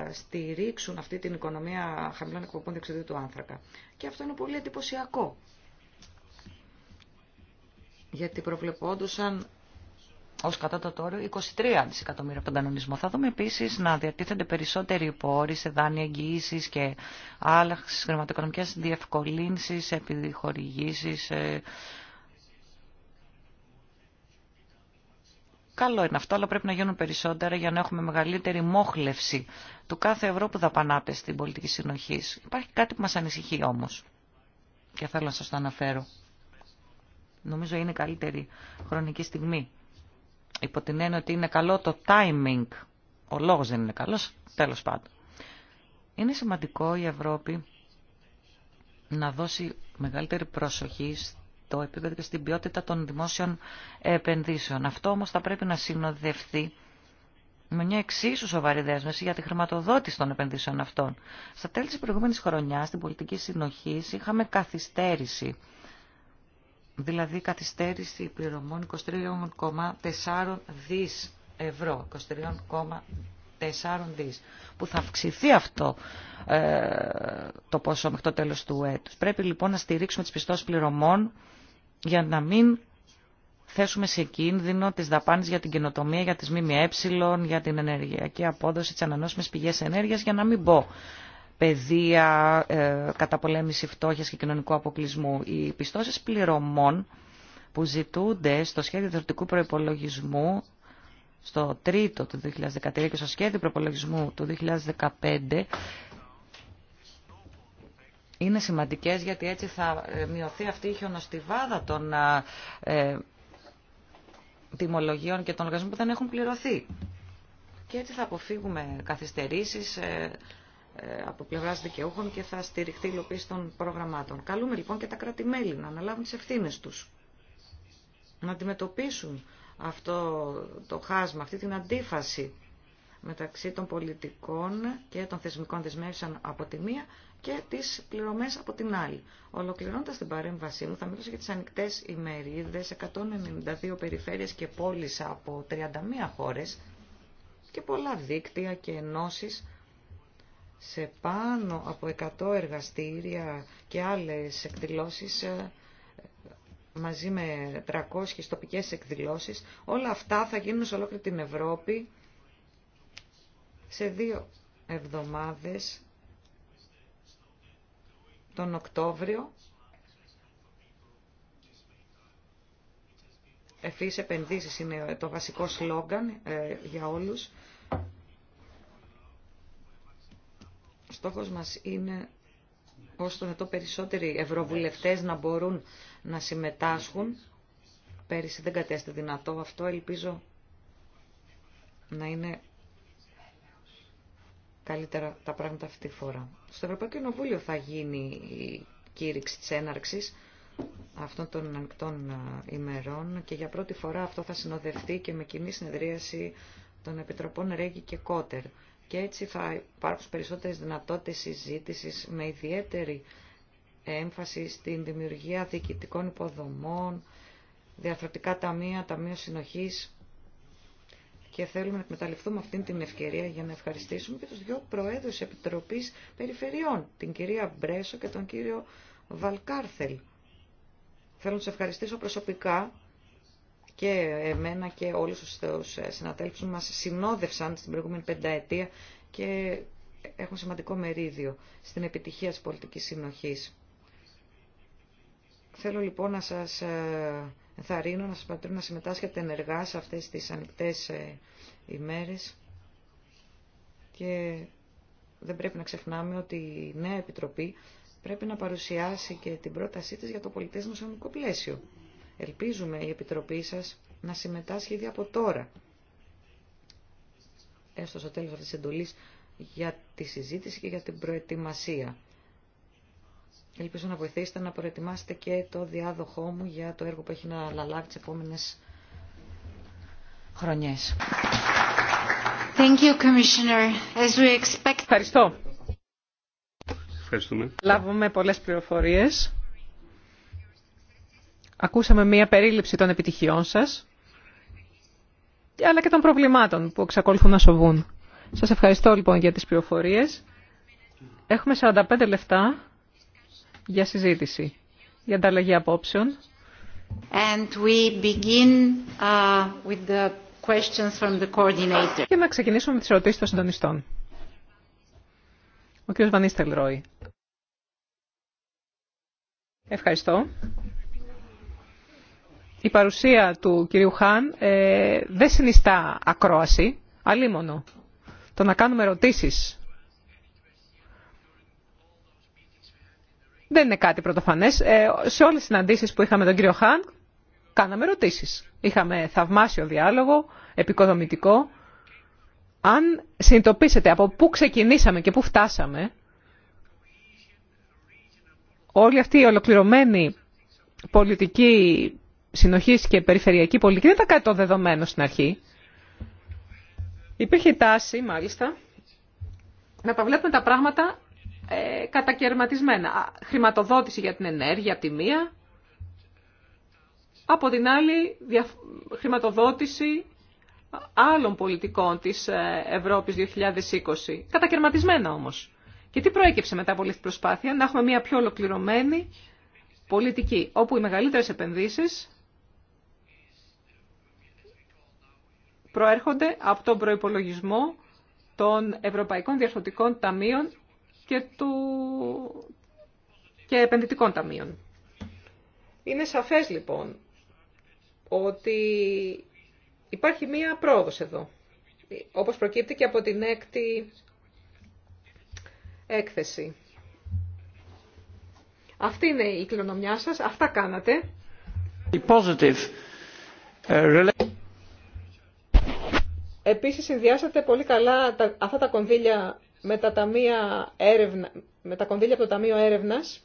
ε, στηρίξουν αυτή την οικονομία χαμηλών εκπομπών διοξιδίου του άνθρακα. Και αυτό είναι πολύ εντυπωσιακό. Γιατί προβλεπόντουσαν ως το όριο 23 δισεκατομμύρια από τον κανονισμό. Θα δούμε επίσης να διατίθενται περισσότεροι πόροι σε δάνεια εγγυήσεις και άλλα χρηματοοικονομικές διευκολύνσεις, επιχορηγήσεις. Ε. Καλό είναι αυτό, αλλά πρέπει να γίνουν περισσότερα για να έχουμε μεγαλύτερη μόχλευση του κάθε ευρώ που δαπανάται στην πολιτική συνοχή. Υπάρχει κάτι που μας ανησυχεί όμως και θέλω να σας το αναφέρω. Νομίζω είναι η καλύτερη χρονική στιγμή υπό την έννοια ότι είναι καλό το timing. Ο λόγος δεν είναι καλός, τέλος πάντων. Είναι σημαντικό η Ευρώπη να δώσει μεγαλύτερη προσοχή στο επίπεδο και στην ποιότητα των δημόσιων επενδύσεων. Αυτό όμως θα πρέπει να συνοδευτεί με μια εξίσου σοβαρή δέσμευση για τη χρηματοδότηση των επενδύσεων αυτών. Στα τέλη της προηγούμενης χρονιάς, στην πολιτική συνοχή, είχαμε καθυστέρηση δηλαδή καθυστέρηση πληρωμών 23,4 δις ευρώ, 23,4 δις, που θα αυξηθεί αυτό ε, το ποσό μέχρι το τέλος του έτους. Πρέπει λοιπόν να στηρίξουμε τις πιστώσεις πληρωμών για να μην θέσουμε σε κίνδυνο τις δαπάνες για την καινοτομία, για τις ΜΜΕ, για την ενεργειακή απόδοση, τις ανανόσιμες πηγές ενέργειας, για να μην πω παιδεία, ε, καταπολέμηση φτώχειας και κοινωνικού αποκλεισμού. Οι πιστώσεις πληρωμών που ζητούνται στο σχέδιο διευθυντικού προϋπολογισμού στο τρίτο του 2013 και στο σχέδιο προπολογισμού του 2015 είναι σημαντικές γιατί έτσι θα ε, μειωθεί αυτή η χιονοστιβάδα των ε, ε τιμολογίων και των οργανισμών που δεν έχουν πληρωθεί. Και έτσι θα αποφύγουμε καθυστερήσεις, από πλευρά δικαιούχων και θα στηριχτεί η υλοποίηση των προγραμμάτων. Καλούμε λοιπόν και τα κράτη-μέλη να αναλάβουν τι ευθύνε του. Να αντιμετωπίσουν αυτό το χάσμα, αυτή την αντίφαση μεταξύ των πολιτικών και των θεσμικών δεσμεύσεων από τη μία και τι πληρωμέ από την άλλη. Ολοκληρώνοντα την παρέμβασή μου θα μιλήσω για τι ανοιχτέ ημερίδε, 192 περιφέρειε και πόλει από 31 χώρε και πολλά δίκτυα και ενώσεις σε πάνω από 100 εργαστήρια και άλλες εκδηλώσεις ε, μαζί με 300 τοπικές εκδηλώσεις. Όλα αυτά θα γίνουν σε ολόκληρη την Ευρώπη σε δύο εβδομάδες τον Οκτώβριο. Εφής επενδύσεις είναι το βασικό σλόγγαν ε, για όλους. Ο στόχος μας είναι ώστε να το περισσότεροι ευρωβουλευτές να μπορούν να συμμετάσχουν. Πέρυσι δεν κατέστη δυνατό αυτό, ελπίζω να είναι καλύτερα τα πράγματα αυτή τη φορά. Στο Ευρωπαϊκό Κοινοβούλιο θα γίνει η κήρυξη της έναρξης αυτών των ανοιχτών ημερών και για πρώτη φορά αυτό θα συνοδευτεί και με κοινή συνεδρίαση των Επιτροπών Ρέγγι και Κότερ και έτσι θα υπάρχουν περισσότερες δυνατότητες συζήτησης με ιδιαίτερη έμφαση στην δημιουργία διοικητικών υποδομών, διαφορετικά ταμεία, ταμείο συνοχής και θέλουμε να εκμεταλλευτούμε αυτή την ευκαιρία για να ευχαριστήσουμε και τους δύο Προέδρους Επιτροπής Περιφερειών, την κυρία Μπρέσο και τον κύριο Βαλκάρθελ. Θέλω να τους ευχαριστήσω προσωπικά και εμένα και όλους τους ε, συναδέλφους μας συνόδευσαν στην προηγούμενη πενταετία και έχουν σημαντικό μερίδιο στην επιτυχία της πολιτικής συνοχής. Θέλω λοιπόν να σας ε, ενθαρρύνω, να σας πατρύνω να συμμετάσχετε ενεργά σε αυτές τις ανοιχτές ε, ημέρες και δεν πρέπει να ξεχνάμε ότι η νέα Επιτροπή πρέπει να παρουσιάσει και την πρότασή της για το πολιτές πλαίσιο. Ελπίζουμε η Επιτροπή σας να συμμετάσχει ήδη από τώρα, έστω στο τέλος αυτής της εντολής, για τη συζήτηση και για την προετοιμασία. Ελπίζω να βοηθήσετε να προετοιμάσετε και το διάδοχό μου για το έργο που έχει να λαλάβει τις επόμενες χρονιές.
Ευχαριστώ. Ευχαριστούμε. Λάβουμε πολλές πληροφορίες. Ακούσαμε μία περίληψη των επιτυχιών σας, αλλά και των προβλημάτων που εξακολουθούν να σοβούν. Σας ευχαριστώ λοιπόν για τις πληροφορίες. Έχουμε 45 λεπτά για συζήτηση, για ανταλλαγή απόψεων. Και να ξεκινήσουμε με τις ερωτήσεις των συντονιστών. Ο κ. Βανίστελ Ρόι. Ευχαριστώ η παρουσία του κυρίου Χάν ε, δεν συνιστά ακρόαση, αλίμονο. Το να κάνουμε ερωτήσεις δεν είναι κάτι πρωτοφανές. Ε, σε όλες τις συναντήσεις που είχαμε τον κύριο Χάν, κάναμε ερωτήσεις. Είχαμε θαυμάσιο διάλογο, επικοδομητικό. Αν συνειδητοποιήσετε από πού ξεκινήσαμε και πού φτάσαμε, όλη αυτή η ολοκληρωμένη πολιτική Συνοχή και περιφερειακή πολιτική δεν ήταν κάτι το δεδομένο στην αρχή. Υπήρχε τάση, μάλιστα, να τα βλέπουμε τα πράγματα ε, κατακαιρματισμένα. Χρηματοδότηση για την ενέργεια από τη μία, από την άλλη χρηματοδότηση άλλων πολιτικών της ε, Ευρώπης 2020. Κατακαιρματισμένα όμως. Και τι προέκυψε μετά από όλη την προσπάθεια, να έχουμε μια πιο ολοκληρωμένη πολιτική, όπου οι μεγαλύτερες επενδύσεις προέρχονται από τον προϋπολογισμό των Ευρωπαϊκών Διαρθωτικών Ταμείων και, του... και Επενδυτικών Ταμείων. Είναι σαφές λοιπόν ότι υπάρχει μία πρόοδος εδώ, όπως προκύπτει και από την έκτη έκθεση. Αυτή είναι η κληρονομιά σας, αυτά κάνατε. Uh, Επίσης συνδυάσατε πολύ καλά τα, αυτά τα κονδύλια με τα, ταμεία έρευνα, κονδύλια από το Ταμείο Έρευνας.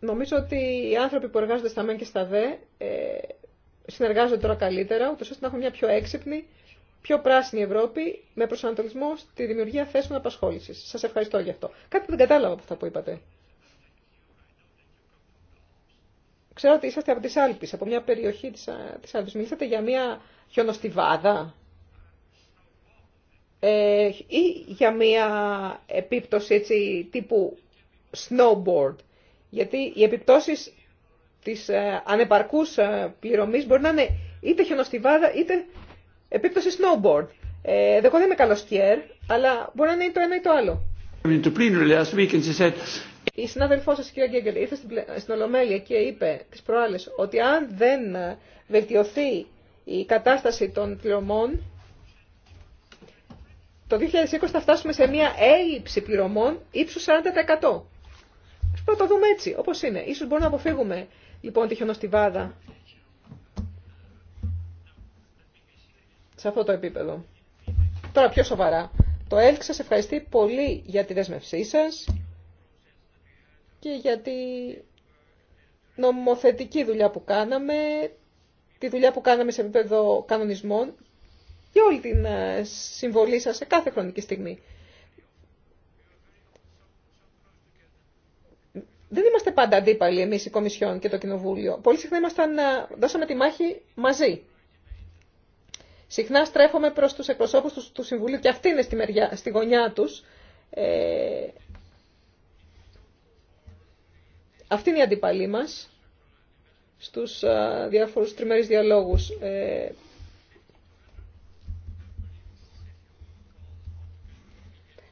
Νομίζω ότι οι άνθρωποι που εργάζονται στα ΜΕΝ και στα ΔΕ ε, συνεργάζονται τώρα καλύτερα, ούτως ώστε να έχουν μια πιο έξυπνη, πιο πράσινη Ευρώπη, με προσανατολισμό στη δημιουργία θέσεων απασχόλησης. Σας ευχαριστώ για αυτό. Κάτι που δεν κατάλαβα από αυτά που είπατε. Ξέρω ότι είσαστε από τις Άλπεις, από μια περιοχή της, της Άλπης. Μιλήσατε για μια χιονοστιβάδα ε, ή για μια επίπτωση έτσι, τύπου snowboard. Γιατί οι επιπτώσεις της ε, ανεπαρκούς ε, πληρωμής μπορεί να είναι είτε χιονοστιβάδα είτε επίπτωση snowboard. Ε, δεν είμαι καλό αλλά μπορεί να είναι το ένα ή το άλλο. Η συνάδελφό σα, κυρία Γκέγκελ, ήρθε στην Ολομέλεια και είπε τι προάλλε ότι αν δεν ε, βελτιωθεί η κατάσταση των πληρωμών, το 2020 θα φτάσουμε σε μια έλλειψη πληρωμών ύψου 40%. Ας το δούμε έτσι, όπως είναι. Ίσως μπορούμε να αποφύγουμε λοιπόν τη χιονοστιβάδα σε αυτό το επίπεδο. Τώρα πιο σοβαρά. Το ΕΛΚ σας ευχαριστεί πολύ για τη δέσμευσή σας και για τη νομοθετική δουλειά που κάναμε, τη δουλειά που κάναμε σε επίπεδο κανονισμών και όλη την ε, συμβολή σας σε κάθε χρονική στιγμή. Δεν είμαστε πάντα αντίπαλοι εμείς η Κομισιόν και το Κοινοβούλιο. Πολύ συχνά ήμασταν, ε, δώσαμε τη μάχη μαζί. Συχνά στρέφομαι προς τους εκπροσώπους του, Συμβουλίου και αυτοί είναι στη, μεριά, στη γωνιά τους. Ε, αυτή είναι η αντιπαλή μας στους διάφορους τριμερείς διαλόγους. Ε,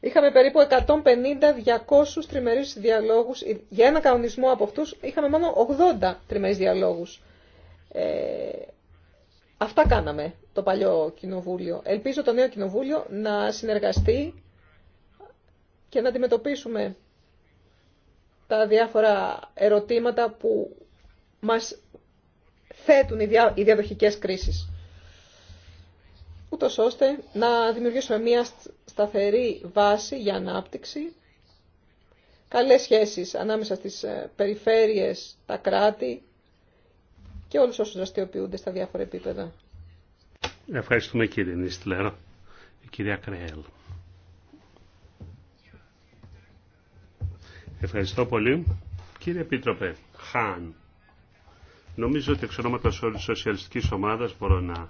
είχαμε περίπου 150-200 τριμερείς διαλόγους. Ε, για ένα κανονισμό από αυτούς είχαμε μόνο 80 τριμερείς διαλόγους. Ε, αυτά κάναμε το παλιό κοινοβούλιο. Ελπίζω το νέο κοινοβούλιο να συνεργαστεί και να αντιμετωπίσουμε τα διάφορα ερωτήματα που μας θέτουν οι διαδοχικές κρίσεις. Ούτως ώστε να δημιουργήσουμε μια σταθερή βάση για ανάπτυξη, καλές σχέσεις ανάμεσα στις ε, περιφέρειες, τα κράτη και όλους όσους δραστηριοποιούνται στα διάφορα επίπεδα.
Ευχαριστούμε κύριε Νίστλερ. Η κυρία Κρέλ. Ευχαριστώ πολύ. Κύριε Επίτροπε, Χάν, νομίζω ότι εξ ονόματος όλη τη σοσιαλιστικής ομάδα μπορώ να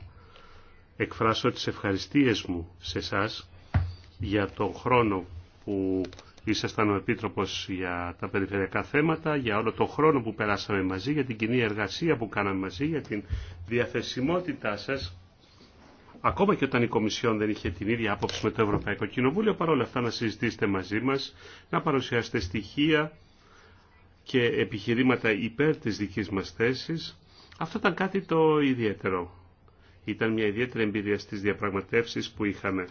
εκφράσω τις ευχαριστίες μου σε εσά για τον χρόνο που ήσασταν ο επίτροπο για τα περιφερειακά θέματα, για όλο τον χρόνο που περάσαμε μαζί, για την κοινή εργασία που κάναμε μαζί, για την διαθεσιμότητά σας ακόμα και όταν η Κομισιόν δεν είχε την ίδια άποψη με το Ευρωπαϊκό Κοινοβούλιο, παρόλα αυτά να συζητήσετε μαζί μας, να παρουσιάσετε στοιχεία και επιχειρήματα υπέρ της δικής μας θέσης. Αυτό ήταν κάτι το ιδιαίτερο. Ήταν μια ιδιαίτερη εμπειρία στις διαπραγματεύσεις που είχαμε.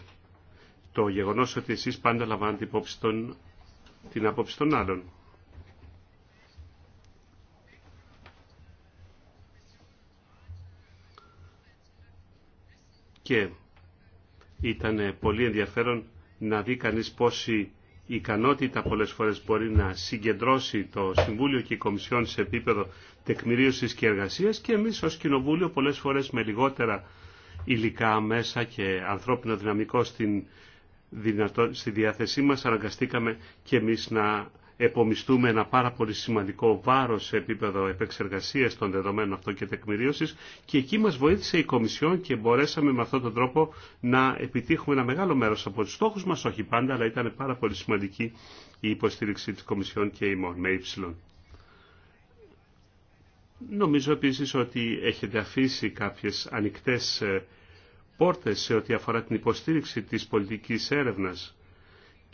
Το γεγονός ότι εσείς πάντα λαμβάνετε την άποψη των άλλων. και ήταν πολύ ενδιαφέρον να δει κανείς πόση ικανότητα πολλές φορές μπορεί να συγκεντρώσει το Συμβούλιο και η Κομισιόν σε επίπεδο τεκμηρίωσης και εργασίας και εμείς ως Κοινοβούλιο πολλές φορές με λιγότερα υλικά μέσα και ανθρώπινο δυναμικό στην, στη διάθεσή μας αναγκαστήκαμε και εμείς να επομιστούμε ένα πάρα πολύ σημαντικό βάρος σε επίπεδο επεξεργασίας των δεδομένων αυτών και τεκμηρίωσης και εκεί μας βοήθησε η Κομισιόν και μπορέσαμε με αυτόν τον τρόπο να επιτύχουμε ένα μεγάλο μέρος από τους στόχους μας, όχι πάντα, αλλά ήταν πάρα πολύ σημαντική η υποστήριξη της Κομισιόν και Μον με Νομίζω επίσης ότι έχετε αφήσει κάποιες ανοιχτές ε, πόρτες σε ό,τι αφορά την υποστήριξη της πολιτικής έρευνας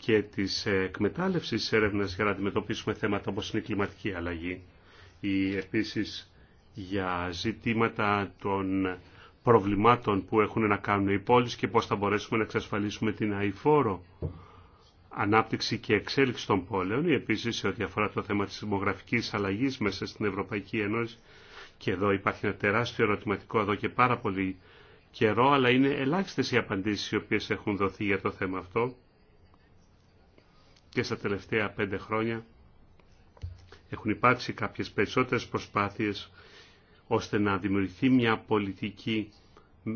και της ε, εκμετάλλευσης έρευνας για να αντιμετωπίσουμε θέματα όπως είναι η κλιματική αλλαγή ή επίσης για ζητήματα των προβλημάτων που έχουν να κάνουν οι πόλεις και πώς θα μπορέσουμε να εξασφαλίσουμε την αηφόρο ανάπτυξη και εξέλιξη των πόλεων ή επίσης σε ό,τι αφορά το θέμα της δημογραφικής αλλαγής μέσα στην Ευρωπαϊκή Ένωση και εδώ υπάρχει ένα τεράστιο ερωτηματικό εδώ και πάρα πολύ καιρό αλλά είναι ελάχιστες οι απαντήσεις οι οποίες έχουν δοθεί για το θέμα αυτό και στα τελευταία πέντε χρόνια έχουν υπάρξει κάποιες περισσότερες προσπάθειες ώστε να δημιουργηθεί μια πολιτική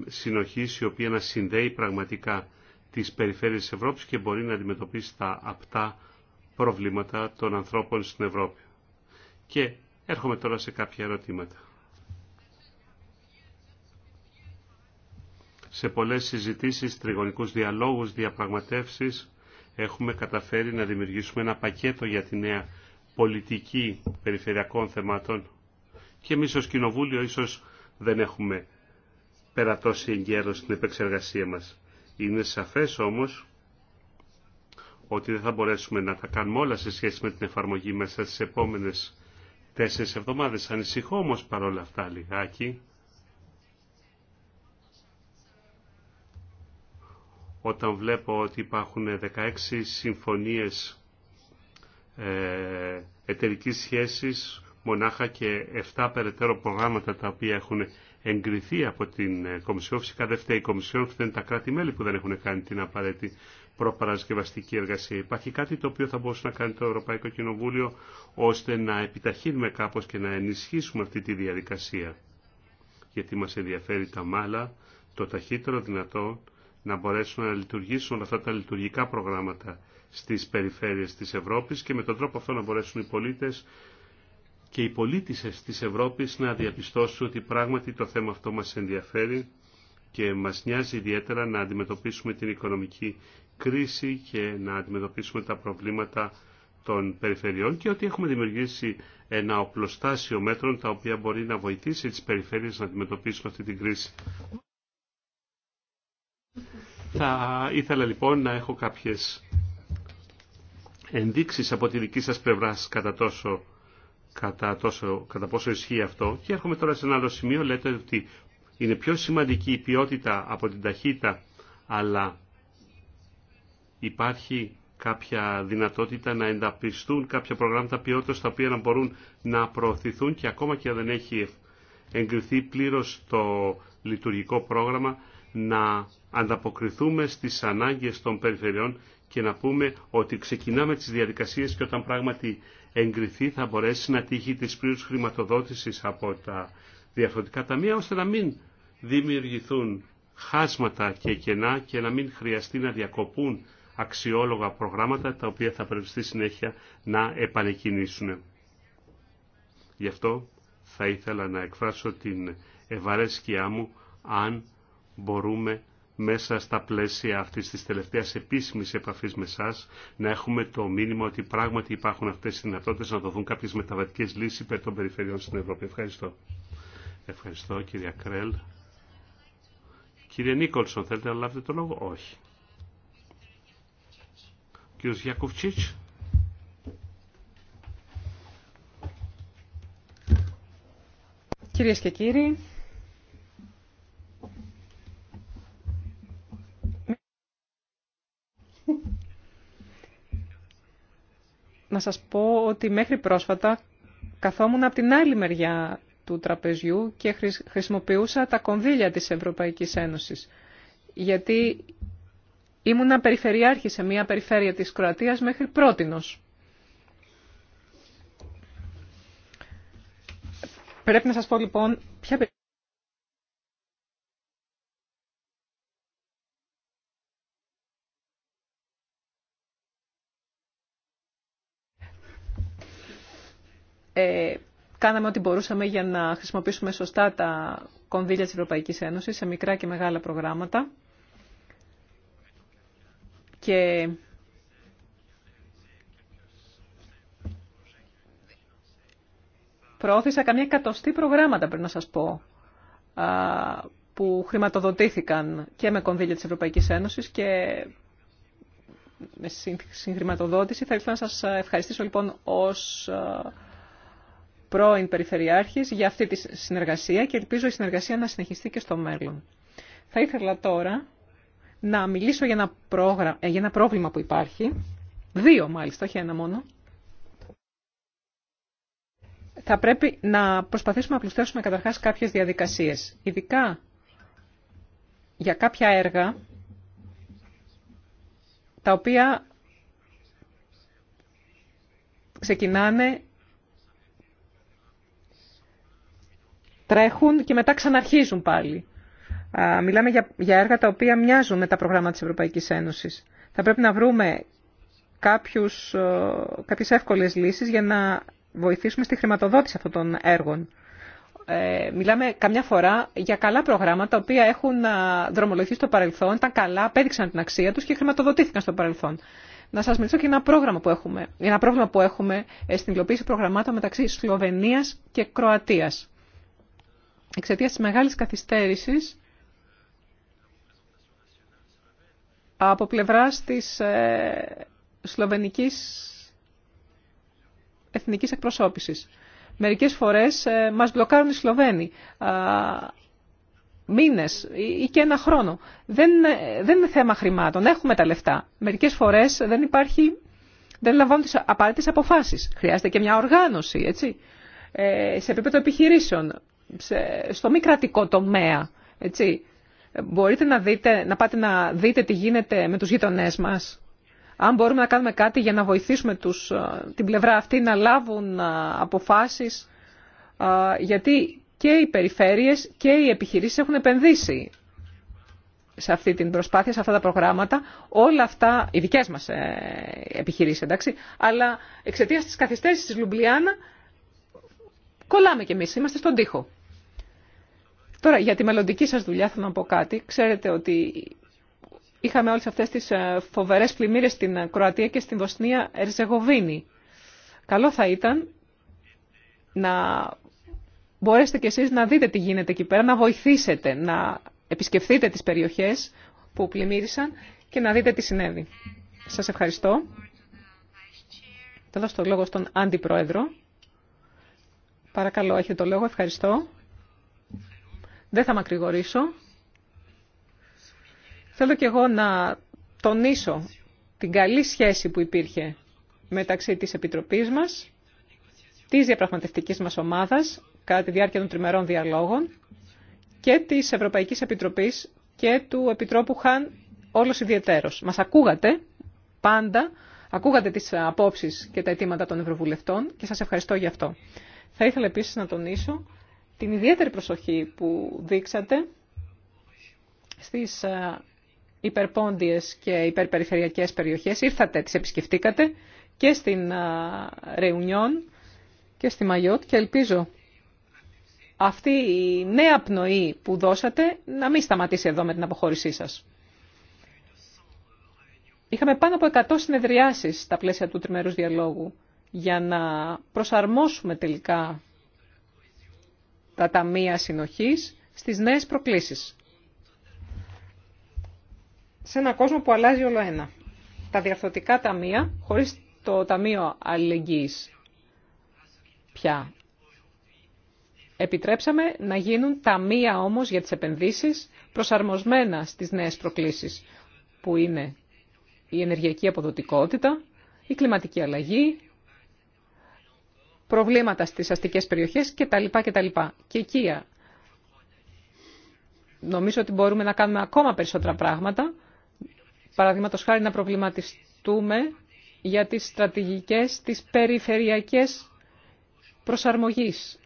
συνοχής η οποία να συνδέει πραγματικά τις περιφέρειες της Ευρώπης και μπορεί να αντιμετωπίσει τα απτά προβλήματα των ανθρώπων στην Ευρώπη. Και έρχομαι τώρα σε κάποια ερωτήματα. Σε πολλές συζητήσεις, τριγωνικούς διαλόγους, διαπραγματεύσεις, έχουμε καταφέρει να δημιουργήσουμε ένα πακέτο για τη νέα πολιτική περιφερειακών θεμάτων και εμείς ως Κοινοβούλιο ίσως δεν έχουμε περατώσει εγκαίρο την επεξεργασία μας. Είναι σαφές όμως ότι δεν θα μπορέσουμε να τα κάνουμε όλα σε σχέση με την εφαρμογή μέσα στις επόμενες τέσσερις εβδομάδες. Ανησυχώ όμως παρόλα αυτά λιγάκι όταν βλέπω ότι υπάρχουν 16 συμφωνίες ε, εταιρικής σχέσης μονάχα και 7 περαιτέρω προγράμματα τα οποία έχουν εγκριθεί από την ε, Κομισιόν. Φυσικά δεν φταίει η Κομισιόν, φταίνουν τα κράτη-μέλη που δεν έχουν κάνει την απαραίτητη προπαρασκευαστική εργασία. Υπάρχει κάτι το οποίο θα μπορούσε να κάνει το Ευρωπαϊκό Κοινοβούλιο ώστε να επιταχύνουμε κάπως και να ενισχύσουμε αυτή τη διαδικασία. Γιατί μας ενδιαφέρει τα μάλα, το ταχύτερο δυνατό να μπορέσουν να λειτουργήσουν αυτά τα λειτουργικά προγράμματα στις περιφέρειες της Ευρώπης και με τον τρόπο αυτό να μπορέσουν οι πολίτες και οι πολίτησες της Ευρώπης να διαπιστώσουν ότι πράγματι το θέμα αυτό μας ενδιαφέρει και μας νοιάζει ιδιαίτερα να αντιμετωπίσουμε την οικονομική κρίση και να αντιμετωπίσουμε τα προβλήματα των περιφερειών και ότι έχουμε δημιουργήσει ένα οπλοστάσιο μέτρων τα οποία μπορεί να βοηθήσει τις περιφέρειες να αντιμετωπίσουν αυτή την κρίση. Θα ήθελα λοιπόν να έχω κάποιες ενδείξεις από τη δική σας πλευρά κατά τόσο, κατά τόσο κατά πόσο ισχύει αυτό. Και έρχομαι τώρα σε ένα άλλο σημείο, λέτε ότι είναι πιο σημαντική η ποιότητα από την ταχύτητα, αλλά υπάρχει κάποια δυνατότητα να ενταπιστούν κάποια προγράμματα ποιότητας τα οποία να μπορούν να προωθηθούν και ακόμα και δεν έχει εγκριθεί πλήρως το λειτουργικό πρόγραμμα να ανταποκριθούμε στις ανάγκες των περιφερειών και να πούμε ότι ξεκινάμε τις διαδικασίες και όταν πράγματι εγκριθεί θα μπορέσει να τύχει της πλήρους χρηματοδότησης από τα διαφορετικά ταμεία ώστε να μην δημιουργηθούν χάσματα και κενά και να μην χρειαστεί να διακοπούν αξιόλογα προγράμματα τα οποία θα πρέπει στη συνέχεια να επανεκκινήσουν. Γι' αυτό θα ήθελα να εκφράσω την ευαρέσκειά μου αν μπορούμε μέσα στα πλαίσια αυτής της τελευταίας επίσημης επαφής με εσά να έχουμε το μήνυμα ότι πράγματι υπάρχουν αυτές οι δυνατότητες να δοθούν κάποιες μεταβατικές λύσεις υπέρ των περιφερειών στην Ευρώπη. Ευχαριστώ. Ευχαριστώ κυρία Κρέλ. Κύριε Νίκολσον, θέλετε να λάβετε το λόγο. Όχι. Κύριο Γιακουβτσίτς.
Κυρίες και κύριοι, να σας πω ότι μέχρι πρόσφατα καθόμουν από την άλλη μεριά του τραπεζιού και χρησιμοποιούσα τα κονδύλια της Ευρωπαϊκής Ένωσης. Γιατί ήμουν περιφερειάρχη σε μια περιφέρεια της Κροατίας μέχρι πρότινος. Πρέπει να σας πω λοιπόν ποια
ε, κάναμε ό,τι
μπορούσαμε για να χρησιμοποιήσουμε σωστά τα κονδύλια της Ευρωπαϊκής Ένωσης σε μικρά και μεγάλα προγράμματα. Και προώθησα καμία εκατοστή προγράμματα, πρέπει να σας πω, που χρηματοδοτήθηκαν και με κονδύλια της Ευρωπαϊκής Ένωσης και με συγχρηματοδότηση. Θα ήθελα να σας ευχαριστήσω λοιπόν ως πρώην Περιφερειάρχης για αυτή τη συνεργασία και ελπίζω η συνεργασία να συνεχιστεί και στο μέλλον. Θα ήθελα τώρα να μιλήσω για ένα, ε, για ένα πρόβλημα που υπάρχει. Δύο μάλιστα, όχι ένα μόνο. Θα πρέπει να προσπαθήσουμε να πλουστεύσουμε καταρχάς κάποιες διαδικασίες. Ειδικά για κάποια έργα τα οποία ξεκινάνε τρέχουν και μετά ξαναρχίζουν πάλι. Μιλάμε για, για έργα τα οποία μοιάζουν με τα προγράμματα της Ευρωπαϊκής Ένωσης. Θα πρέπει να βρούμε κάποιους, κάποιες εύκολες λύσεις για να βοηθήσουμε στη χρηματοδότηση αυτών των έργων. Ε, μιλάμε καμιά φορά για καλά προγράμματα τα οποία έχουν δρομολογηθεί στο παρελθόν, ήταν καλά, απέδειξαν την αξία τους και χρηματοδοτήθηκαν στο παρελθόν. Να σας μιλήσω και ένα, πρόγραμμα που έχουμε, ένα πρόβλημα που έχουμε ε, στην υλοποίηση προγραμμάτων μεταξύ Σλοβενίας και Κροατίας εξαιτίας της μεγάλης καθυστέρησης από πλευράς της ε, σλοβενικής εθνικής εκπροσώπησης. Μερικές φορές ε, μας μπλοκάρουν οι Σλοβαίνοι μήνες ή και ένα χρόνο. Δεν, ε, δεν είναι θέμα χρημάτων, έχουμε τα λεφτά. Μερικές φορές δεν υπάρχει, δεν λαμβάνουν τις απαραίτητες αποφάσεις. Χρειάζεται και μια οργάνωση, έτσι, σε επίπεδο επιχειρήσεων στο μη κρατικό τομέα. Έτσι. Μπορείτε να, δείτε, να πάτε να δείτε τι γίνεται με τους γειτονέ μας. Αν μπορούμε να κάνουμε κάτι για να βοηθήσουμε τους, ε, την πλευρά αυτή να λάβουν ε, αποφάσεις. Ε, γιατί και οι περιφέρειες και οι επιχειρήσεις έχουν επενδύσει σε αυτή την προσπάθεια, σε αυτά τα προγράμματα, όλα αυτά, οι δικές μας επιχειρήσεις, εντάξει, αλλά εξαιτίας της καθυστέρησης της Λουμπλιάνα κολλάμε κι εμείς, είμαστε στον τοίχο. Τώρα, για τη μελλοντική σας δουλειά θέλω να πω κάτι. Ξέρετε ότι είχαμε όλες αυτές τις ε, φοβερές πλημμύρες στην Κροατία και στην Βοσνία Ερζεγοβίνη. Καλό θα ήταν να μπορέσετε κι εσείς να δείτε τι γίνεται εκεί πέρα, να βοηθήσετε, να επισκεφθείτε τις περιοχές που πλημμύρισαν και να δείτε τι συνέβη. Σας ευχαριστώ. Θα το λόγο στον Αντιπρόεδρο. Παρακαλώ, έχετε το λόγο. Ευχαριστώ. Δεν θα μακρηγορήσω. Θέλω και εγώ να τονίσω την καλή σχέση που υπήρχε μεταξύ της Επιτροπής μας, της διαπραγματευτικής μας ομάδας, κατά τη διάρκεια των τριμερών διαλόγων, και της Ευρωπαϊκής Επιτροπής και του Επιτρόπου Χαν όλος ιδιαιτέρως. Μας ακούγατε πάντα, ακούγατε τις απόψεις και τα αιτήματα των Ευρωβουλευτών και σας ευχαριστώ για αυτό. Θα ήθελα επίσης να τονίσω την ιδιαίτερη προσοχή που δείξατε στις ε, υπερπόντιες και υπερπεριφερειακές περιοχές. Ήρθατε, τις επισκεφτήκατε και στην ε, Ρεουνιόν και στη Μαγιότ και ελπίζω αυτή η νέα πνοή που δώσατε να μην σταματήσει εδώ με την αποχώρησή σας. Είχαμε πάνω από 100 συνεδριάσεις στα πλαίσια του τριμερούς διαλόγου για να προσαρμόσουμε τελικά τα ταμεία συνοχής στις νέες προκλήσεις. Σε ένα κόσμο που αλλάζει όλο ένα. Τα διαφθορτικά ταμεία, χωρίς το Ταμείο Αλληλεγγύης πια. Επιτρέψαμε να γίνουν ταμεία όμως για τις επενδύσεις προσαρμοσμένα στις νέες προκλήσεις, που είναι η ενεργειακή αποδοτικότητα, η κλιματική αλλαγή, προβλήματα στις αστικές περιοχές κτλ. λοιπά. Και εκεί νομίζω ότι μπορούμε να κάνουμε ακόμα περισσότερα πράγματα. Παραδείγματος χάρη να προβληματιστούμε για τις στρατηγικές, τις περιφερειακές προσαρμογής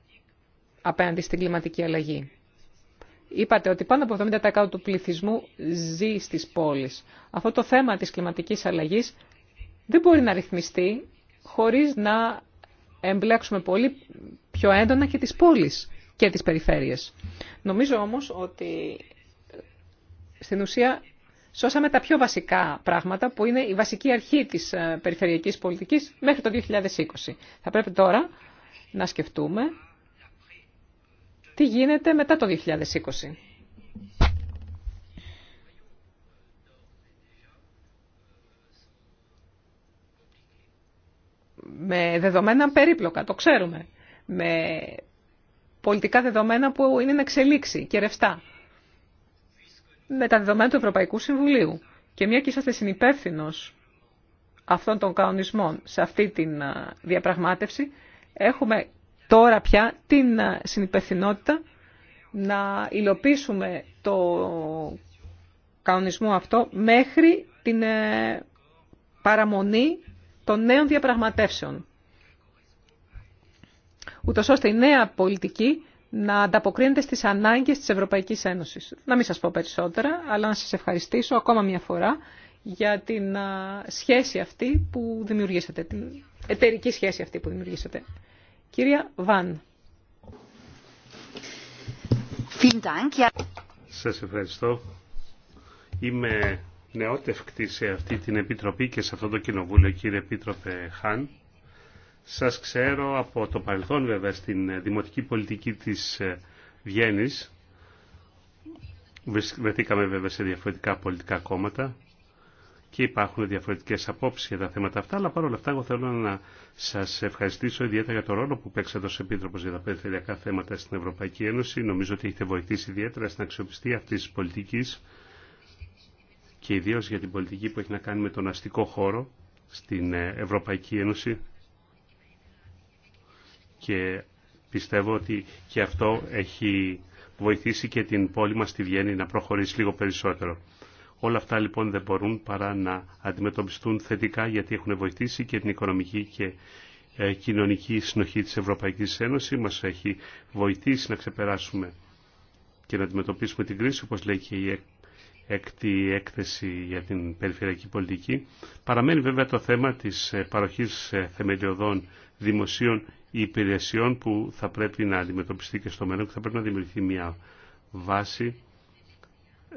απέναντι στην κλιματική αλλαγή. Είπατε ότι πάνω από 70% του πληθυσμού ζει στις πόλεις. Αυτό το θέμα της κλιματικής αλλαγής δεν μπορεί να ρυθμιστεί χωρίς να εμπλέξουμε πολύ πιο έντονα και τις πόλεις και τις περιφέρειες. Νομίζω όμως ότι στην ουσία σώσαμε τα πιο βασικά πράγματα που είναι η βασική αρχή της ε, περιφερειακής πολιτικής μέχρι το 2020. Θα πρέπει τώρα να σκεφτούμε τι γίνεται μετά το 2020. με δεδομένα περίπλοκα, το ξέρουμε, με πολιτικά δεδομένα που είναι εξελίξη και ρευστά, με τα δεδομένα του Ευρωπαϊκού Συμβουλίου. Και μια και είσαστε συνυπεύθυνο αυτών των κανονισμών σε αυτή τη διαπραγμάτευση, έχουμε τώρα πια την συνυπευθυνότητα να υλοποιήσουμε το κανονισμό αυτό μέχρι την ε, παραμονή των νέων διαπραγματεύσεων, ούτως ώστε η νέα πολιτική να ανταποκρίνεται στις ανάγκες της Ευρωπαϊκής Ένωσης. Να μην σας πω περισσότερα, αλλά να σας ευχαριστήσω ακόμα μια φορά για την σχέση αυτή που δημιουργήσατε, την εταιρική σχέση αυτή που δημιουργήσατε. Κυρία Βαν.
Σας ευχαριστώ. Είμαι νεότευκτη σε αυτή την Επιτροπή και σε αυτό το Κοινοβούλιο, κύριε Επίτροπε Χάν. Σας ξέρω από το παρελθόν βέβαια στην δημοτική πολιτική της ε, Βιέννης. Βρεθήκαμε βέβαια σε διαφορετικά πολιτικά κόμματα και υπάρχουν διαφορετικές απόψεις για τα θέματα αυτά, αλλά παρόλα αυτά εγώ θέλω να σας ευχαριστήσω ιδιαίτερα για τον ρόλο που παίξατε ως Επίτροπος για τα περιφερειακά θέματα στην Ευρωπαϊκή Ένωση. Νομίζω ότι έχετε βοηθήσει ιδιαίτερα στην αξιοπιστία αυτής της πολιτικής και ιδίως για την πολιτική που έχει να κάνει με τον αστικό χώρο στην ε, Ευρωπαϊκή Ένωση και πιστεύω ότι και αυτό έχει βοηθήσει και την πόλη μας στη Βιέννη να προχωρήσει λίγο περισσότερο. Όλα αυτά λοιπόν δεν μπορούν παρά να αντιμετωπιστούν θετικά γιατί έχουν βοηθήσει και την οικονομική και ε, κοινωνική συνοχή της Ευρωπαϊκής Ένωσης. Μας έχει βοηθήσει να ξεπεράσουμε και να αντιμετωπίσουμε την κρίση όπως λέει και η έκτη έκθεση για την περιφερειακή πολιτική. Παραμένει βέβαια το θέμα της ε, παροχής ε, θεμελιωδών δημοσίων υπηρεσιών που θα πρέπει να αντιμετωπιστεί και στο μέλλον και θα πρέπει να δημιουργηθεί μια βάση,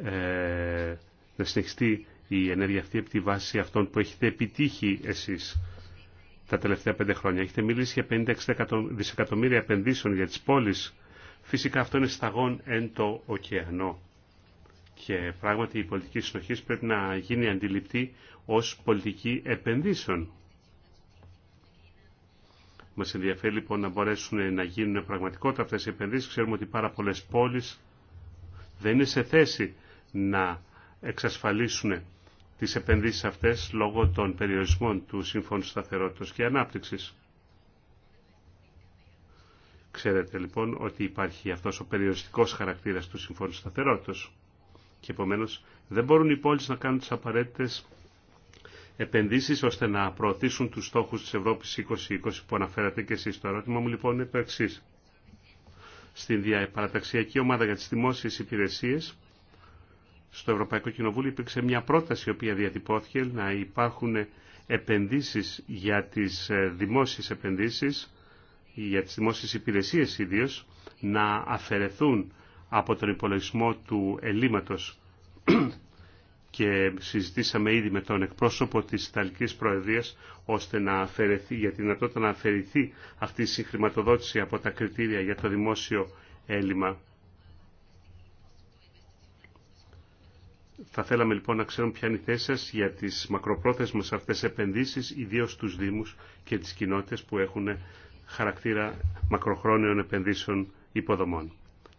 ε, να συνεχιστεί η ενέργεια αυτή από τη βάση αυτών που έχετε επιτύχει εσείς τα τελευταία πέντε χρόνια. Έχετε μιλήσει για 50 δισεκατομμύρια επενδύσεων για τις πόλεις. Φυσικά αυτό είναι σταγόν εν το ωκεανό και πράγματι η πολιτική συνοχής πρέπει να γίνει αντιληπτή ως πολιτική επενδύσεων. Μας ενδιαφέρει λοιπόν να μπορέσουν να γίνουν πραγματικότητα αυτές οι επενδύσεις. Ξέρουμε ότι πάρα πολλές πόλεις δεν είναι σε θέση να εξασφαλίσουν τις επενδύσεις αυτές λόγω των περιορισμών του Συμφώνου Σταθερότητας και Ανάπτυξης. Ξέρετε λοιπόν ότι υπάρχει αυτός ο περιοριστικός χαρακτήρας του Συμφώνου Σταθερότητας. Και επομένω δεν μπορούν οι πόλει να κάνουν τι απαραίτητε επενδύσει ώστε να προωθήσουν τους στόχους της Ευρώπης 2020 που αναφέρατε και εσεί. Το ερώτημα μου λοιπόν είναι το εξή. Στην παραταξιακή ομάδα για τι δημόσιε υπηρεσίε στο Ευρωπαϊκό Κοινοβούλιο υπήρξε μια πρόταση η οποία διατυπώθηκε να υπάρχουν επενδύσεις για τις ε, δημόσιες επενδύσεις για τις δημόσιες υπηρεσίες ιδίως να αφαιρεθούν από τον υπολογισμό του ελλείμματος και συζητήσαμε ήδη με τον εκπρόσωπο της Ιταλικής Προεδρίας ώστε να αφαιρεθεί, για τη δυνατότητα να αφαιρεθεί αυτή η συγχρηματοδότηση από τα κριτήρια για το δημόσιο έλλειμμα. Θα θέλαμε λοιπόν να ξέρουμε ποια είναι η θέση σας για τις μακροπρόθεσμες αυτές επενδύσεις, ιδίως στους Δήμους και τις κοινότητες που έχουν χαρακτήρα μακροχρόνιων επενδύσεων υποδομών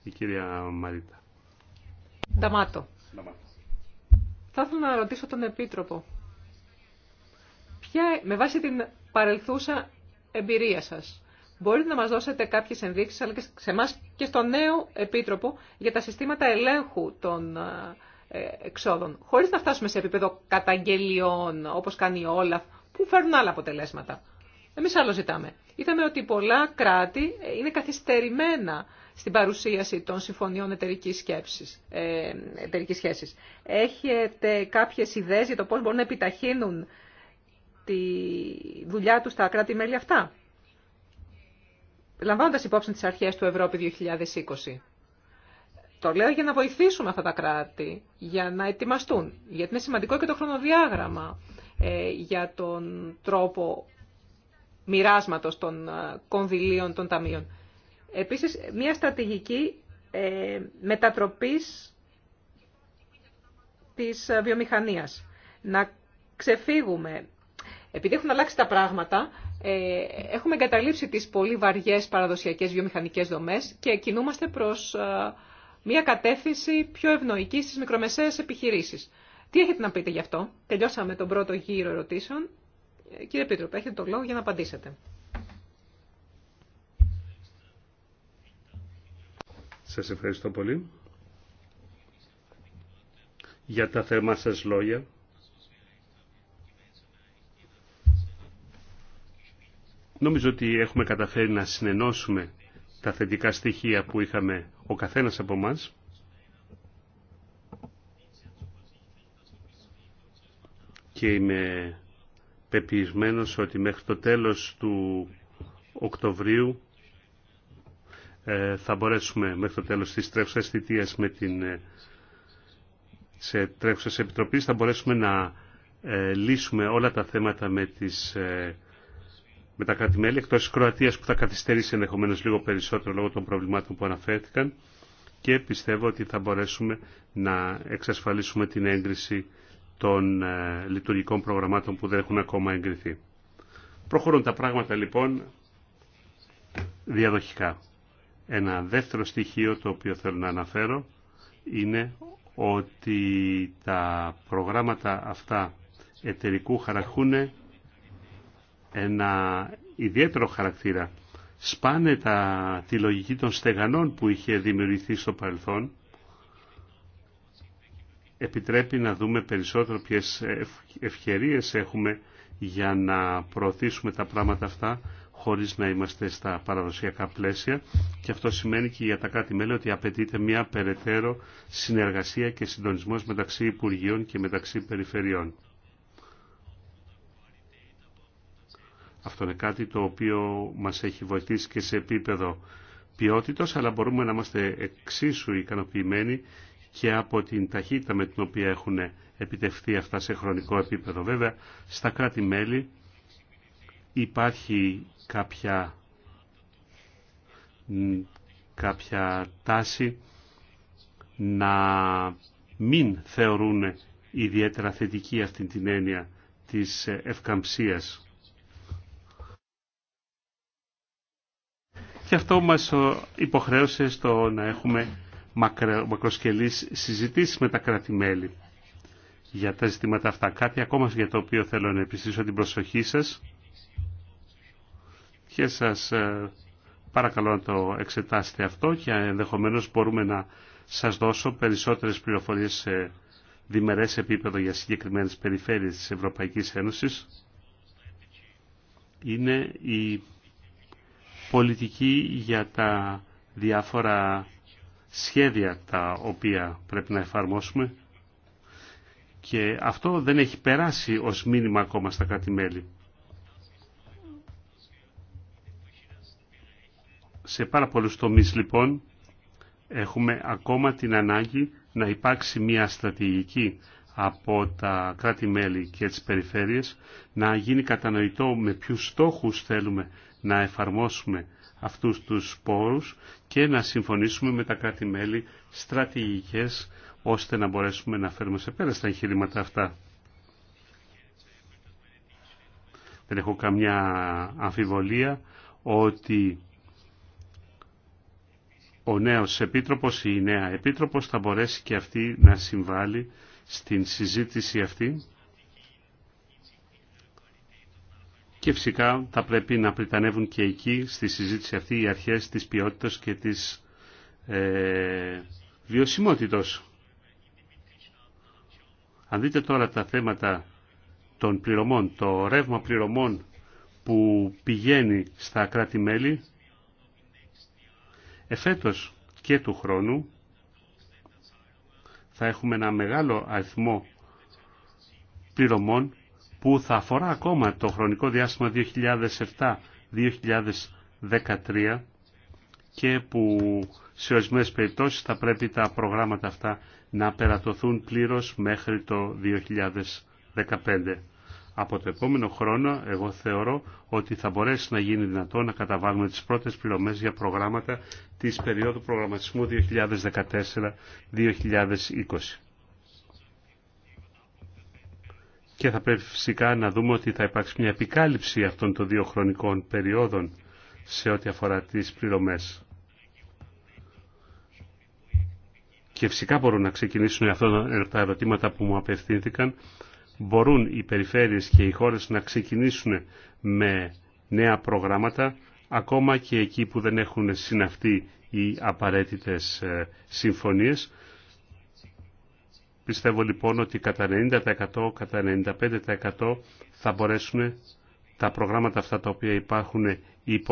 η κυρία Μαρίτα.
Νταμάτο. Θα ήθελα να ρωτήσω τον Επίτροπο. Ποια, με βάση την παρελθούσα εμπειρία σας, μπορείτε να μας δώσετε κάποιες ενδείξεις, αλλά και σε εμά και στο νέο Επίτροπο, για τα συστήματα ελέγχου των ε, εξόδων, χωρίς να φτάσουμε σε επίπεδο καταγγελιών, όπως κάνει η Όλαφ, που φέρνουν άλλα αποτελέσματα. Εμείς άλλο ζητάμε. Είδαμε ότι πολλά κράτη ε, είναι καθυστερημένα στην παρουσίαση των συμφωνιών εταιρικής, σκέψης, ε, εταιρικής σχέσης. Έχετε κάποιες ιδέες για το πώς μπορούν να επιταχύνουν τη δουλειά τους στα κράτη-μέλη αυτά. Λαμβάνοντας υπόψη τις αρχές του Ευρώπη 2020. Το λέω για να βοηθήσουμε αυτά τα κράτη, για να ετοιμαστούν. Γιατί είναι σημαντικό και το χρονοδιάγραμμα ε, για τον τρόπο μοιράσματο των ε, κονδυλίων των ταμείων. Επίσης, μια στρατηγική ε, μετατροπής της ε, βιομηχανίας. Να ξεφύγουμε. Επειδή έχουν αλλάξει τα πράγματα, ε, έχουμε εγκαταλείψει τις πολύ βαριές παραδοσιακές βιομηχανικές δομές και κινούμαστε προς ε, μια κατεύθυνση πιο ευνοϊκή στις μικρομεσαίες επιχειρήσεις. Τι έχετε να πείτε γι' αυτό. Τελειώσαμε τον πρώτο γύρο ερωτήσεων. Κύριε Πίτροπε, έχετε το λόγο για να απαντήσετε.
Σας ευχαριστώ πολύ για τα θερμά σας λόγια. Νομίζω ότι έχουμε καταφέρει να συνενώσουμε τα θετικά στοιχεία που είχαμε ο καθένας από μας. Και είμαι πεπισμένος ότι μέχρι το τέλος του Οκτωβρίου ε, θα μπορέσουμε μέχρι το τέλος της τρέχουσας θητείας με την ε, σε τρέχουσες επιτροπής θα μπορέσουμε να ε, λύσουμε όλα τα θέματα με, τις, με τα κράτη-μέλη εκτός της Κροατίας που θα καθυστερήσει ενδεχομένως λίγο περισσότερο λόγω των προβλημάτων που αναφέρθηκαν και πιστεύω ότι θα μπορέσουμε να εξασφαλίσουμε την έγκριση των λειτουργικών προγραμμάτων που δεν έχουν ακόμα εγκριθεί. Προχωρούν τα πράγματα λοιπόν διαδοχικά. Ένα δεύτερο στοιχείο το οποίο θέλω να αναφέρω είναι ότι τα προγράμματα αυτά εταιρικού χαρακούν ένα ιδιαίτερο χαρακτήρα. Σπάνε τα, τη λογική των στεγανών που είχε δημιουργηθεί στο παρελθόν. Επιτρέπει να δούμε περισσότερο ποιες ευκαιρίες έχουμε για να προωθήσουμε τα πράγματα αυτά χωρίς να είμαστε στα παραδοσιακά πλαίσια και αυτό σημαίνει και για τα κάτι μέλη ότι απαιτείται μια περαιτέρω συνεργασία και συντονισμός μεταξύ Υπουργείων και μεταξύ Περιφερειών. Αυτό είναι κάτι το οποίο μας έχει βοηθήσει και σε επίπεδο ποιότητος, αλλά μπορούμε να είμαστε εξίσου ικανοποιημένοι και από την ταχύτητα με την οποία έχουν επιτευχθεί αυτά σε χρονικό επίπεδο. Βέβαια, στα κράτη-μέλη υπάρχει κάποια, κάποια τάση να μην θεωρούν ιδιαίτερα θετική αυτή την έννοια της ευκαμψίας. Και αυτό μας υποχρέωσε στο να έχουμε μακροσκελείς συζητήσεις με τα κράτη-μέλη για τα ζητήματα αυτά. Κάτι ακόμα για το οποίο θέλω να επιστήσω την προσοχή σας και σας ε, παρακαλώ να το εξετάσετε αυτό και ενδεχομένως μπορούμε να σας δώσω περισσότερες πληροφορίες σε διμερές επίπεδο για συγκεκριμένες περιφέρειες της Ευρωπαϊκής Ένωσης. Είναι η πολιτική για τα διάφορα σχέδια τα οποία πρέπει να εφαρμόσουμε και αυτό δεν έχει περάσει ως μήνυμα ακόμα στα κράτη-μέλη. Σε πάρα πολλούς τομείς λοιπόν έχουμε ακόμα την ανάγκη να υπάρξει μια στρατηγική από τα κράτη-μέλη και τις περιφέρειες να γίνει κατανοητό με ποιους στόχους θέλουμε να εφαρμόσουμε αυτούς τους πόρους και να συμφωνήσουμε με τα κράτη-μέλη στρατηγικές ώστε να μπορέσουμε να φέρουμε σε πέρα στα εγχειρήματα αυτά. Δεν έχω καμιά αμφιβολία ότι ο νέος επίτροπος ή η νέα επίτροπος θα μπορέσει και αυτή να συμβάλλει στην συζήτηση αυτή και φυσικά θα πρέπει να πριτανεύουν και εκεί στη συζήτηση αυτή οι αρχές της ποιότητας και της ε, αν δείτε τώρα τα θέματα των πληρωμών, το ρεύμα πληρωμών που πηγαίνει στα κράτη-μέλη, εφέτος και του χρόνου θα έχουμε ένα μεγάλο αριθμό πληρωμών που θα αφορά ακόμα το χρονικό διάστημα 2007-2013 και που σε ορισμένε περιπτώσεις θα πρέπει τα προγράμματα αυτά να περατωθούν πλήρως μέχρι το 2015. Από το επόμενο χρόνο, εγώ θεωρώ ότι θα μπορέσει να γίνει δυνατό να καταβάλουμε τις πρώτες πληρωμές για προγράμματα της περίοδου προγραμματισμού 2014-2020. Και θα πρέπει φυσικά να δούμε ότι θα υπάρξει μια επικάλυψη αυτών των δύο χρονικών περιόδων σε ό,τι αφορά τις πληρωμές. και φυσικά μπορούν να ξεκινήσουν αυτά τα ερωτήματα που μου απευθύνθηκαν. Μπορούν οι περιφέρειες και οι χώρες να ξεκινήσουν με νέα προγράμματα, ακόμα και εκεί που δεν έχουν συναυτεί οι απαραίτητες ε, συμφωνίες. Πιστεύω λοιπόν ότι κατά 90%, κατά 95% θα μπορέσουν τα προγράμματα αυτά τα οποία υπάρχουν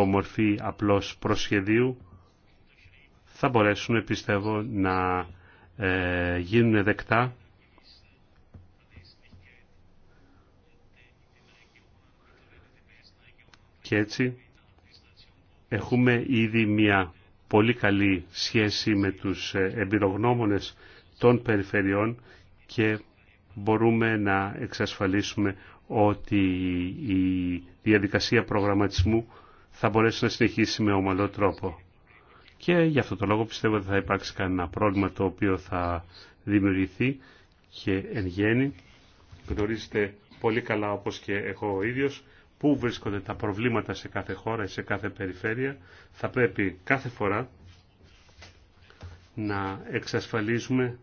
μορφή απλώς προσχεδίου θα μπορέσουν πιστεύω να ε, γίνουν δεκτά και έτσι έχουμε ήδη μια πολύ καλή σχέση με τους ε, εμπειρογνώμονες των περιφερειών και μπορούμε να εξασφαλίσουμε ότι η διαδικασία προγραμματισμού θα μπορέσει να συνεχίσει με ομαλό τρόπο και γι' αυτό το λόγο πιστεύω ότι θα υπάρξει κανένα πρόβλημα το οποίο θα δημιουργηθεί και εν γέννη γνωρίζετε πολύ καλά όπως και εγώ ο ίδιος πού βρίσκονται τα προβλήματα σε κάθε χώρα ή σε κάθε περιφέρεια θα πρέπει κάθε φορά να εξασφαλίζουμε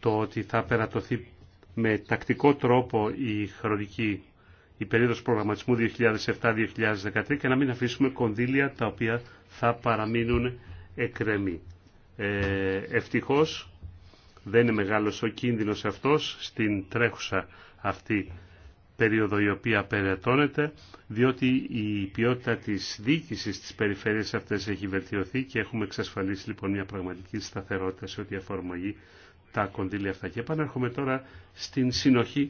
το ότι θα περατωθεί με τακτικό τρόπο η χρονική η περίοδος προγραμματισμού 2007-2013 και να μην αφήσουμε κονδύλια τα οποία θα παραμείνουν εκρεμή. Ε, δεν είναι μεγάλος ο κίνδυνος αυτός στην τρέχουσα αυτή περίοδο η οποία περαιτώνεται, διότι η ποιότητα της διοίκησης της περιφέρειας αυτές έχει βελτιωθεί και έχουμε εξασφαλίσει λοιπόν μια πραγματική σταθερότητα σε ό,τι αφορμογεί τα κονδύλια αυτά. Και επανέρχομαι τώρα στην συνοχή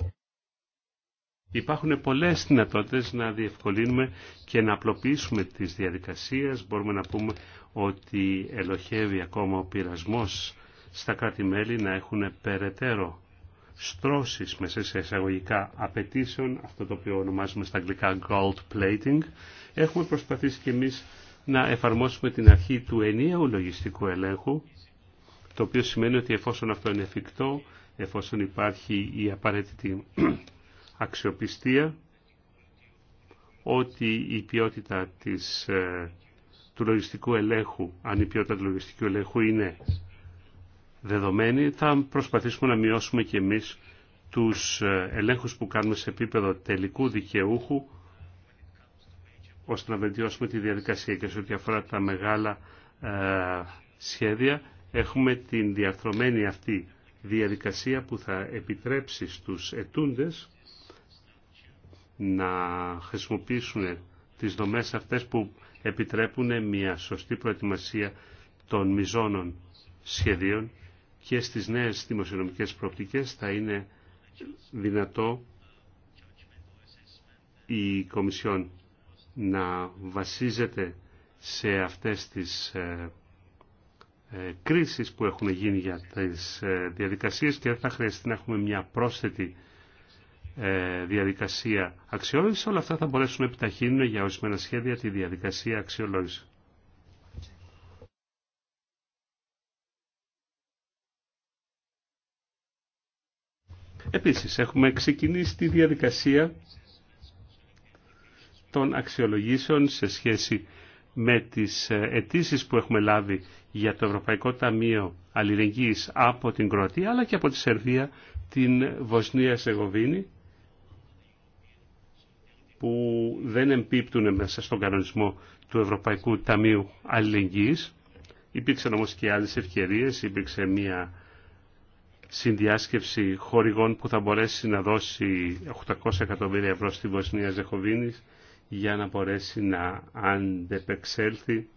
Υπάρχουν πολλές δυνατότητες να διευκολύνουμε και να απλοποιήσουμε τις διαδικασίες. Μπορούμε να πούμε ότι ελοχεύει ακόμα ο πειρασμός στα κράτη-μέλη να έχουν περαιτέρω στρώσεις μέσα σε εισαγωγικά απαιτήσεων, αυτό το οποίο ονομάζουμε στα αγγλικά gold plating. Έχουμε προσπαθήσει και εμείς να εφαρμόσουμε την αρχή του ενιαίου λογιστικού ελέγχου, το οποίο σημαίνει ότι εφόσον αυτό είναι εφικτό, εφόσον υπάρχει η απαραίτητη αξιοπιστία ότι η ποιότητα της, ε, του λογιστικού ελέγχου, αν η ποιότητα του λογιστικού ελέγχου είναι δεδομένη, θα προσπαθήσουμε να μειώσουμε και εμείς τους ε, ελέγχους που κάνουμε σε επίπεδο τελικού δικαιούχου, ώστε να βελτιώσουμε τη διαδικασία και σε ό,τι αφορά τα μεγάλα ε, σχέδια, έχουμε την διαρθρωμένη αυτή διαδικασία που θα επιτρέψει στους ετούντες να χρησιμοποιήσουν τις δομές αυτές που επιτρέπουν μια σωστή προετοιμασία των μιζώνων σχεδίων και στις νέες δημοσιονομικές προοπτικές θα είναι δυνατό η Κομισιόν να βασίζεται σε αυτές τις ε, ε, κρίσεις που έχουν γίνει για τις ε, διαδικασίες και θα χρειαστεί να έχουμε μια πρόσθετη ε, διαδικασία αξιολόγηση, όλα αυτά θα μπορέσουν να επιταχύνουν για ορισμένα σχέδια τη διαδικασία αξιολόγηση. Επίσης, έχουμε ξεκινήσει τη διαδικασία των αξιολογήσεων σε σχέση με τις ε, αιτήσει που έχουμε λάβει για το Ευρωπαϊκό Ταμείο Αλληλεγγύης από την Κροατία, αλλά και από τη Σερβία, την Βοσνία-Σεγοβίνη που δεν εμπίπτουν μέσα στον κανονισμό του Ευρωπαϊκού Ταμείου Αλληλεγγύης. Υπήρξαν όμως και άλλες ευκαιρίες, υπήρξε μια συνδιάσκευση χορηγών που θα μπορέσει να δώσει 800 εκατομμύρια ευρώ στη Βοσνία Ζεχοβίνη για να μπορέσει να αντεπεξέλθει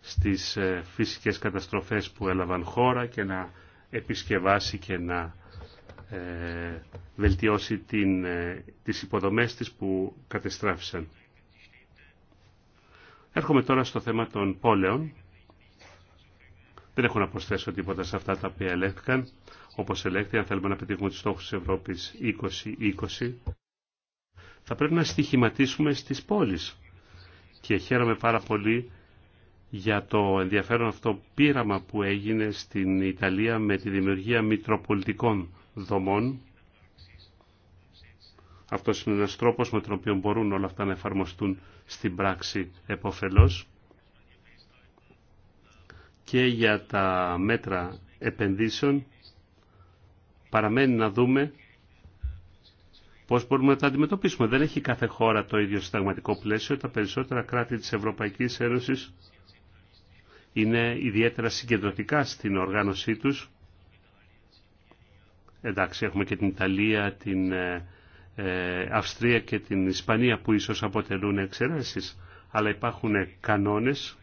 στις ε, φυσικές καταστροφές που έλαβαν χώρα και να επισκευάσει και να ε, βελτιώσει την, ε, τις υποδομές της που κατεστράφησαν. Έρχομαι τώρα στο θέμα των πόλεων. Δεν έχω να προσθέσω τίποτα σε αυτά τα οποία ελέγχθηκαν. Όπως ελέγχθη, αν θέλουμε να πετύχουμε τους στόχους της Ευρώπης 2020, θα πρέπει να στοιχηματίσουμε στις πόλεις. Και χαίρομαι πάρα πολύ για το ενδιαφέρον αυτό πείραμα που έγινε στην Ιταλία με τη δημιουργία μητροπολιτικών δομών. Αυτό είναι ένας τρόπος με τον οποίο μπορούν όλα αυτά να εφαρμοστούν στην πράξη επωφελώς. Και για τα μέτρα επενδύσεων παραμένει να δούμε πώς μπορούμε να τα αντιμετωπίσουμε. Δεν έχει κάθε χώρα το ίδιο συνταγματικό πλαίσιο. Τα περισσότερα κράτη της Ευρωπαϊκής Ένωσης είναι ιδιαίτερα συγκεντρωτικά στην οργάνωσή τους εντάξει έχουμε και την Ιταλία, την ε, ε, Αυστρία και την Ισπανία που ίσως αποτελούν εξαιρέσεις, αλλά υπάρχουν κανόνες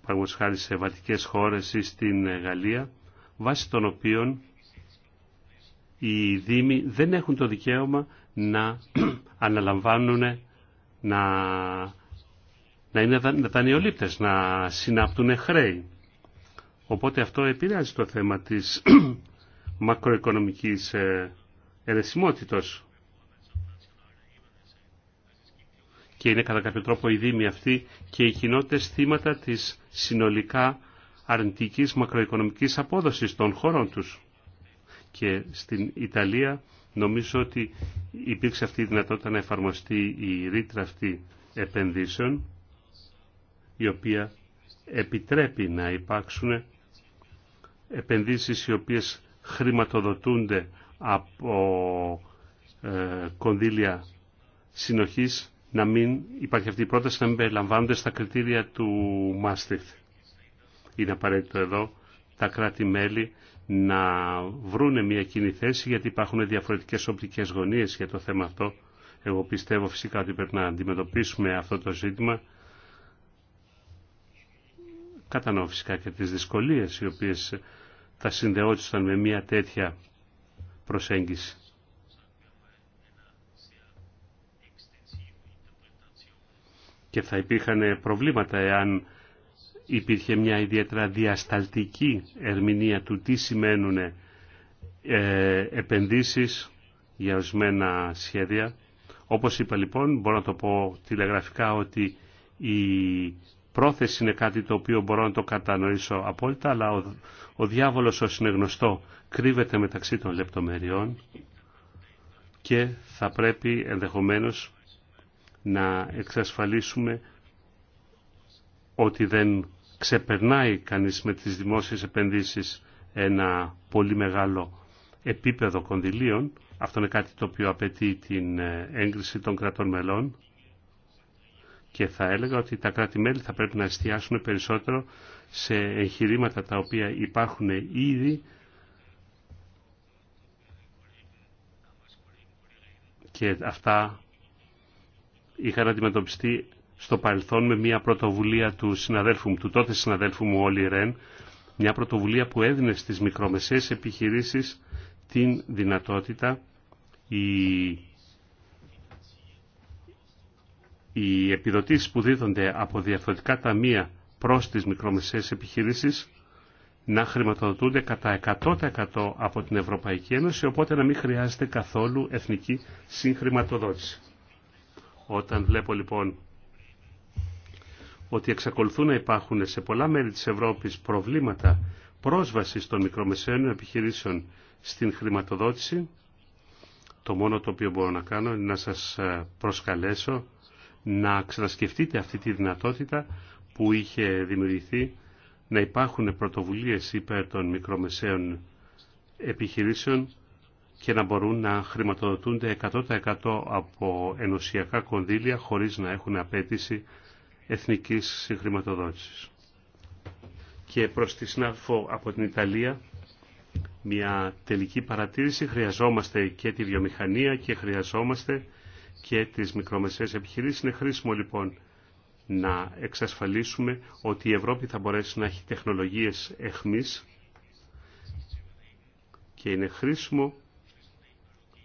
παραγωγός χάρη σε βατικές χώρες ή στην ε, Γαλλία, βάσει των οποίων οι Δήμοι δεν έχουν το δικαίωμα να αναλαμβάνουν να, να είναι δανειολήπτες, να συνάπτουν χρέη. Οπότε αυτό επηρεάζει το θέμα της μακροοικονομικής ερεσιμότητος. Και είναι κατά κάποιο τρόπο οι δήμοι αυτοί και οι κοινότητε θύματα της συνολικά αρνητικής μακροοικονομικής απόδοσης των χωρών τους. Και στην Ιταλία νομίζω ότι υπήρξε αυτή η δυνατότητα να εφαρμοστεί η ρήτρα αυτή επενδύσεων, η οποία επιτρέπει να υπάρξουν επενδύσεις οι οποίες χρηματοδοτούνται από ε, κονδύλια συνοχής να μην υπάρχει αυτή η πρόταση να μην περιλαμβάνονται στα κριτήρια του Μάστριχτ. Είναι απαραίτητο εδώ τα κράτη-μέλη να βρούνε μια κοινή θέση γιατί υπάρχουν διαφορετικές οπτικές γωνίες για το θέμα αυτό. Εγώ πιστεύω φυσικά ότι πρέπει να αντιμετωπίσουμε αυτό το ζήτημα Κατανοώ φυσικά και τις δυσκολίες οι οποίες θα συνδεόντουσαν με μια τέτοια προσέγγιση. Και θα υπήρχαν προβλήματα εάν υπήρχε μια ιδιαίτερα διασταλτική ερμηνεία του τι σημαίνουν ε, επενδύσεις για ορισμένα σχέδια. Όπως είπα λοιπόν, μπορώ να το πω τηλεγραφικά ότι η πρόθεση είναι κάτι το οποίο μπορώ να το κατανοήσω απόλυτα, αλλά ο, διάβολος ως είναι γνωστό κρύβεται μεταξύ των λεπτομεριών και θα πρέπει ενδεχομένως να εξασφαλίσουμε ότι δεν ξεπερνάει κανείς με τις δημόσιες επενδύσεις ένα πολύ μεγάλο επίπεδο κονδυλίων. Αυτό είναι κάτι το οποίο απαιτεί την ε, έγκριση των κρατών μελών και θα έλεγα ότι τα κράτη-μέλη θα πρέπει να εστιάσουν περισσότερο σε εγχειρήματα τα οποία υπάρχουν ήδη και αυτά είχαν αντιμετωπιστεί στο παρελθόν με μια πρωτοβουλία του συναδέλφου μου, του τότε συναδέλφου μου Όλη Ρεν, μια πρωτοβουλία που έδινε στις μικρομεσαίες επιχειρήσεις την δυνατότητα η οι επιδοτήσεις που δίδονται από διαφορετικά ταμεία προς τις μικρομεσαίες επιχειρήσεις να χρηματοδοτούνται κατά 100% από την Ευρωπαϊκή Ένωση, οπότε να μην χρειάζεται καθόλου εθνική συγχρηματοδότηση. Όταν βλέπω λοιπόν ότι εξακολουθούν να υπάρχουν σε πολλά μέρη της Ευρώπης προβλήματα πρόσβασης των μικρομεσαίων επιχειρήσεων στην χρηματοδότηση, το μόνο το οποίο μπορώ να κάνω είναι να σας ε, προσκαλέσω να ξανασκεφτείτε αυτή τη δυνατότητα που είχε δημιουργηθεί να υπάρχουν πρωτοβουλίες υπέρ των μικρομεσαίων επιχειρήσεων και να μπορούν να χρηματοδοτούνται 100% από ενωσιακά κονδύλια χωρίς να έχουν απέτηση εθνικής συγχρηματοδότησης. Και προς τη συνάδελφο από την Ιταλία, μια τελική παρατήρηση, χρειαζόμαστε και τη βιομηχανία και χρειαζόμαστε και τις μικρομεσαίες επιχειρήσεις. Είναι χρήσιμο λοιπόν να εξασφαλίσουμε ότι η Ευρώπη θα μπορέσει να έχει τεχνολογίες εχμής και είναι χρήσιμο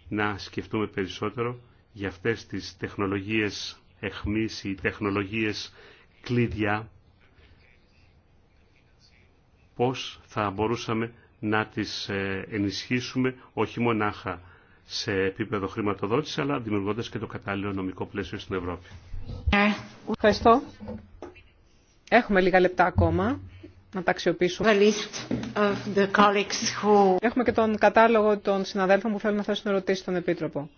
να σκεφτούμε περισσότερο για αυτές τις τεχνολογίες εχμής ή τεχνολογίες κλίδια πώς θα μπορούσαμε να τις ε, ενισχύσουμε όχι μονάχα σε επίπεδο χρηματοδότηση, αλλά δημιουργώντα και το κατάλληλο νομικό πλαίσιο στην Ευρώπη.
Ευχαριστώ. Έχουμε λίγα λεπτά ακόμα να τα αξιοποιήσουμε. Who... Έχουμε και τον κατάλογο των συναδέλφων που θέλουν να θέσουν ερωτήσει στον Επίτροπο.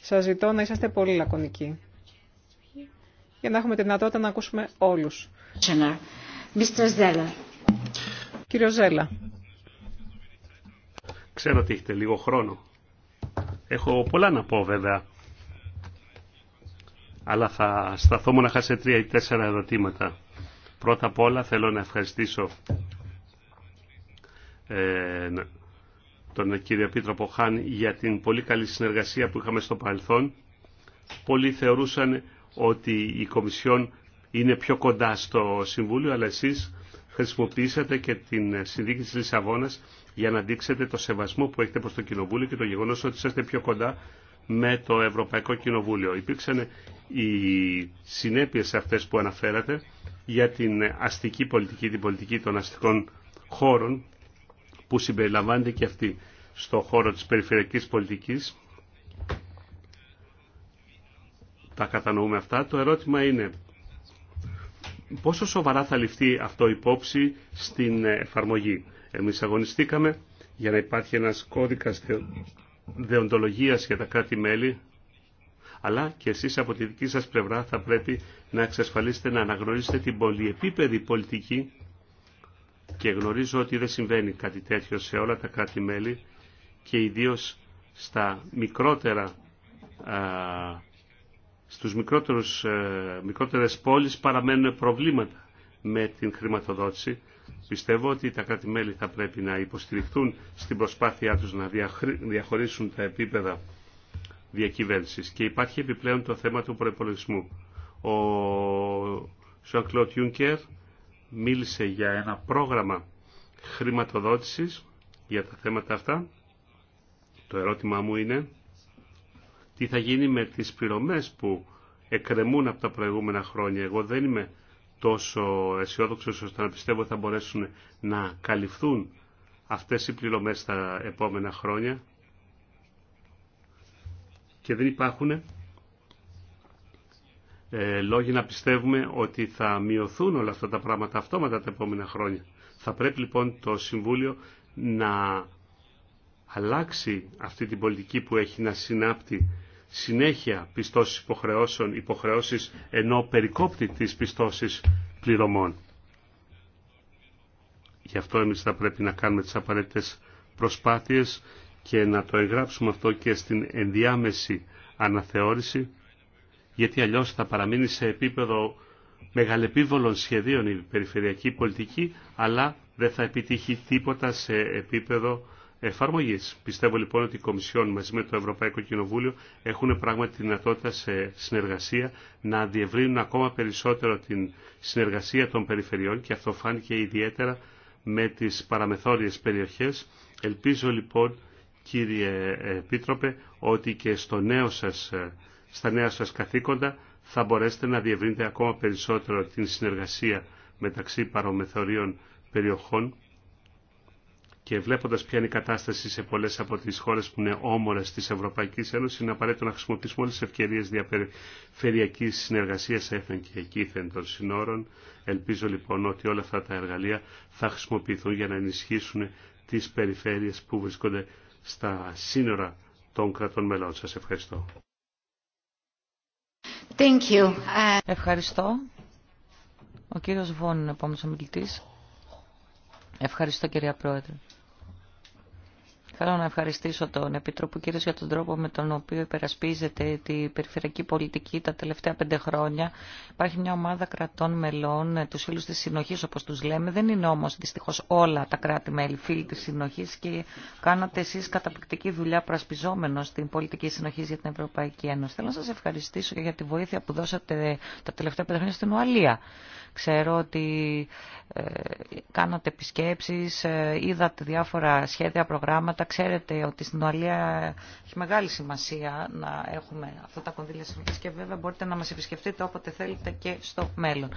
Σας ζητώ να είσαστε πολύ λακωνικοί για να έχουμε τη δυνατότητα να ακούσουμε όλου. Κύριο Ζέλα.
Ξέρω ότι έχετε λίγο χρόνο. Έχω πολλά να πω βέβαια, αλλά θα σταθώ μοναχά σε τρία ή τέσσερα ερωτήματα. Πρώτα απ' όλα θέλω να ευχαριστήσω ε, τον κύριο Επίτροπο Χάν για την πολύ καλή συνεργασία που είχαμε στο παρελθόν. Πολλοί θεωρούσαν ότι η Κομισιόν είναι πιο κοντά στο Συμβούλιο, αλλά εσείς χρησιμοποιήσατε και την συνδίκη της Λισαβόνας για να δείξετε το σεβασμό που έχετε προς το Κοινοβούλιο και το γεγονός ότι είστε πιο κοντά με το Ευρωπαϊκό Κοινοβούλιο. Υπήρξαν οι συνέπειες αυτές που αναφέρατε για την αστική πολιτική, την πολιτική των αστικών χώρων που συμπεριλαμβάνεται και αυτή στο χώρο της περιφερειακής πολιτικής. Τα κατανοούμε αυτά. Το ερώτημα είναι πόσο σοβαρά θα ληφθεί αυτό υπόψη στην εφαρμογή. Εμείς αγωνιστήκαμε για να υπάρχει ένας κώδικας δεοντολογίας για τα κράτη-μέλη, αλλά και εσείς από τη δική σας πλευρά θα πρέπει να εξασφαλίσετε να αναγνωρίσετε την πολυεπίπεδη πολιτική και γνωρίζω ότι δεν συμβαίνει κάτι τέτοιο σε όλα τα κράτη-μέλη και ιδίως στα μικρότερα στους μικρότερους, ε, μικρότερες πόλεις παραμένουν προβλήματα με την χρηματοδότηση Πιστεύω ότι τα κράτη-μέλη θα πρέπει να υποστηριχθούν στην προσπάθειά τους να διαχωρίσουν τα επίπεδα διακυβέρνησης. Και υπάρχει επιπλέον το θέμα του προπολογισμού. Ο jean Κλωτ Ιούνκερ μίλησε για ένα πρόγραμμα χρηματοδότησης για τα θέματα αυτά. Το ερώτημά μου είναι τι θα γίνει με τις πληρωμές που εκκρεμούν από τα προηγούμενα χρόνια. Εγώ δεν είμαι τόσο αισιόδοξο ώστε να πιστεύω ότι θα μπορέσουν να καλυφθούν αυτές οι πληρωμές τα επόμενα χρόνια και δεν υπάρχουν ε, λόγοι να πιστεύουμε ότι θα μειωθούν όλα αυτά τα πράγματα αυτόματα τα επόμενα χρόνια. Θα πρέπει λοιπόν το Συμβούλιο να αλλάξει αυτή την πολιτική που έχει να συνάπτει συνέχεια πιστώσεις υποχρεώσεων, υποχρεώσεις ενώ περικόπτει τις πιστώσεις πληρωμών. Γι' αυτό εμείς θα πρέπει να κάνουμε τις απαραίτητες προσπάθειες και να το εγγράψουμε αυτό και στην ενδιάμεση αναθεώρηση, γιατί αλλιώς θα παραμείνει σε επίπεδο μεγαλεπίβολων σχεδίων η περιφερειακή πολιτική, αλλά δεν θα επιτύχει τίποτα σε επίπεδο εφαρμογής. Πιστεύω λοιπόν ότι η Κομισιόν μαζί με το Ευρωπαϊκό Κοινοβούλιο έχουν πράγματι τη δυνατότητα σε συνεργασία να διευρύνουν ακόμα περισσότερο την συνεργασία των περιφερειών και αυτό φάνηκε ιδιαίτερα με τι παραμεθόριες περιοχές. Ελπίζω λοιπόν κύριε Επίτροπε ότι και στο νέο σας, στα νέα σας καθήκοντα θα μπορέσετε να διευρύνετε ακόμα περισσότερο την συνεργασία μεταξύ παρομεθωρίων περιοχών και βλέποντας ποια είναι η κατάσταση σε πολλές από τις χώρες που είναι όμορες της Ευρωπαϊκής Ένωσης, είναι απαραίτητο να χρησιμοποιήσουμε όλες τις ευκαιρίες διαπεριφερειακής συνεργασίας έθεν και εκείθεν των συνόρων. Ελπίζω λοιπόν ότι όλα αυτά τα εργαλεία θα χρησιμοποιηθούν για να ενισχύσουν τις περιφέρειες που βρίσκονται στα σύνορα των κρατών μελών. Σας ευχαριστώ.
Thank you. Ευχαριστώ. Ο κύριος Βόν, επόμενος ομιλητής. Ευχαριστώ κυρία Πρόεδρε. Θέλω να ευχαριστήσω τον Επιτρόπο κύριο για τον τρόπο με τον οποίο υπερασπίζεται τη περιφερειακή πολιτική τα τελευταία πέντε χρόνια. Υπάρχει μια ομάδα κρατών μελών, ε, του φίλου τη συνοχή, όπω του λέμε. Δεν είναι όμω δυστυχώ όλα τα κράτη-μέλη φίλοι τη συνοχή και κάνατε εσεί καταπληκτική δουλειά προασπιζόμενο στην πολιτική συνοχή για την Ευρωπαϊκή Ένωση. Θέλω να σα ευχαριστήσω για τη βοήθεια που δώσατε τα τελευταία πέντε χρόνια στην Ουαλία. Ξέρω ότι ε, κάνατε επισκέψεις, ε, είδατε διάφορα σχέδια, προγράμματα, ξέρετε ότι στην Ουαλία έχει μεγάλη σημασία να έχουμε αυτά τα κονδύλια συνοχή και βέβαια μπορείτε να μα επισκεφτείτε όποτε θέλετε και στο μέλλον.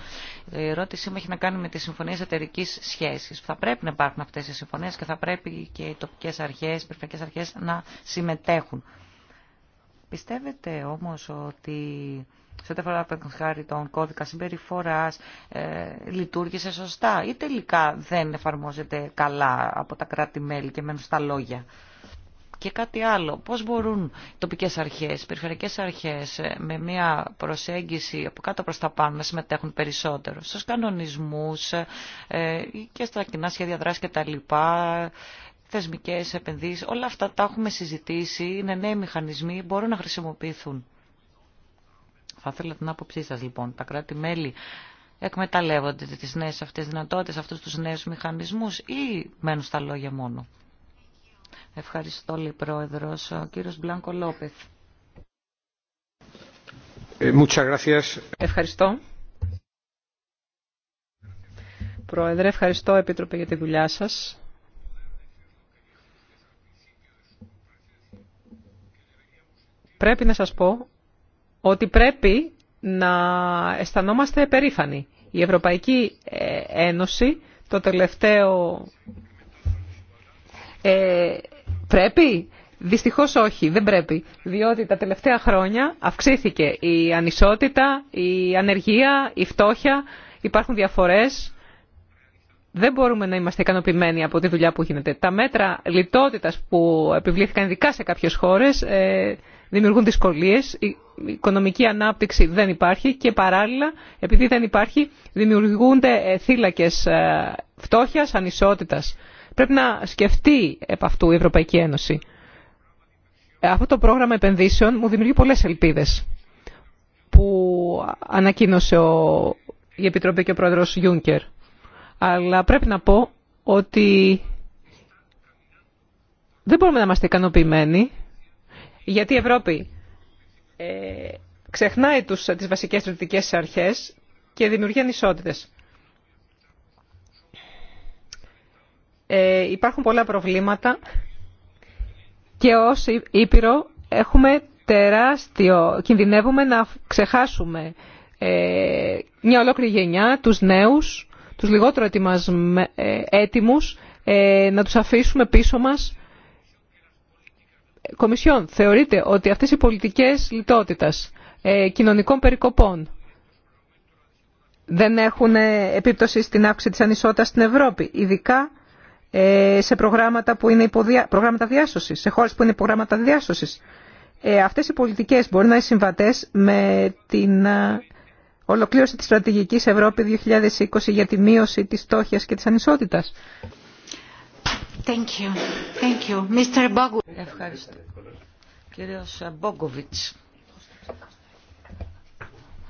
Η ερώτησή μου έχει να κάνει με τι συμφωνίε εταιρική σχέση. Θα πρέπει να υπάρχουν αυτέ οι συμφωνίε και θα πρέπει και οι τοπικέ αρχέ, οι περιφερειακέ αρχέ να συμμετέχουν. Πιστεύετε όμως ότι σε τέτοια χάρη τον κώδικα συμπεριφοράς, ε, λειτουργήσε σωστά ή τελικά δεν εφαρμόζεται καλά από τα κράτη-μέλη και μένουν στα λόγια. Και κάτι άλλο, πώς μπορούν οι τοπικές αρχές, οι περιφερειακές αρχές ε, με μια προσέγγιση από κάτω προς τα πάνω να συμμετέχουν περισσότερο στους κανονισμούς ε, και στα κοινά σχέδια δράση λοιπά, θεσμικές επενδύσεις, όλα αυτά τα έχουμε συζητήσει, είναι νέοι μηχανισμοί, μπορούν να χρησιμοποιηθούν. Θα ήθελα την άποψή σα, λοιπόν. Τα κράτη-μέλη εκμεταλλεύονται τις νέες αυτές δυνατότητε, αυτού του νέου μηχανισμού ή μένουν στα λόγια μόνο. Ευχαριστώ, λέει πρόεδρο. Ο κύριος Μπλάνκο Λόπεθ. Ε,
ευχαριστώ. Πρόεδρε, ευχαριστώ, Επίτροπε, για τη δουλειά σας. Πρέπει να σας πω ότι πρέπει να αισθανόμαστε περήφανοι. Η Ευρωπαϊκή ε, Ένωση το τελευταίο... Ε, πρέπει... Δυστυχώς όχι, δεν πρέπει, διότι τα τελευταία χρόνια αυξήθηκε η ανισότητα, η ανεργία, η φτώχεια, υπάρχουν διαφορές. Δεν μπορούμε να είμαστε ικανοποιημένοι από τη δουλειά που γίνεται. Τα μέτρα λιτότητας που επιβλήθηκαν ειδικά σε κάποιες χώρες ε, δημιουργούν δυσκολίε, η οικονομική ανάπτυξη δεν υπάρχει και παράλληλα, επειδή δεν υπάρχει, δημιουργούνται ε, θύλακες ε, φτώχειας, ανισότητας. Πρέπει να σκεφτεί επ' αυτού η Ευρωπαϊκή Ένωση. Αυτό το πρόγραμμα επενδύσεων μου δημιουργεί πολλές ελπίδες που ανακοίνωσε ο, η Επιτροπή και ο πρόεδρο Γιούνκερ. Αλλά πρέπει να πω ότι δεν μπορούμε να είμαστε ικανοποιημένοι γιατί η Ευρώπη ε, ξεχνάει τους, τις βασικές αρχέ αρχές και δημιουργεί ανισότητες. Ε, υπάρχουν πολλά προβλήματα και ως Ήπειρο έχουμε τεράστιο, κινδυνεύουμε να ξεχάσουμε ε, μια ολόκληρη γενιά, τους νέους, τους λιγότερο ε, έτοιμους, ε, να τους αφήσουμε πίσω μας Κομισιόν, θεωρείτε ότι αυτές οι πολιτικές λιτότητας, ε, κοινωνικών περικοπών, δεν έχουν ε, επίπτωση στην αύξηση της ανισότητας στην Ευρώπη, ειδικά ε, σε προγράμματα, που είναι υποδια... προγράμματα διάσωσης, σε χώρες που είναι προγράμματα διάσωσης. Ε, αυτές οι πολιτικές μπορεί να είναι συμβατές με την ολοκλήρωση της στρατηγικής Ευρώπη 2020 για τη μείωση της στόχιας και της ανισότητας.
Ευχαριστώ. κύριε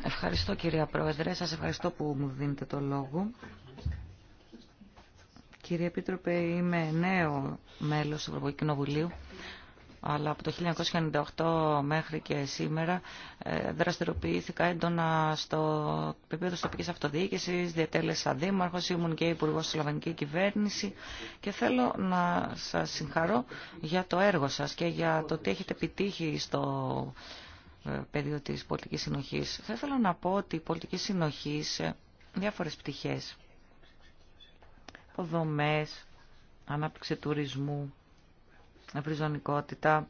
Ευχαριστώ κυρία Πρόεδρε. Σας ευχαριστώ που μου δίνετε το λόγο. Κύριε Επίτροπε, είμαι νέο μέλος του Ευρωπαϊκού Κοινοβουλίου αλλά από το 1998 μέχρι και σήμερα ε, δραστηριοποιήθηκα έντονα στο επίπεδο της τοπικής αυτοδιοίκησης, διατέλεσα δήμαρχος, ήμουν και υπουργός της Σλοβανική Κυβέρνηση και θέλω να σας συγχαρώ για το έργο σας και για το τι έχετε επιτύχει στο ε, πεδίο της πολιτικής συνοχής. Θα ήθελα να πω ότι η πολιτική συνοχή σε διάφορες πτυχές, υποδομές, ανάπτυξη τουρισμού, ευρυζωνικότητα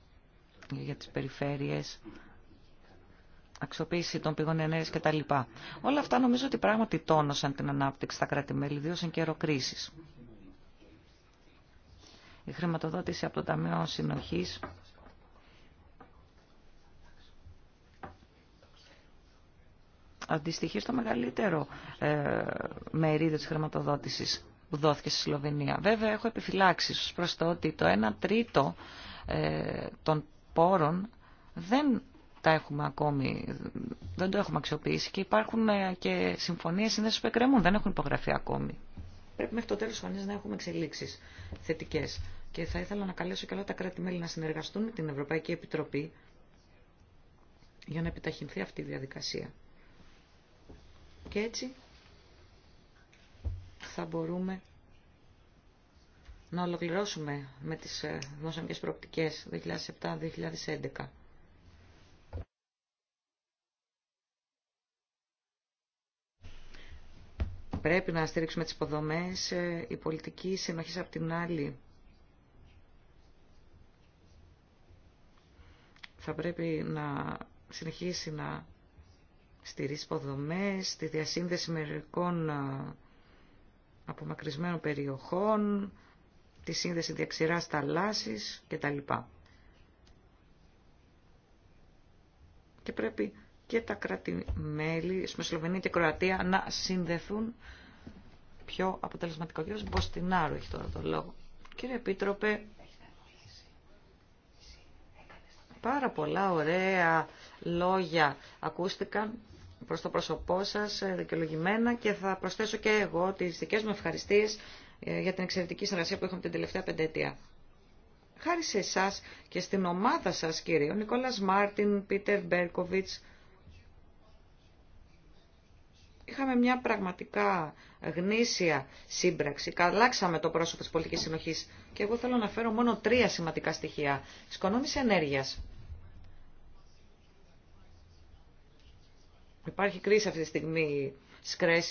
για τις περιφέρειες, αξιοποίηση των πηγών ενέργειας κτλ. Όλα αυτά νομίζω ότι πράγματι τόνωσαν την ανάπτυξη στα κράτη-μέλη, ιδίως εν καιρό κρίσης. Η χρηματοδότηση από το Ταμείο Συνοχής αντιστοιχεί στο μεγαλύτερο ε, μερίδιο της χρηματοδότησης που δόθηκε στη Σλοβενία. Βέβαια, έχω επιφυλάξει προς το ότι το 1 τρίτο ε, των πόρων δεν τα έχουμε ακόμη, δεν το έχουμε αξιοποιήσει και υπάρχουν ε, και συμφωνίες συνδέσεις που εκκρεμούν, δεν έχουν υπογραφεί ακόμη. Πρέπει μέχρι το τέλος της να έχουμε εξελίξεις θετικές και θα ήθελα να καλέσω και όλα τα κράτη-μέλη να συνεργαστούν με την Ευρωπαϊκή Επιτροπή για να επιταχυνθεί αυτή η διαδικασία. Και έτσι θα μπορούμε να ολοκληρώσουμε με τις ε, δημοσιονομικές προοπτικές 2007-2011. Πρέπει να στηρίξουμε τις υποδομές, ε, η πολιτική συνοχή από την άλλη. Θα πρέπει να συνεχίσει να στηρίζει υποδομές, τη διασύνδεση μερικών ε, απομακρυσμένων περιοχών, τη σύνδεση διαξηράς θαλάσσης κτλ. Και πρέπει και τα κράτη-μέλη, Σλοβενία και Κροατία, να συνδεθούν πιο αποτελεσματικό. Ο κ. Μποστινάρου έχει τώρα το λόγο. Κύριε Επίτροπε, πάρα πολλά ωραία λόγια ακούστηκαν προς το πρόσωπό σας ε, δικαιολογημένα και θα προσθέσω και εγώ τις δικές μου ευχαριστίες ε, για την εξαιρετική συνεργασία που είχαμε την τελευταία πεντέτια. Χάρη σε εσά και στην ομάδα σας κύριε, ο Νικόλας Μάρτιν, Πίτερ Μπέρκοβιτς, είχαμε μια πραγματικά γνήσια σύμπραξη. Καλάξαμε το πρόσωπο της πολιτικής συνοχής και εγώ θέλω να φέρω μόνο τρία σημαντικά στοιχεία. Σκονόμηση ενέργειας Υπάρχει κρίση αυτή τη στιγμή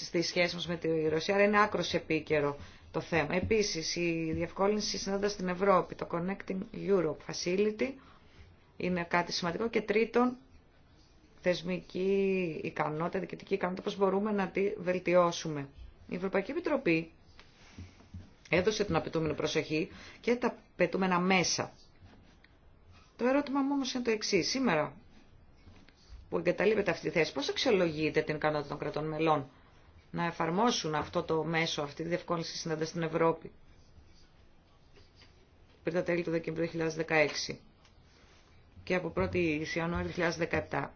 στη σχέση μας με τη Ρωσία, αλλά είναι άκρος επίκαιρο το θέμα. Επίσης, η διευκόλυνση συνάντας στην Ευρώπη, το Connecting Europe Facility, είναι κάτι σημαντικό. Και τρίτον, θεσμική ικανότητα, διοικητική ικανότητα, πώς μπορούμε να τη βελτιώσουμε. Η Ευρωπαϊκή Επιτροπή έδωσε την απαιτούμενη προσοχή και τα απαιτούμενα μέσα. Το ερώτημα μου όμως είναι το εξής. Σήμερα που εγκαταλείπεται αυτή τη θέση. Πώς αξιολογείται την ικανότητα των κρατών μελών να εφαρμόσουν αυτό το μέσο, αυτή τη διευκόλυνση συνέντα στην Ευρώπη πριν τα τέλη του Δεκεμβρίου 2016 και από 1η Ιανουαρίου 2017.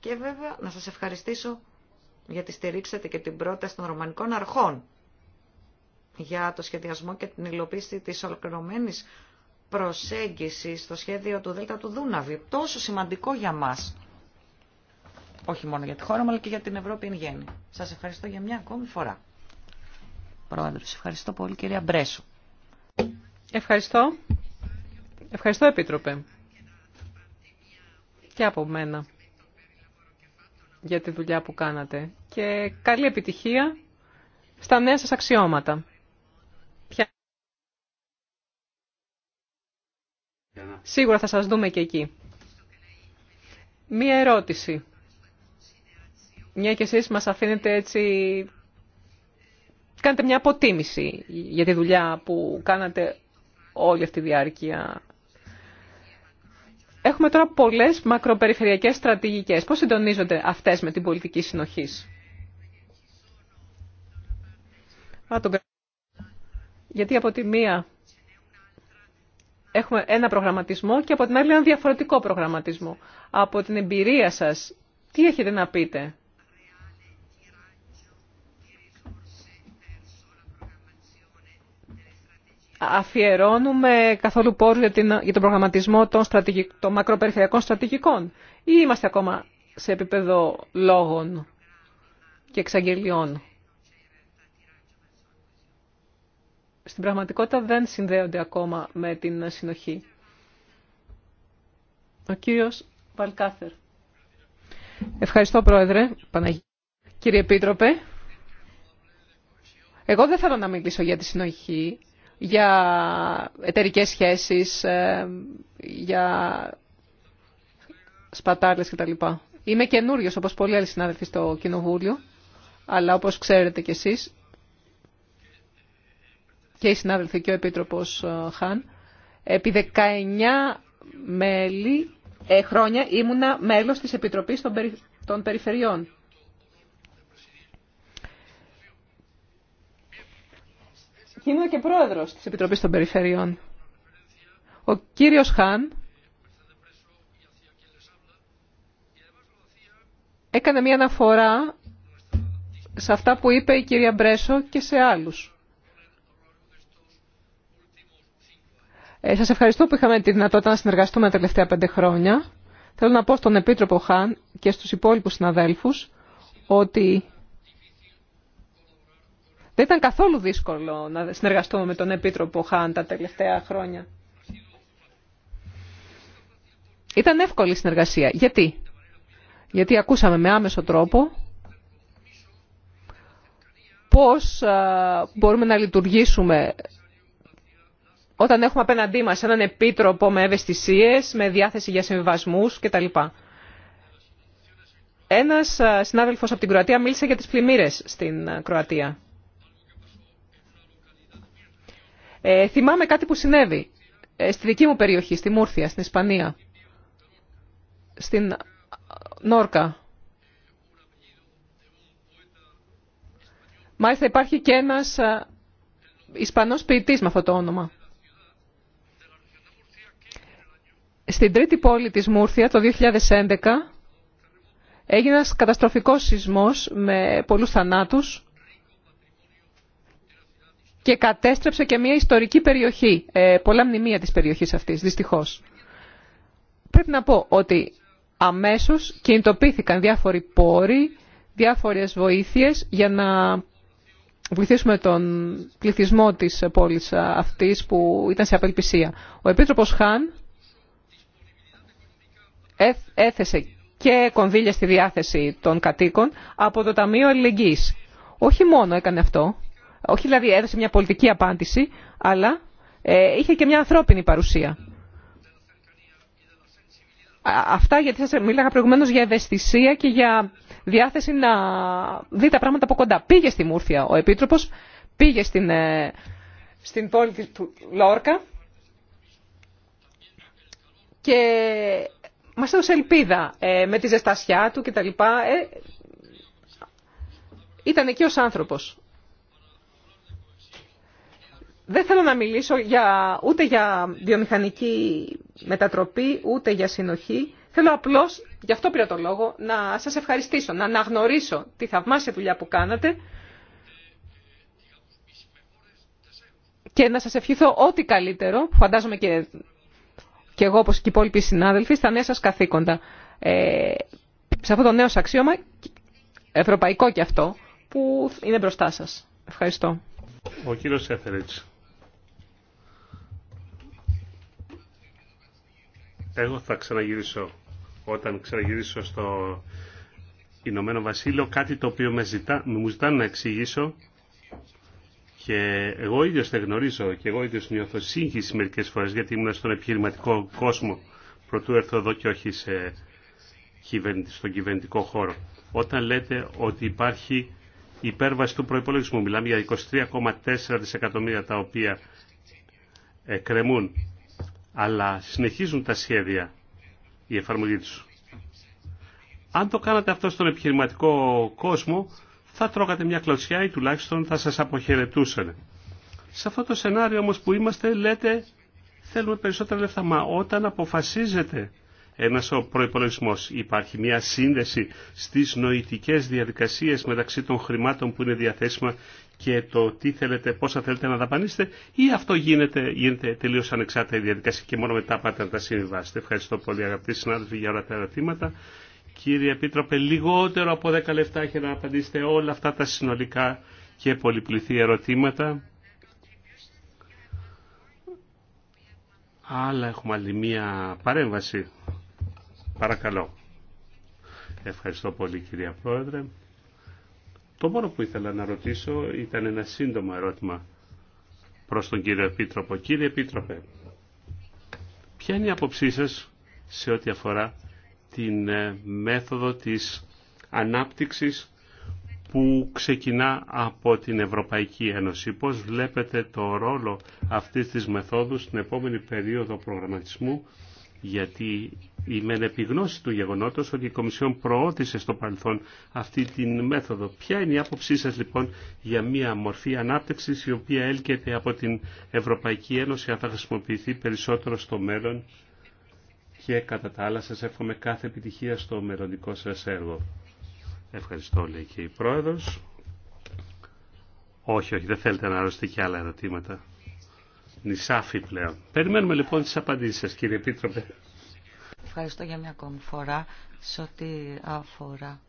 Και βέβαια να σας ευχαριστήσω γιατί στηρίξατε και την πρόταση των Ρωμανικών Αρχών για το σχεδιασμό και την υλοποίηση της ολοκληρωμένης προσέγγισης στο σχέδιο του Δέλτα του Δούναβη. Τόσο σημαντικό για μας όχι μόνο για τη χώρα μου, αλλά και για την Ευρώπη εν γέννη. Σας ευχαριστώ για μια ακόμη φορά. Πρόεδρος, ευχαριστώ πολύ κυρία Μπρέσου. Ευχαριστώ. Ευχαριστώ Επίτροπε.
Και από μένα για τη δουλειά που κάνατε. Και καλή επιτυχία στα νέα σας αξιώματα. Σίγουρα θα σας δούμε και εκεί. Μία ερώτηση μια και εσείς μας αφήνετε έτσι... Κάνετε μια αποτίμηση για τη δουλειά που κάνατε όλη αυτή τη διάρκεια. Έχουμε τώρα πολλές μακροπεριφερειακές στρατηγικές. Πώς συντονίζονται αυτές με την πολιτική συνοχής. Γιατί από τη μία έχουμε ένα προγραμματισμό και από την άλλη ένα διαφορετικό προγραμματισμό. Από την εμπειρία σας, τι έχετε να πείτε αφιερώνουμε καθόλου πόρους για, για, τον προγραμματισμό των, των μακροπεριφερειακών στρατηγικών ή είμαστε ακόμα σε επίπεδο λόγων και εξαγγελιών. Στην πραγματικότητα δεν συνδέονται ακόμα με την συνοχή. Ο κύριος Βαλκάθερ. Ευχαριστώ, Πρόεδρε. Παναγία. Κύριε Επίτροπε, εγώ δεν θέλω να μιλήσω για τη συνοχή, για εταιρικές σχέσεις, ε, για σπατάλες κτλ. Είμαι καινούριο όπως πολλοί άλλοι συνάδελφοι στο Κοινοβούλιο, αλλά όπως ξέρετε κι εσείς και οι συνάδελφοι και ο Επίτροπος ε, Χαν, επί 19 μέλη, ε, χρόνια ήμουνα μέλος της Επιτροπής των, Περιφερειών Γίνω και πρόεδρος της Επιτροπής των Περιφερειών. Ο κύριος Χάν έκανε μία αναφορά σε αυτά που είπε η κυρία Μπρέσο και σε άλλους. Ε, σας ευχαριστώ που είχαμε τη δυνατότητα να συνεργαστούμε τα τελευταία πέντε χρόνια. Θέλω να πω στον Επίτροπο Χάν και στους υπόλοιπους συναδέλφους ότι δεν ήταν καθόλου δύσκολο να συνεργαστούμε με τον Επίτροπο Χάν τα τελευταία χρόνια. Ήταν εύκολη η συνεργασία. Γιατί? Γιατί ακούσαμε με άμεσο τρόπο πώς μπορούμε να λειτουργήσουμε όταν έχουμε απέναντί μας έναν επίτροπο με ευαισθησίες, με διάθεση για συμβιβασμούς κτλ. Ένας συνάδελφος από την Κροατία μίλησε για τις πλημμύρες στην Κροατία. Ε, θυμάμαι κάτι που συνέβη ε, στη δική μου περιοχή, στη Μούρθια, στην Ισπανία, στην Νόρκα. Μάλιστα υπάρχει και ένας Ισπανός ποιητής με αυτό το όνομα. Στην τρίτη πόλη της Μούρθια το 2011 έγινε ένας καταστροφικός σεισμός με πολλούς θανάτους και κατέστρεψε και μια ιστορική περιοχή, ε, πολλά μνημεία της περιοχής αυτής, δυστυχώς. Πρέπει να πω ότι αμέσως κινητοποιήθηκαν διάφοροι πόροι, διάφορες βοήθειες για να βοηθήσουμε τον πληθυσμό της πόλης αυτής που ήταν σε απελπισία. Ο Επίτροπος Χάν έθεσε και κονδύλια στη διάθεση των κατοίκων από το Ταμείο Αλληλεγγύης. Όχι μόνο έκανε αυτό, όχι δηλαδή έδωσε μια πολιτική απάντηση, αλλά ε, είχε και μια ανθρώπινη παρουσία. Αυτά γιατί σας μίλαγα προηγουμένως για ευαισθησία και για διάθεση να δει τα πράγματα από κοντά. Πήγε στη Μούρφια ο Επίτροπος, πήγε στην, ε, στην πόλη του Λόρκα και μας έδωσε ελπίδα ε, με τη ζεστασιά του κτλ. Ε, ήταν εκεί ως άνθρωπος. Δεν θέλω να μιλήσω για, ούτε για βιομηχανική μετατροπή, ούτε για συνοχή. Θέλω απλώς, γι' αυτό πήρα το λόγο, να σας ευχαριστήσω, να αναγνωρίσω τη θαυμάσια δουλειά που κάνατε και να σας ευχηθώ ό,τι καλύτερο, φαντάζομαι και, και εγώ όπως και οι υπόλοιποι συνάδελφοι, στα νέα σας καθήκοντα. Ε, σε αυτό το νέο αξίωμα, ευρωπαϊκό και αυτό, που είναι μπροστά σας. Ευχαριστώ.
Ο κύριος Εγώ θα ξαναγυρίσω όταν ξαναγυρίσω στο Ηνωμένο Βασίλειο κάτι το οποίο με ζητά, μου ζητάνε να εξηγήσω και εγώ ίδιος δεν γνωρίζω και εγώ ίδιος νιώθω σύγχυση μερικές φορές γιατί ήμουν στον επιχειρηματικό κόσμο πρωτού έρθω εδώ και όχι στον κυβερνητικό χώρο. Όταν λέτε ότι υπάρχει υπέρβαση του προϋπολογισμού, μιλάμε για 23,4 δισεκατομμύρια τα οποία εκκρεμούν αλλά συνεχίζουν τα σχέδια, η εφαρμογή τους. Αν το κάνατε αυτό στον επιχειρηματικό κόσμο, θα τρώγατε μια κλωτσιά ή τουλάχιστον θα σας αποχαιρετούσαν. Σε αυτό το σενάριο όμως που είμαστε λέτε θέλουμε περισσότερα λεφτά, μα όταν αποφασίζεται ένας ο προϋπολογισμός υπάρχει μια σύνδεση στις νοητικές διαδικασίες μεταξύ των χρημάτων που είναι διαθέσιμα και το τι θέλετε, πόσα θέλετε να δαπανίσετε ή αυτό γίνεται, γίνεται τελείως ανεξάρτητα η διαδικασία και μόνο μετά πάτε να τα συμβιβάσετε. Ευχαριστώ πολύ αγαπητοί συνάδελφοι για όλα τα ερωτήματα. Κύριε Επίτροπε, λιγότερο από 10 λεπτά έχετε να απαντήσετε όλα αυτά τα συνολικά και πολυπληθή ερωτήματα. Αλλά έχουμε άλλη μία παρέμβαση. Παρακαλώ. Ευχαριστώ πολύ κυρία Πρόεδρε. Το μόνο που ήθελα να ρωτήσω ήταν ένα σύντομο ερώτημα προς τον κύριο Επίτροπο. Κύριε Επίτροπε, ποια είναι η αποψή σας σε ό,τι αφορά την ε, μέθοδο της ανάπτυξης που ξεκινά από την Ευρωπαϊκή Ένωση. Πώς βλέπετε το ρόλο αυτής της μεθόδου στην επόμενη περίοδο προγραμματισμού, γιατί η μεν επιγνώση του γεγονότος ότι η Κομισιόν προώθησε στο παρελθόν αυτή την μέθοδο. Ποια είναι η άποψή σας λοιπόν για μια μορφή ανάπτυξης η οποία έλκεται από την Ευρωπαϊκή Ένωση αν θα χρησιμοποιηθεί περισσότερο στο μέλλον και κατά τα άλλα σας εύχομαι κάθε επιτυχία στο μελλοντικό σας έργο. Ευχαριστώ λέει και η Πρόεδρος. Όχι, όχι, δεν θέλετε να αρρωστεί και άλλα ερωτήματα. Νησάφι πλέον. Περιμένουμε λοιπόν τις απαντήσεις σας κύριε Επίτροπε
ευχαριστώ για μια ακόμη φορά σε ό,τι αφορά.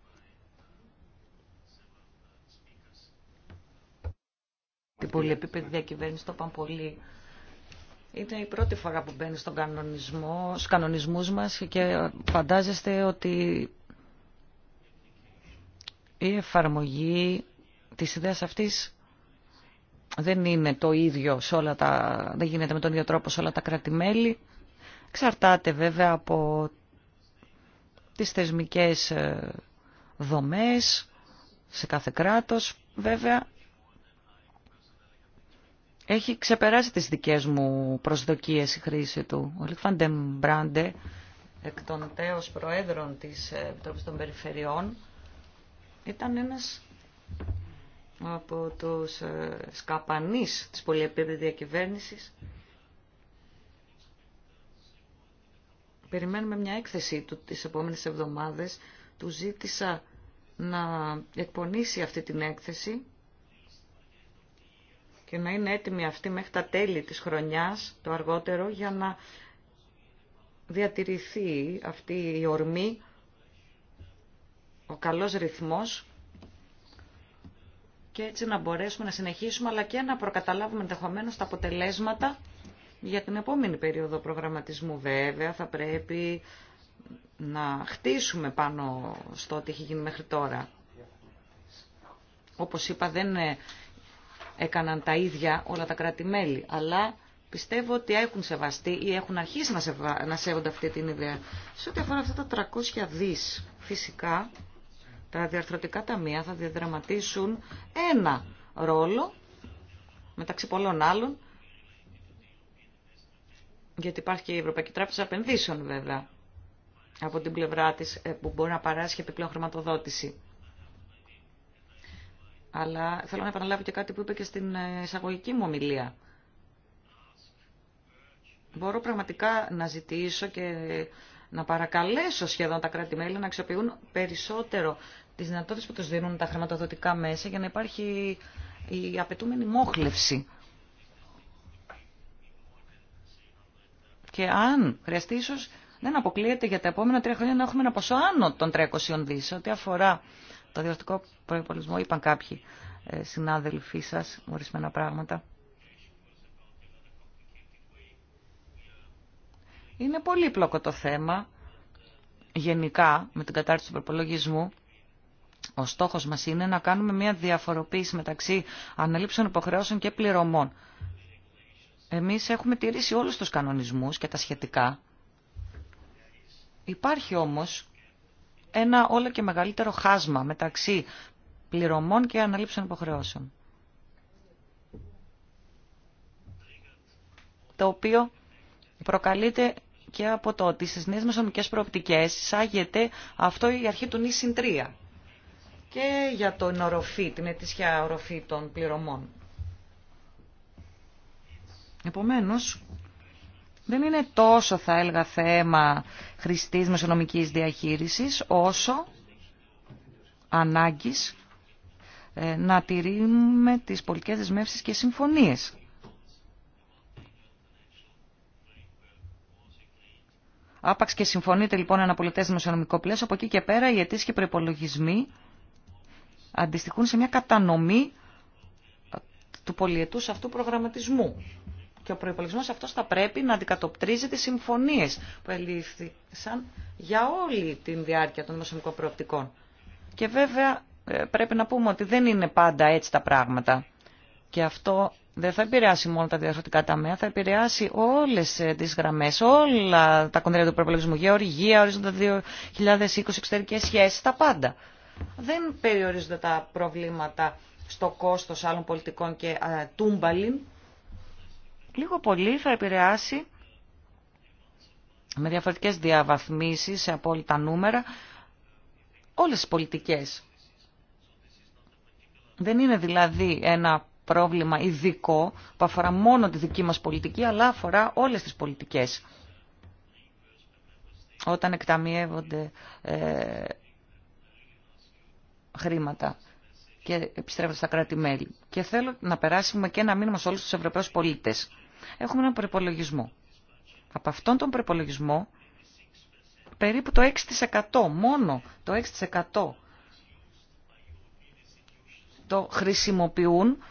Την πολυεπίπεδη διακυβέρνηση, το πολύ. Είναι η πρώτη φορά που μπαίνει στον κανονισμό, στους κανονισμούς μας και φαντάζεστε ότι η εφαρμογή της ιδέας αυτής δεν είναι το ίδιο τα, δεν γίνεται με τον ίδιο τρόπο σε όλα τα κρατη Ξαρτάται βέβαια από τις θεσμικές ε, δομές σε κάθε κράτος. Βέβαια έχει ξεπεράσει τις δικές μου προσδοκίες η χρήση του. Ο Λιφαντεμ Μπράντε, εκ των τέως προέδρων της Επιτροπής των Περιφερειών, ήταν ένας από τους ε, σκαπανείς της πολυεπίπεδης διακυβέρνησης Περιμένουμε μια έκθεσή του τις επόμενες εβδομάδες. Του ζήτησα να εκπονήσει αυτή την έκθεση και να είναι έτοιμη αυτή μέχρι τα τέλη της χρονιάς, το αργότερο, για να διατηρηθεί αυτή η ορμή, ο καλός ρυθμός και έτσι να μπορέσουμε να συνεχίσουμε αλλά και να προκαταλάβουμε ενδεχομένω τα αποτελέσματα για την επόμενη περίοδο προγραμματισμού βέβαια θα πρέπει να χτίσουμε πάνω στο ότι έχει γίνει μέχρι τώρα. Όπως είπα δεν ε, έκαναν τα ίδια όλα τα κράτη-μέλη, αλλά πιστεύω ότι έχουν σεβαστεί ή έχουν αρχίσει να, να σέβονται αυτή την ιδέα. Σε ό,τι αφορά αυτά τα 300 δις, φυσικά τα διαρθρωτικά ταμεία θα διαδραματίσουν ένα ρόλο μεταξύ πολλών άλλων γιατί υπάρχει και η Ευρωπαϊκή Τράπεζα Επενδύσεων βέβαια από την πλευρά της ε, που μπορεί να παράσχει επιπλέον χρηματοδότηση. Αλλά θέλω να επαναλάβω και κάτι που είπε και στην ε, εισαγωγική μου ομιλία. Μπορώ πραγματικά να ζητήσω και να παρακαλέσω σχεδόν τα κράτη-μέλη να αξιοποιούν περισσότερο τις δυνατότητες που τους δίνουν τα χρηματοδοτικά μέσα για να υπάρχει η απαιτούμενη μόχλευση Και αν χρειαστεί, ίσω δεν αποκλείεται για τα επόμενα τρία χρόνια να έχουμε ένα ποσό άνω των 300 δι. Ό,τι αφορά το διορθωτικό προπολογισμό, είπαν κάποιοι ε, συνάδελφοί σα ορισμένα πράγματα. Είναι πολύ πλοκο το θέμα γενικά με την κατάρτιση του προπολογισμού. Ο στόχος μας είναι να κάνουμε μια διαφοροποίηση μεταξύ αναλήψεων υποχρεώσεων και πληρωμών. Εμείς έχουμε τηρήσει όλους τους κανονισμούς και τα σχετικά. Υπάρχει όμως ένα όλο και μεγαλύτερο χάσμα μεταξύ πληρωμών και αναλήψεων υποχρεώσεων. Το οποίο προκαλείται και από το ότι στις νέες μεσονομικές προοπτικές εισάγεται αυτό η αρχή του νησιν 3 και για την οροφή, την αιτήσια οροφή των πληρωμών. Επομένως, δεν είναι τόσο, θα έλεγα, θέμα χρηστής μεσονομικής διαχείρισης, όσο ανάγκης ε, να τηρούμε τις πολιτικές δεσμεύσεις και συμφωνίες. Άπαξ και συμφωνείται λοιπόν ένα πολιτές δημοσιονομικό πλαίσιο, από εκεί και πέρα οι αιτήσεις και προπολογισμοί αντιστοιχούν σε μια κατανομή του πολιετούς αυτού προγραμματισμού και ο προπολογισμό αυτό θα πρέπει να αντικατοπτρίζει τι συμφωνίε που ελήφθησαν για όλη την διάρκεια των δημοσιονομικών προοπτικών. Και βέβαια ε, πρέπει να πούμε ότι δεν είναι πάντα έτσι τα πράγματα. Και αυτό δεν θα επηρεάσει μόνο τα διαφορετικά ταμεία, θα επηρεάσει όλε τι γραμμέ, όλα τα κονδύλια του προπολογισμού, γεωργία, ορίζοντα 2020, εξωτερικέ σχέσει τα πάντα. Δεν περιορίζονται τα προβλήματα στο κόστος άλλων πολιτικών και α, ε, τούμπαλιν, λίγο πολύ θα επηρεάσει με διαφορετικές διαβαθμίσεις σε απόλυτα νούμερα όλες τις πολιτικές. Δεν είναι δηλαδή ένα πρόβλημα ειδικό που αφορά μόνο τη δική μας πολιτική, αλλά αφορά όλες τις πολιτικές. Όταν εκταμιεύονται ε, χρήματα και επιστρέφονται στα κράτη-μέλη. Και θέλω να περάσουμε και ένα μήνυμα σε όλους τους Ευρωπαίους πολίτες έχουμε έναν προπολογισμό. Από αυτόν τον προπολογισμό, περίπου το 6% μόνο το 6% το χρησιμοποιούν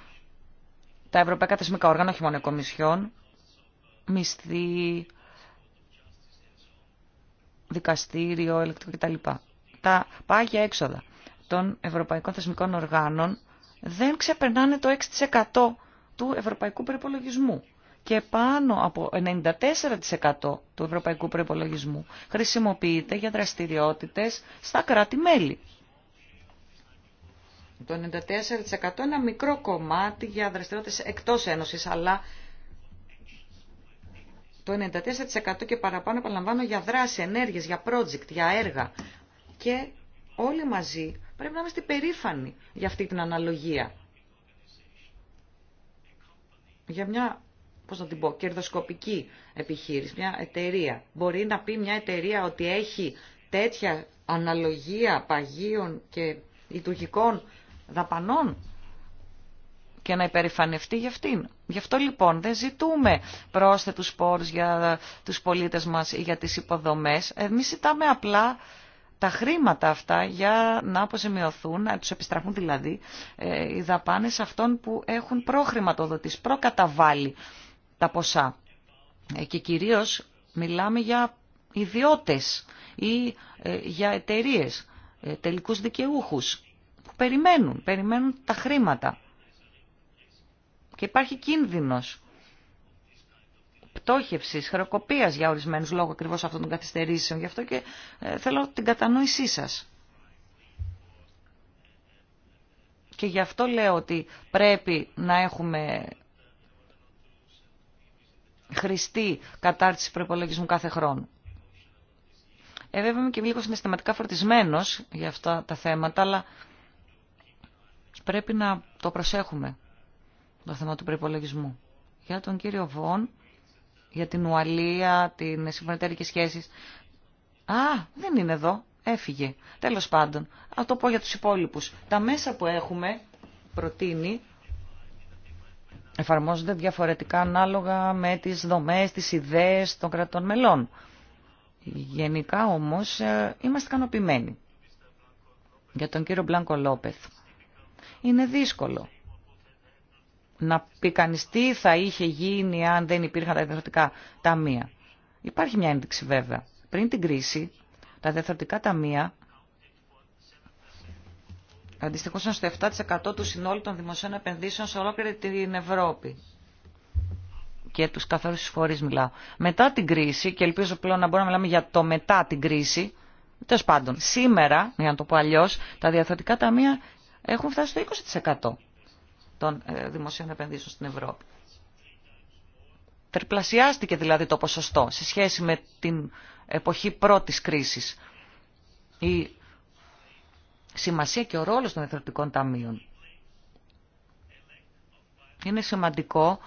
τα ευρωπαϊκά θεσμικά όργανα, όχι μόνο οι κομισιόν, μισθή, δικαστήριο, ελεκτρικό κτλ. Τα πάγια έξοδα των ευρωπαϊκών θεσμικών οργάνων δεν ξεπερνάνε το 6% του ευρωπαϊκού περιπολογισμού και πάνω από 94% του ευρωπαϊκού προϋπολογισμού χρησιμοποιείται για δραστηριότητες στα κράτη-μέλη. Το 94% είναι ένα μικρό κομμάτι για δραστηριότητες εκτός Ένωσης, αλλά το 94% και παραπάνω επαναλαμβάνω για δράση, ενέργειες, για project, για έργα. Και όλοι μαζί πρέπει να είμαστε περήφανοι για αυτή την αναλογία. Για μια πώς να την πω, κερδοσκοπική επιχείρηση, μια εταιρεία. Μπορεί να πει μια εταιρεία ότι έχει τέτοια αναλογία παγίων και λειτουργικών δαπανών και να υπερηφανευτεί για αυτήν. Γι' αυτό λοιπόν δεν ζητούμε πρόσθετους πόρους για τους πολίτες μας ή για τις υποδομές. Εμείς ζητάμε απλά τα χρήματα αυτά για να αποζημιωθούν, να τους επιστραφούν δηλαδή ε, οι δαπάνες αυτών που έχουν προχρηματοδοτήσει, προκαταβάλει τα ποσά. Και κυρίως μιλάμε για ιδιώτες ή ε, για εταιρείε, ε, τελικούς δικαιούχους που περιμένουν, περιμένουν τα χρήματα. Και υπάρχει κίνδυνος πτώχευσης, χρεοκοπίας για ορισμένους λόγω ακριβώ αυτών των καθυστερήσεων. Γι' αυτό και ε, θέλω την κατανόησή σας. Και γι' αυτό λέω ότι πρέπει να έχουμε χρηστή κατάρτιση προπολογισμού κάθε χρόνο. Ε, βέβαια είμαι και λίγο συναισθηματικά φορτισμένο για αυτά τα θέματα, αλλά πρέπει να το προσέχουμε το θέμα του προπολογισμού. Για τον κύριο Βον, για την Ουαλία, την συμφωνητέρικη σχέση. Α, δεν είναι εδώ. Έφυγε. Τέλος πάντων. Αυτό το πω για τους υπόλοιπους. Τα μέσα που έχουμε προτείνει εφαρμόζονται διαφορετικά ανάλογα με τις δομές, τις ιδέες των κρατών μελών. Γενικά όμως ε, είμαστε ικανοποιημένοι για τον κύριο Μπλάνκο Λόπεθ. Είναι δύσκολο να πει κανείς τι θα είχε γίνει αν δεν υπήρχαν τα τα μία. Υπάρχει ταμεία. Υπάρχει μια ένδειξη βέβαια. Πριν την κρίση, τα διαθροτικά ταμεία αντιστοιχούσαν στο 7% του συνόλου των δημοσίων επενδύσεων σε ολόκληρη την Ευρώπη. Και τους καθόλου φορείς μιλάω. Μετά την κρίση, και ελπίζω πλέον να μπορούμε να μιλάμε για το μετά την κρίση, τέλο πάντων, σήμερα, για να το πω αλλιώ, τα διαθετικά ταμεία έχουν φτάσει στο 20% των ε, δημοσίων επενδύσεων στην Ευρώπη. Τριπλασιάστηκε δηλαδή το ποσοστό σε σχέση με την εποχή πρώτης κρίσης. Η σημασία και ο ρόλος των εθνωτικών ταμείων. Είναι σημαντικό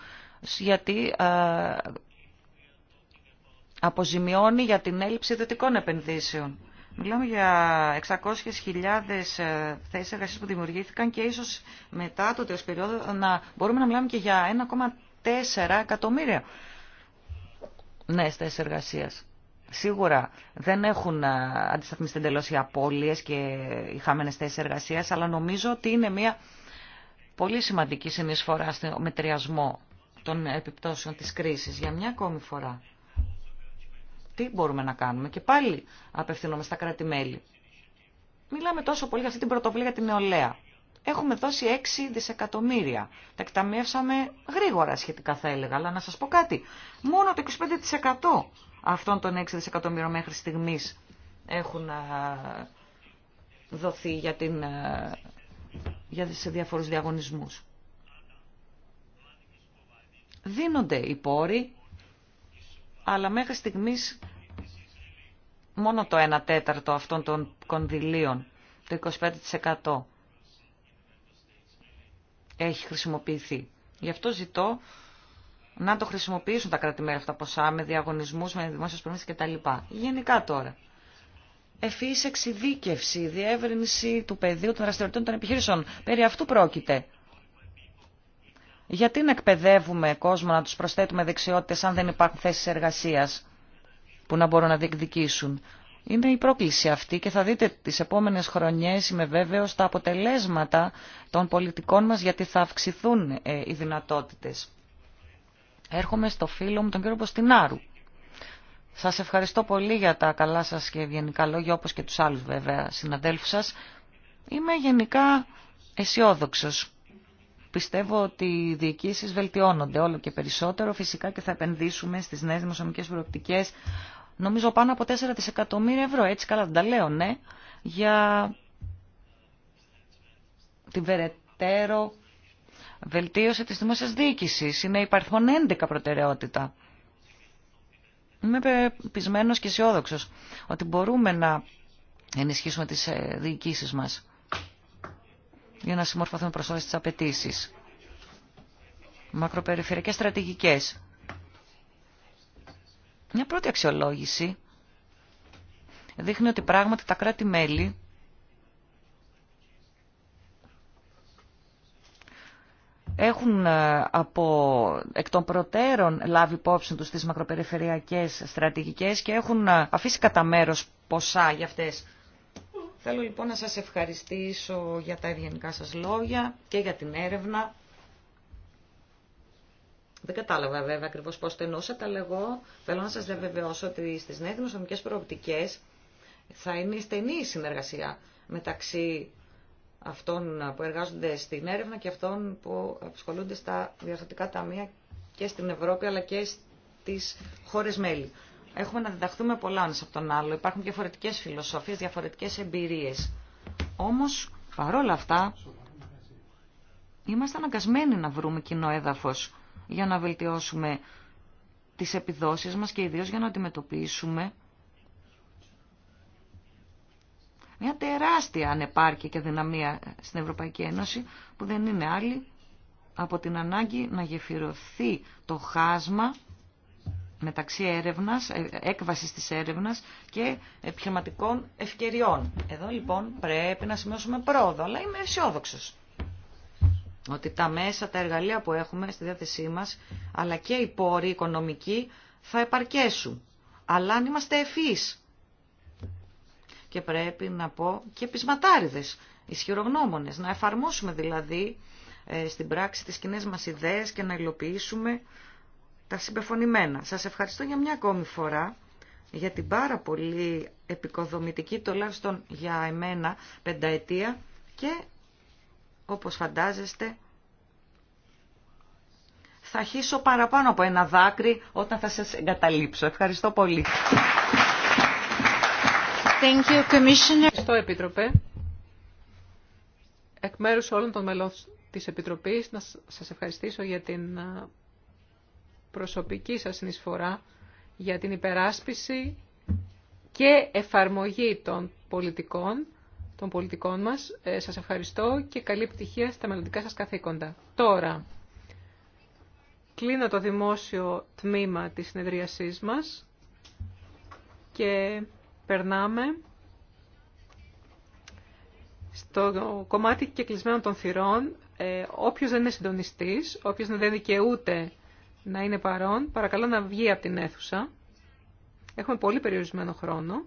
γιατί ε, αποζημιώνει για την έλλειψη ιδιωτικών επενδύσεων. Μιλάμε για 600.000 ε, θέσεις εργασίας που δημιουργήθηκαν και ίσως μετά το τέλος περίοδο να μπορούμε να μιλάμε και για 1,4 εκατομμύρια νέες θέσεις εργασίας. Σίγουρα δεν έχουν αντισταθμίσει εντελώ οι απώλειε και οι χαμένε θέσει εργασία, αλλά νομίζω ότι είναι μια πολύ σημαντική συνεισφορά στο μετριασμό των επιπτώσεων της κρίσης για μια ακόμη φορά. Τι μπορούμε να κάνουμε και πάλι απευθυνόμαι στα κράτη-μέλη. Μιλάμε τόσο πολύ για αυτή την πρωτοβουλία για την νεολαία. Έχουμε δώσει 6 δισεκατομμύρια. Τα εκταμιεύσαμε γρήγορα σχετικά θα έλεγα, αλλά να σας πω κάτι. Μόνο το 25% Αυτόν των 6 δισεκατομμύρων μέχρι στιγμής έχουν δοθεί για, την, για τις διάφορους διαγωνισμούς. Δίνονται οι πόροι, αλλά μέχρι στιγμής μόνο το 1 τέταρτο αυτών των κονδυλίων, το 25% έχει χρησιμοποιηθεί. Γι' αυτό ζητώ να το χρησιμοποιήσουν τα κρατημέρια αυτά ποσά με διαγωνισμούς, με δημόσιες προμήθειες κτλ. Γενικά τώρα. Ευφύης εξειδίκευση, διεύρυνση του πεδίου των δραστηριοτήτων των επιχειρήσεων. Περί αυτού πρόκειται. Γιατί να εκπαιδεύουμε κόσμο να τους προσθέτουμε δεξιότητες αν δεν υπάρχουν θέσεις εργασίας που να μπορούν να διεκδικήσουν. Είναι η πρόκληση αυτή και θα δείτε τις επόμενες χρονιές, είμαι βέβαιος, τα αποτελέσματα των πολιτικών μας γιατί θα αυξηθούν ε, οι δυνατότητες. Έρχομαι στο φίλο μου τον κύριο Ποστινάρου. Σας ευχαριστώ πολύ για τα καλά σας και ευγενικά λόγια, όπως και τους άλλους βέβαια συναδέλφους σας. Είμαι γενικά αισιόδοξο. Πιστεύω ότι οι διοικήσεις βελτιώνονται όλο και περισσότερο. Φυσικά και θα επενδύσουμε στις νέες δημοσιονομικές προοπτικές, νομίζω πάνω από 4 δισεκατομμύρια ευρώ, έτσι καλά δεν τα λέω, ναι, για την περαιτέρω Βελτίωση της δημόσιας διοίκησης είναι υπαρθών 11 προτεραιότητα. Είμαι πεισμένος και αισιόδοξο ότι μπορούμε να ενισχύσουμε τις ε, διοικήσεις μας για να συμμορφωθούμε προς όλες τις απαιτήσει. Μακροπεριφερειακές στρατηγικές. Μια πρώτη αξιολόγηση δείχνει ότι πράγματι τα κράτη-μέλη έχουν ε, από εκ των προτέρων λάβει υπόψη τους τις μακροπεριφερειακές στρατηγικές και έχουν ε, αφήσει κατά μέρο ποσά για αυτές. Θέλω λοιπόν να σας ευχαριστήσω για τα ευγενικά σας λόγια και για την έρευνα. Δεν κατάλαβα βέβαια ακριβώ πώ το εννοούσατε, αλλά εγώ θέλω να σα διαβεβαιώσω ότι στι νέε δημοσιονομικέ προοπτικέ θα είναι στενή η συνεργασία μεταξύ αυτών που εργάζονται στην έρευνα και αυτών που απασχολούνται στα διαφορετικά ταμεία και στην Ευρώπη αλλά και στις χώρες μέλη. Έχουμε να διδαχθούμε πολλά από τον άλλο. Υπάρχουν διαφορετικές φιλοσοφίες, διαφορετικές εμπειρίες. Όμως, παρόλα αυτά, είμαστε αναγκασμένοι να βρούμε κοινό έδαφος για να βελτιώσουμε τις επιδόσεις μας και ιδίως για να αντιμετωπίσουμε μια τεράστια ανεπάρκεια και δυναμία στην Ευρωπαϊκή Ένωση που δεν είναι άλλη από την ανάγκη να γεφυρωθεί το χάσμα μεταξύ έρευνας, ε, έκβασης της έρευνας και επιχειρηματικών ευκαιριών. Εδώ λοιπόν πρέπει να σημειώσουμε πρόοδο, αλλά είμαι αισιόδοξο. Ότι τα μέσα, τα εργαλεία που έχουμε στη διάθεσή μας, αλλά και οι πόροι οικονομικοί θα επαρκέσουν. Αλλά αν είμαστε ευφύς και πρέπει να πω και πεισματάριδες, ισχυρογνώμονες. Να εφαρμόσουμε δηλαδή ε, στην πράξη τις κοινέ μας ιδέες και να υλοποιήσουμε τα συμπεφωνημένα. Σας ευχαριστώ για μια ακόμη φορά για την πάρα πολύ επικοδομητική, τουλάχιστον για εμένα, πενταετία και όπως φαντάζεστε θα χύσω παραπάνω από ένα δάκρυ όταν θα σας εγκαταλείψω. Ευχαριστώ πολύ.
Ευχαριστώ, Επίτροπε. Εκ μέρους όλων των μελών της Επιτροπής, να σας ευχαριστήσω για την προσωπική σας συνεισφορά, για την υπεράσπιση και εφαρμογή των πολιτικών, των πολιτικών μας. Ε, σας ευχαριστώ και καλή επιτυχία στα μελλοντικά σας καθήκοντα. Τώρα, κλείνω το δημόσιο τμήμα της συνεδρίασής μας και περνάμε στο κομμάτι κεκλεισμένων των θυρών. Ε, όποιος δεν είναι συντονιστής, όποιος δεν δικαιούται να είναι παρόν, παρακαλώ να βγει από την αίθουσα. Έχουμε πολύ περιορισμένο χρόνο.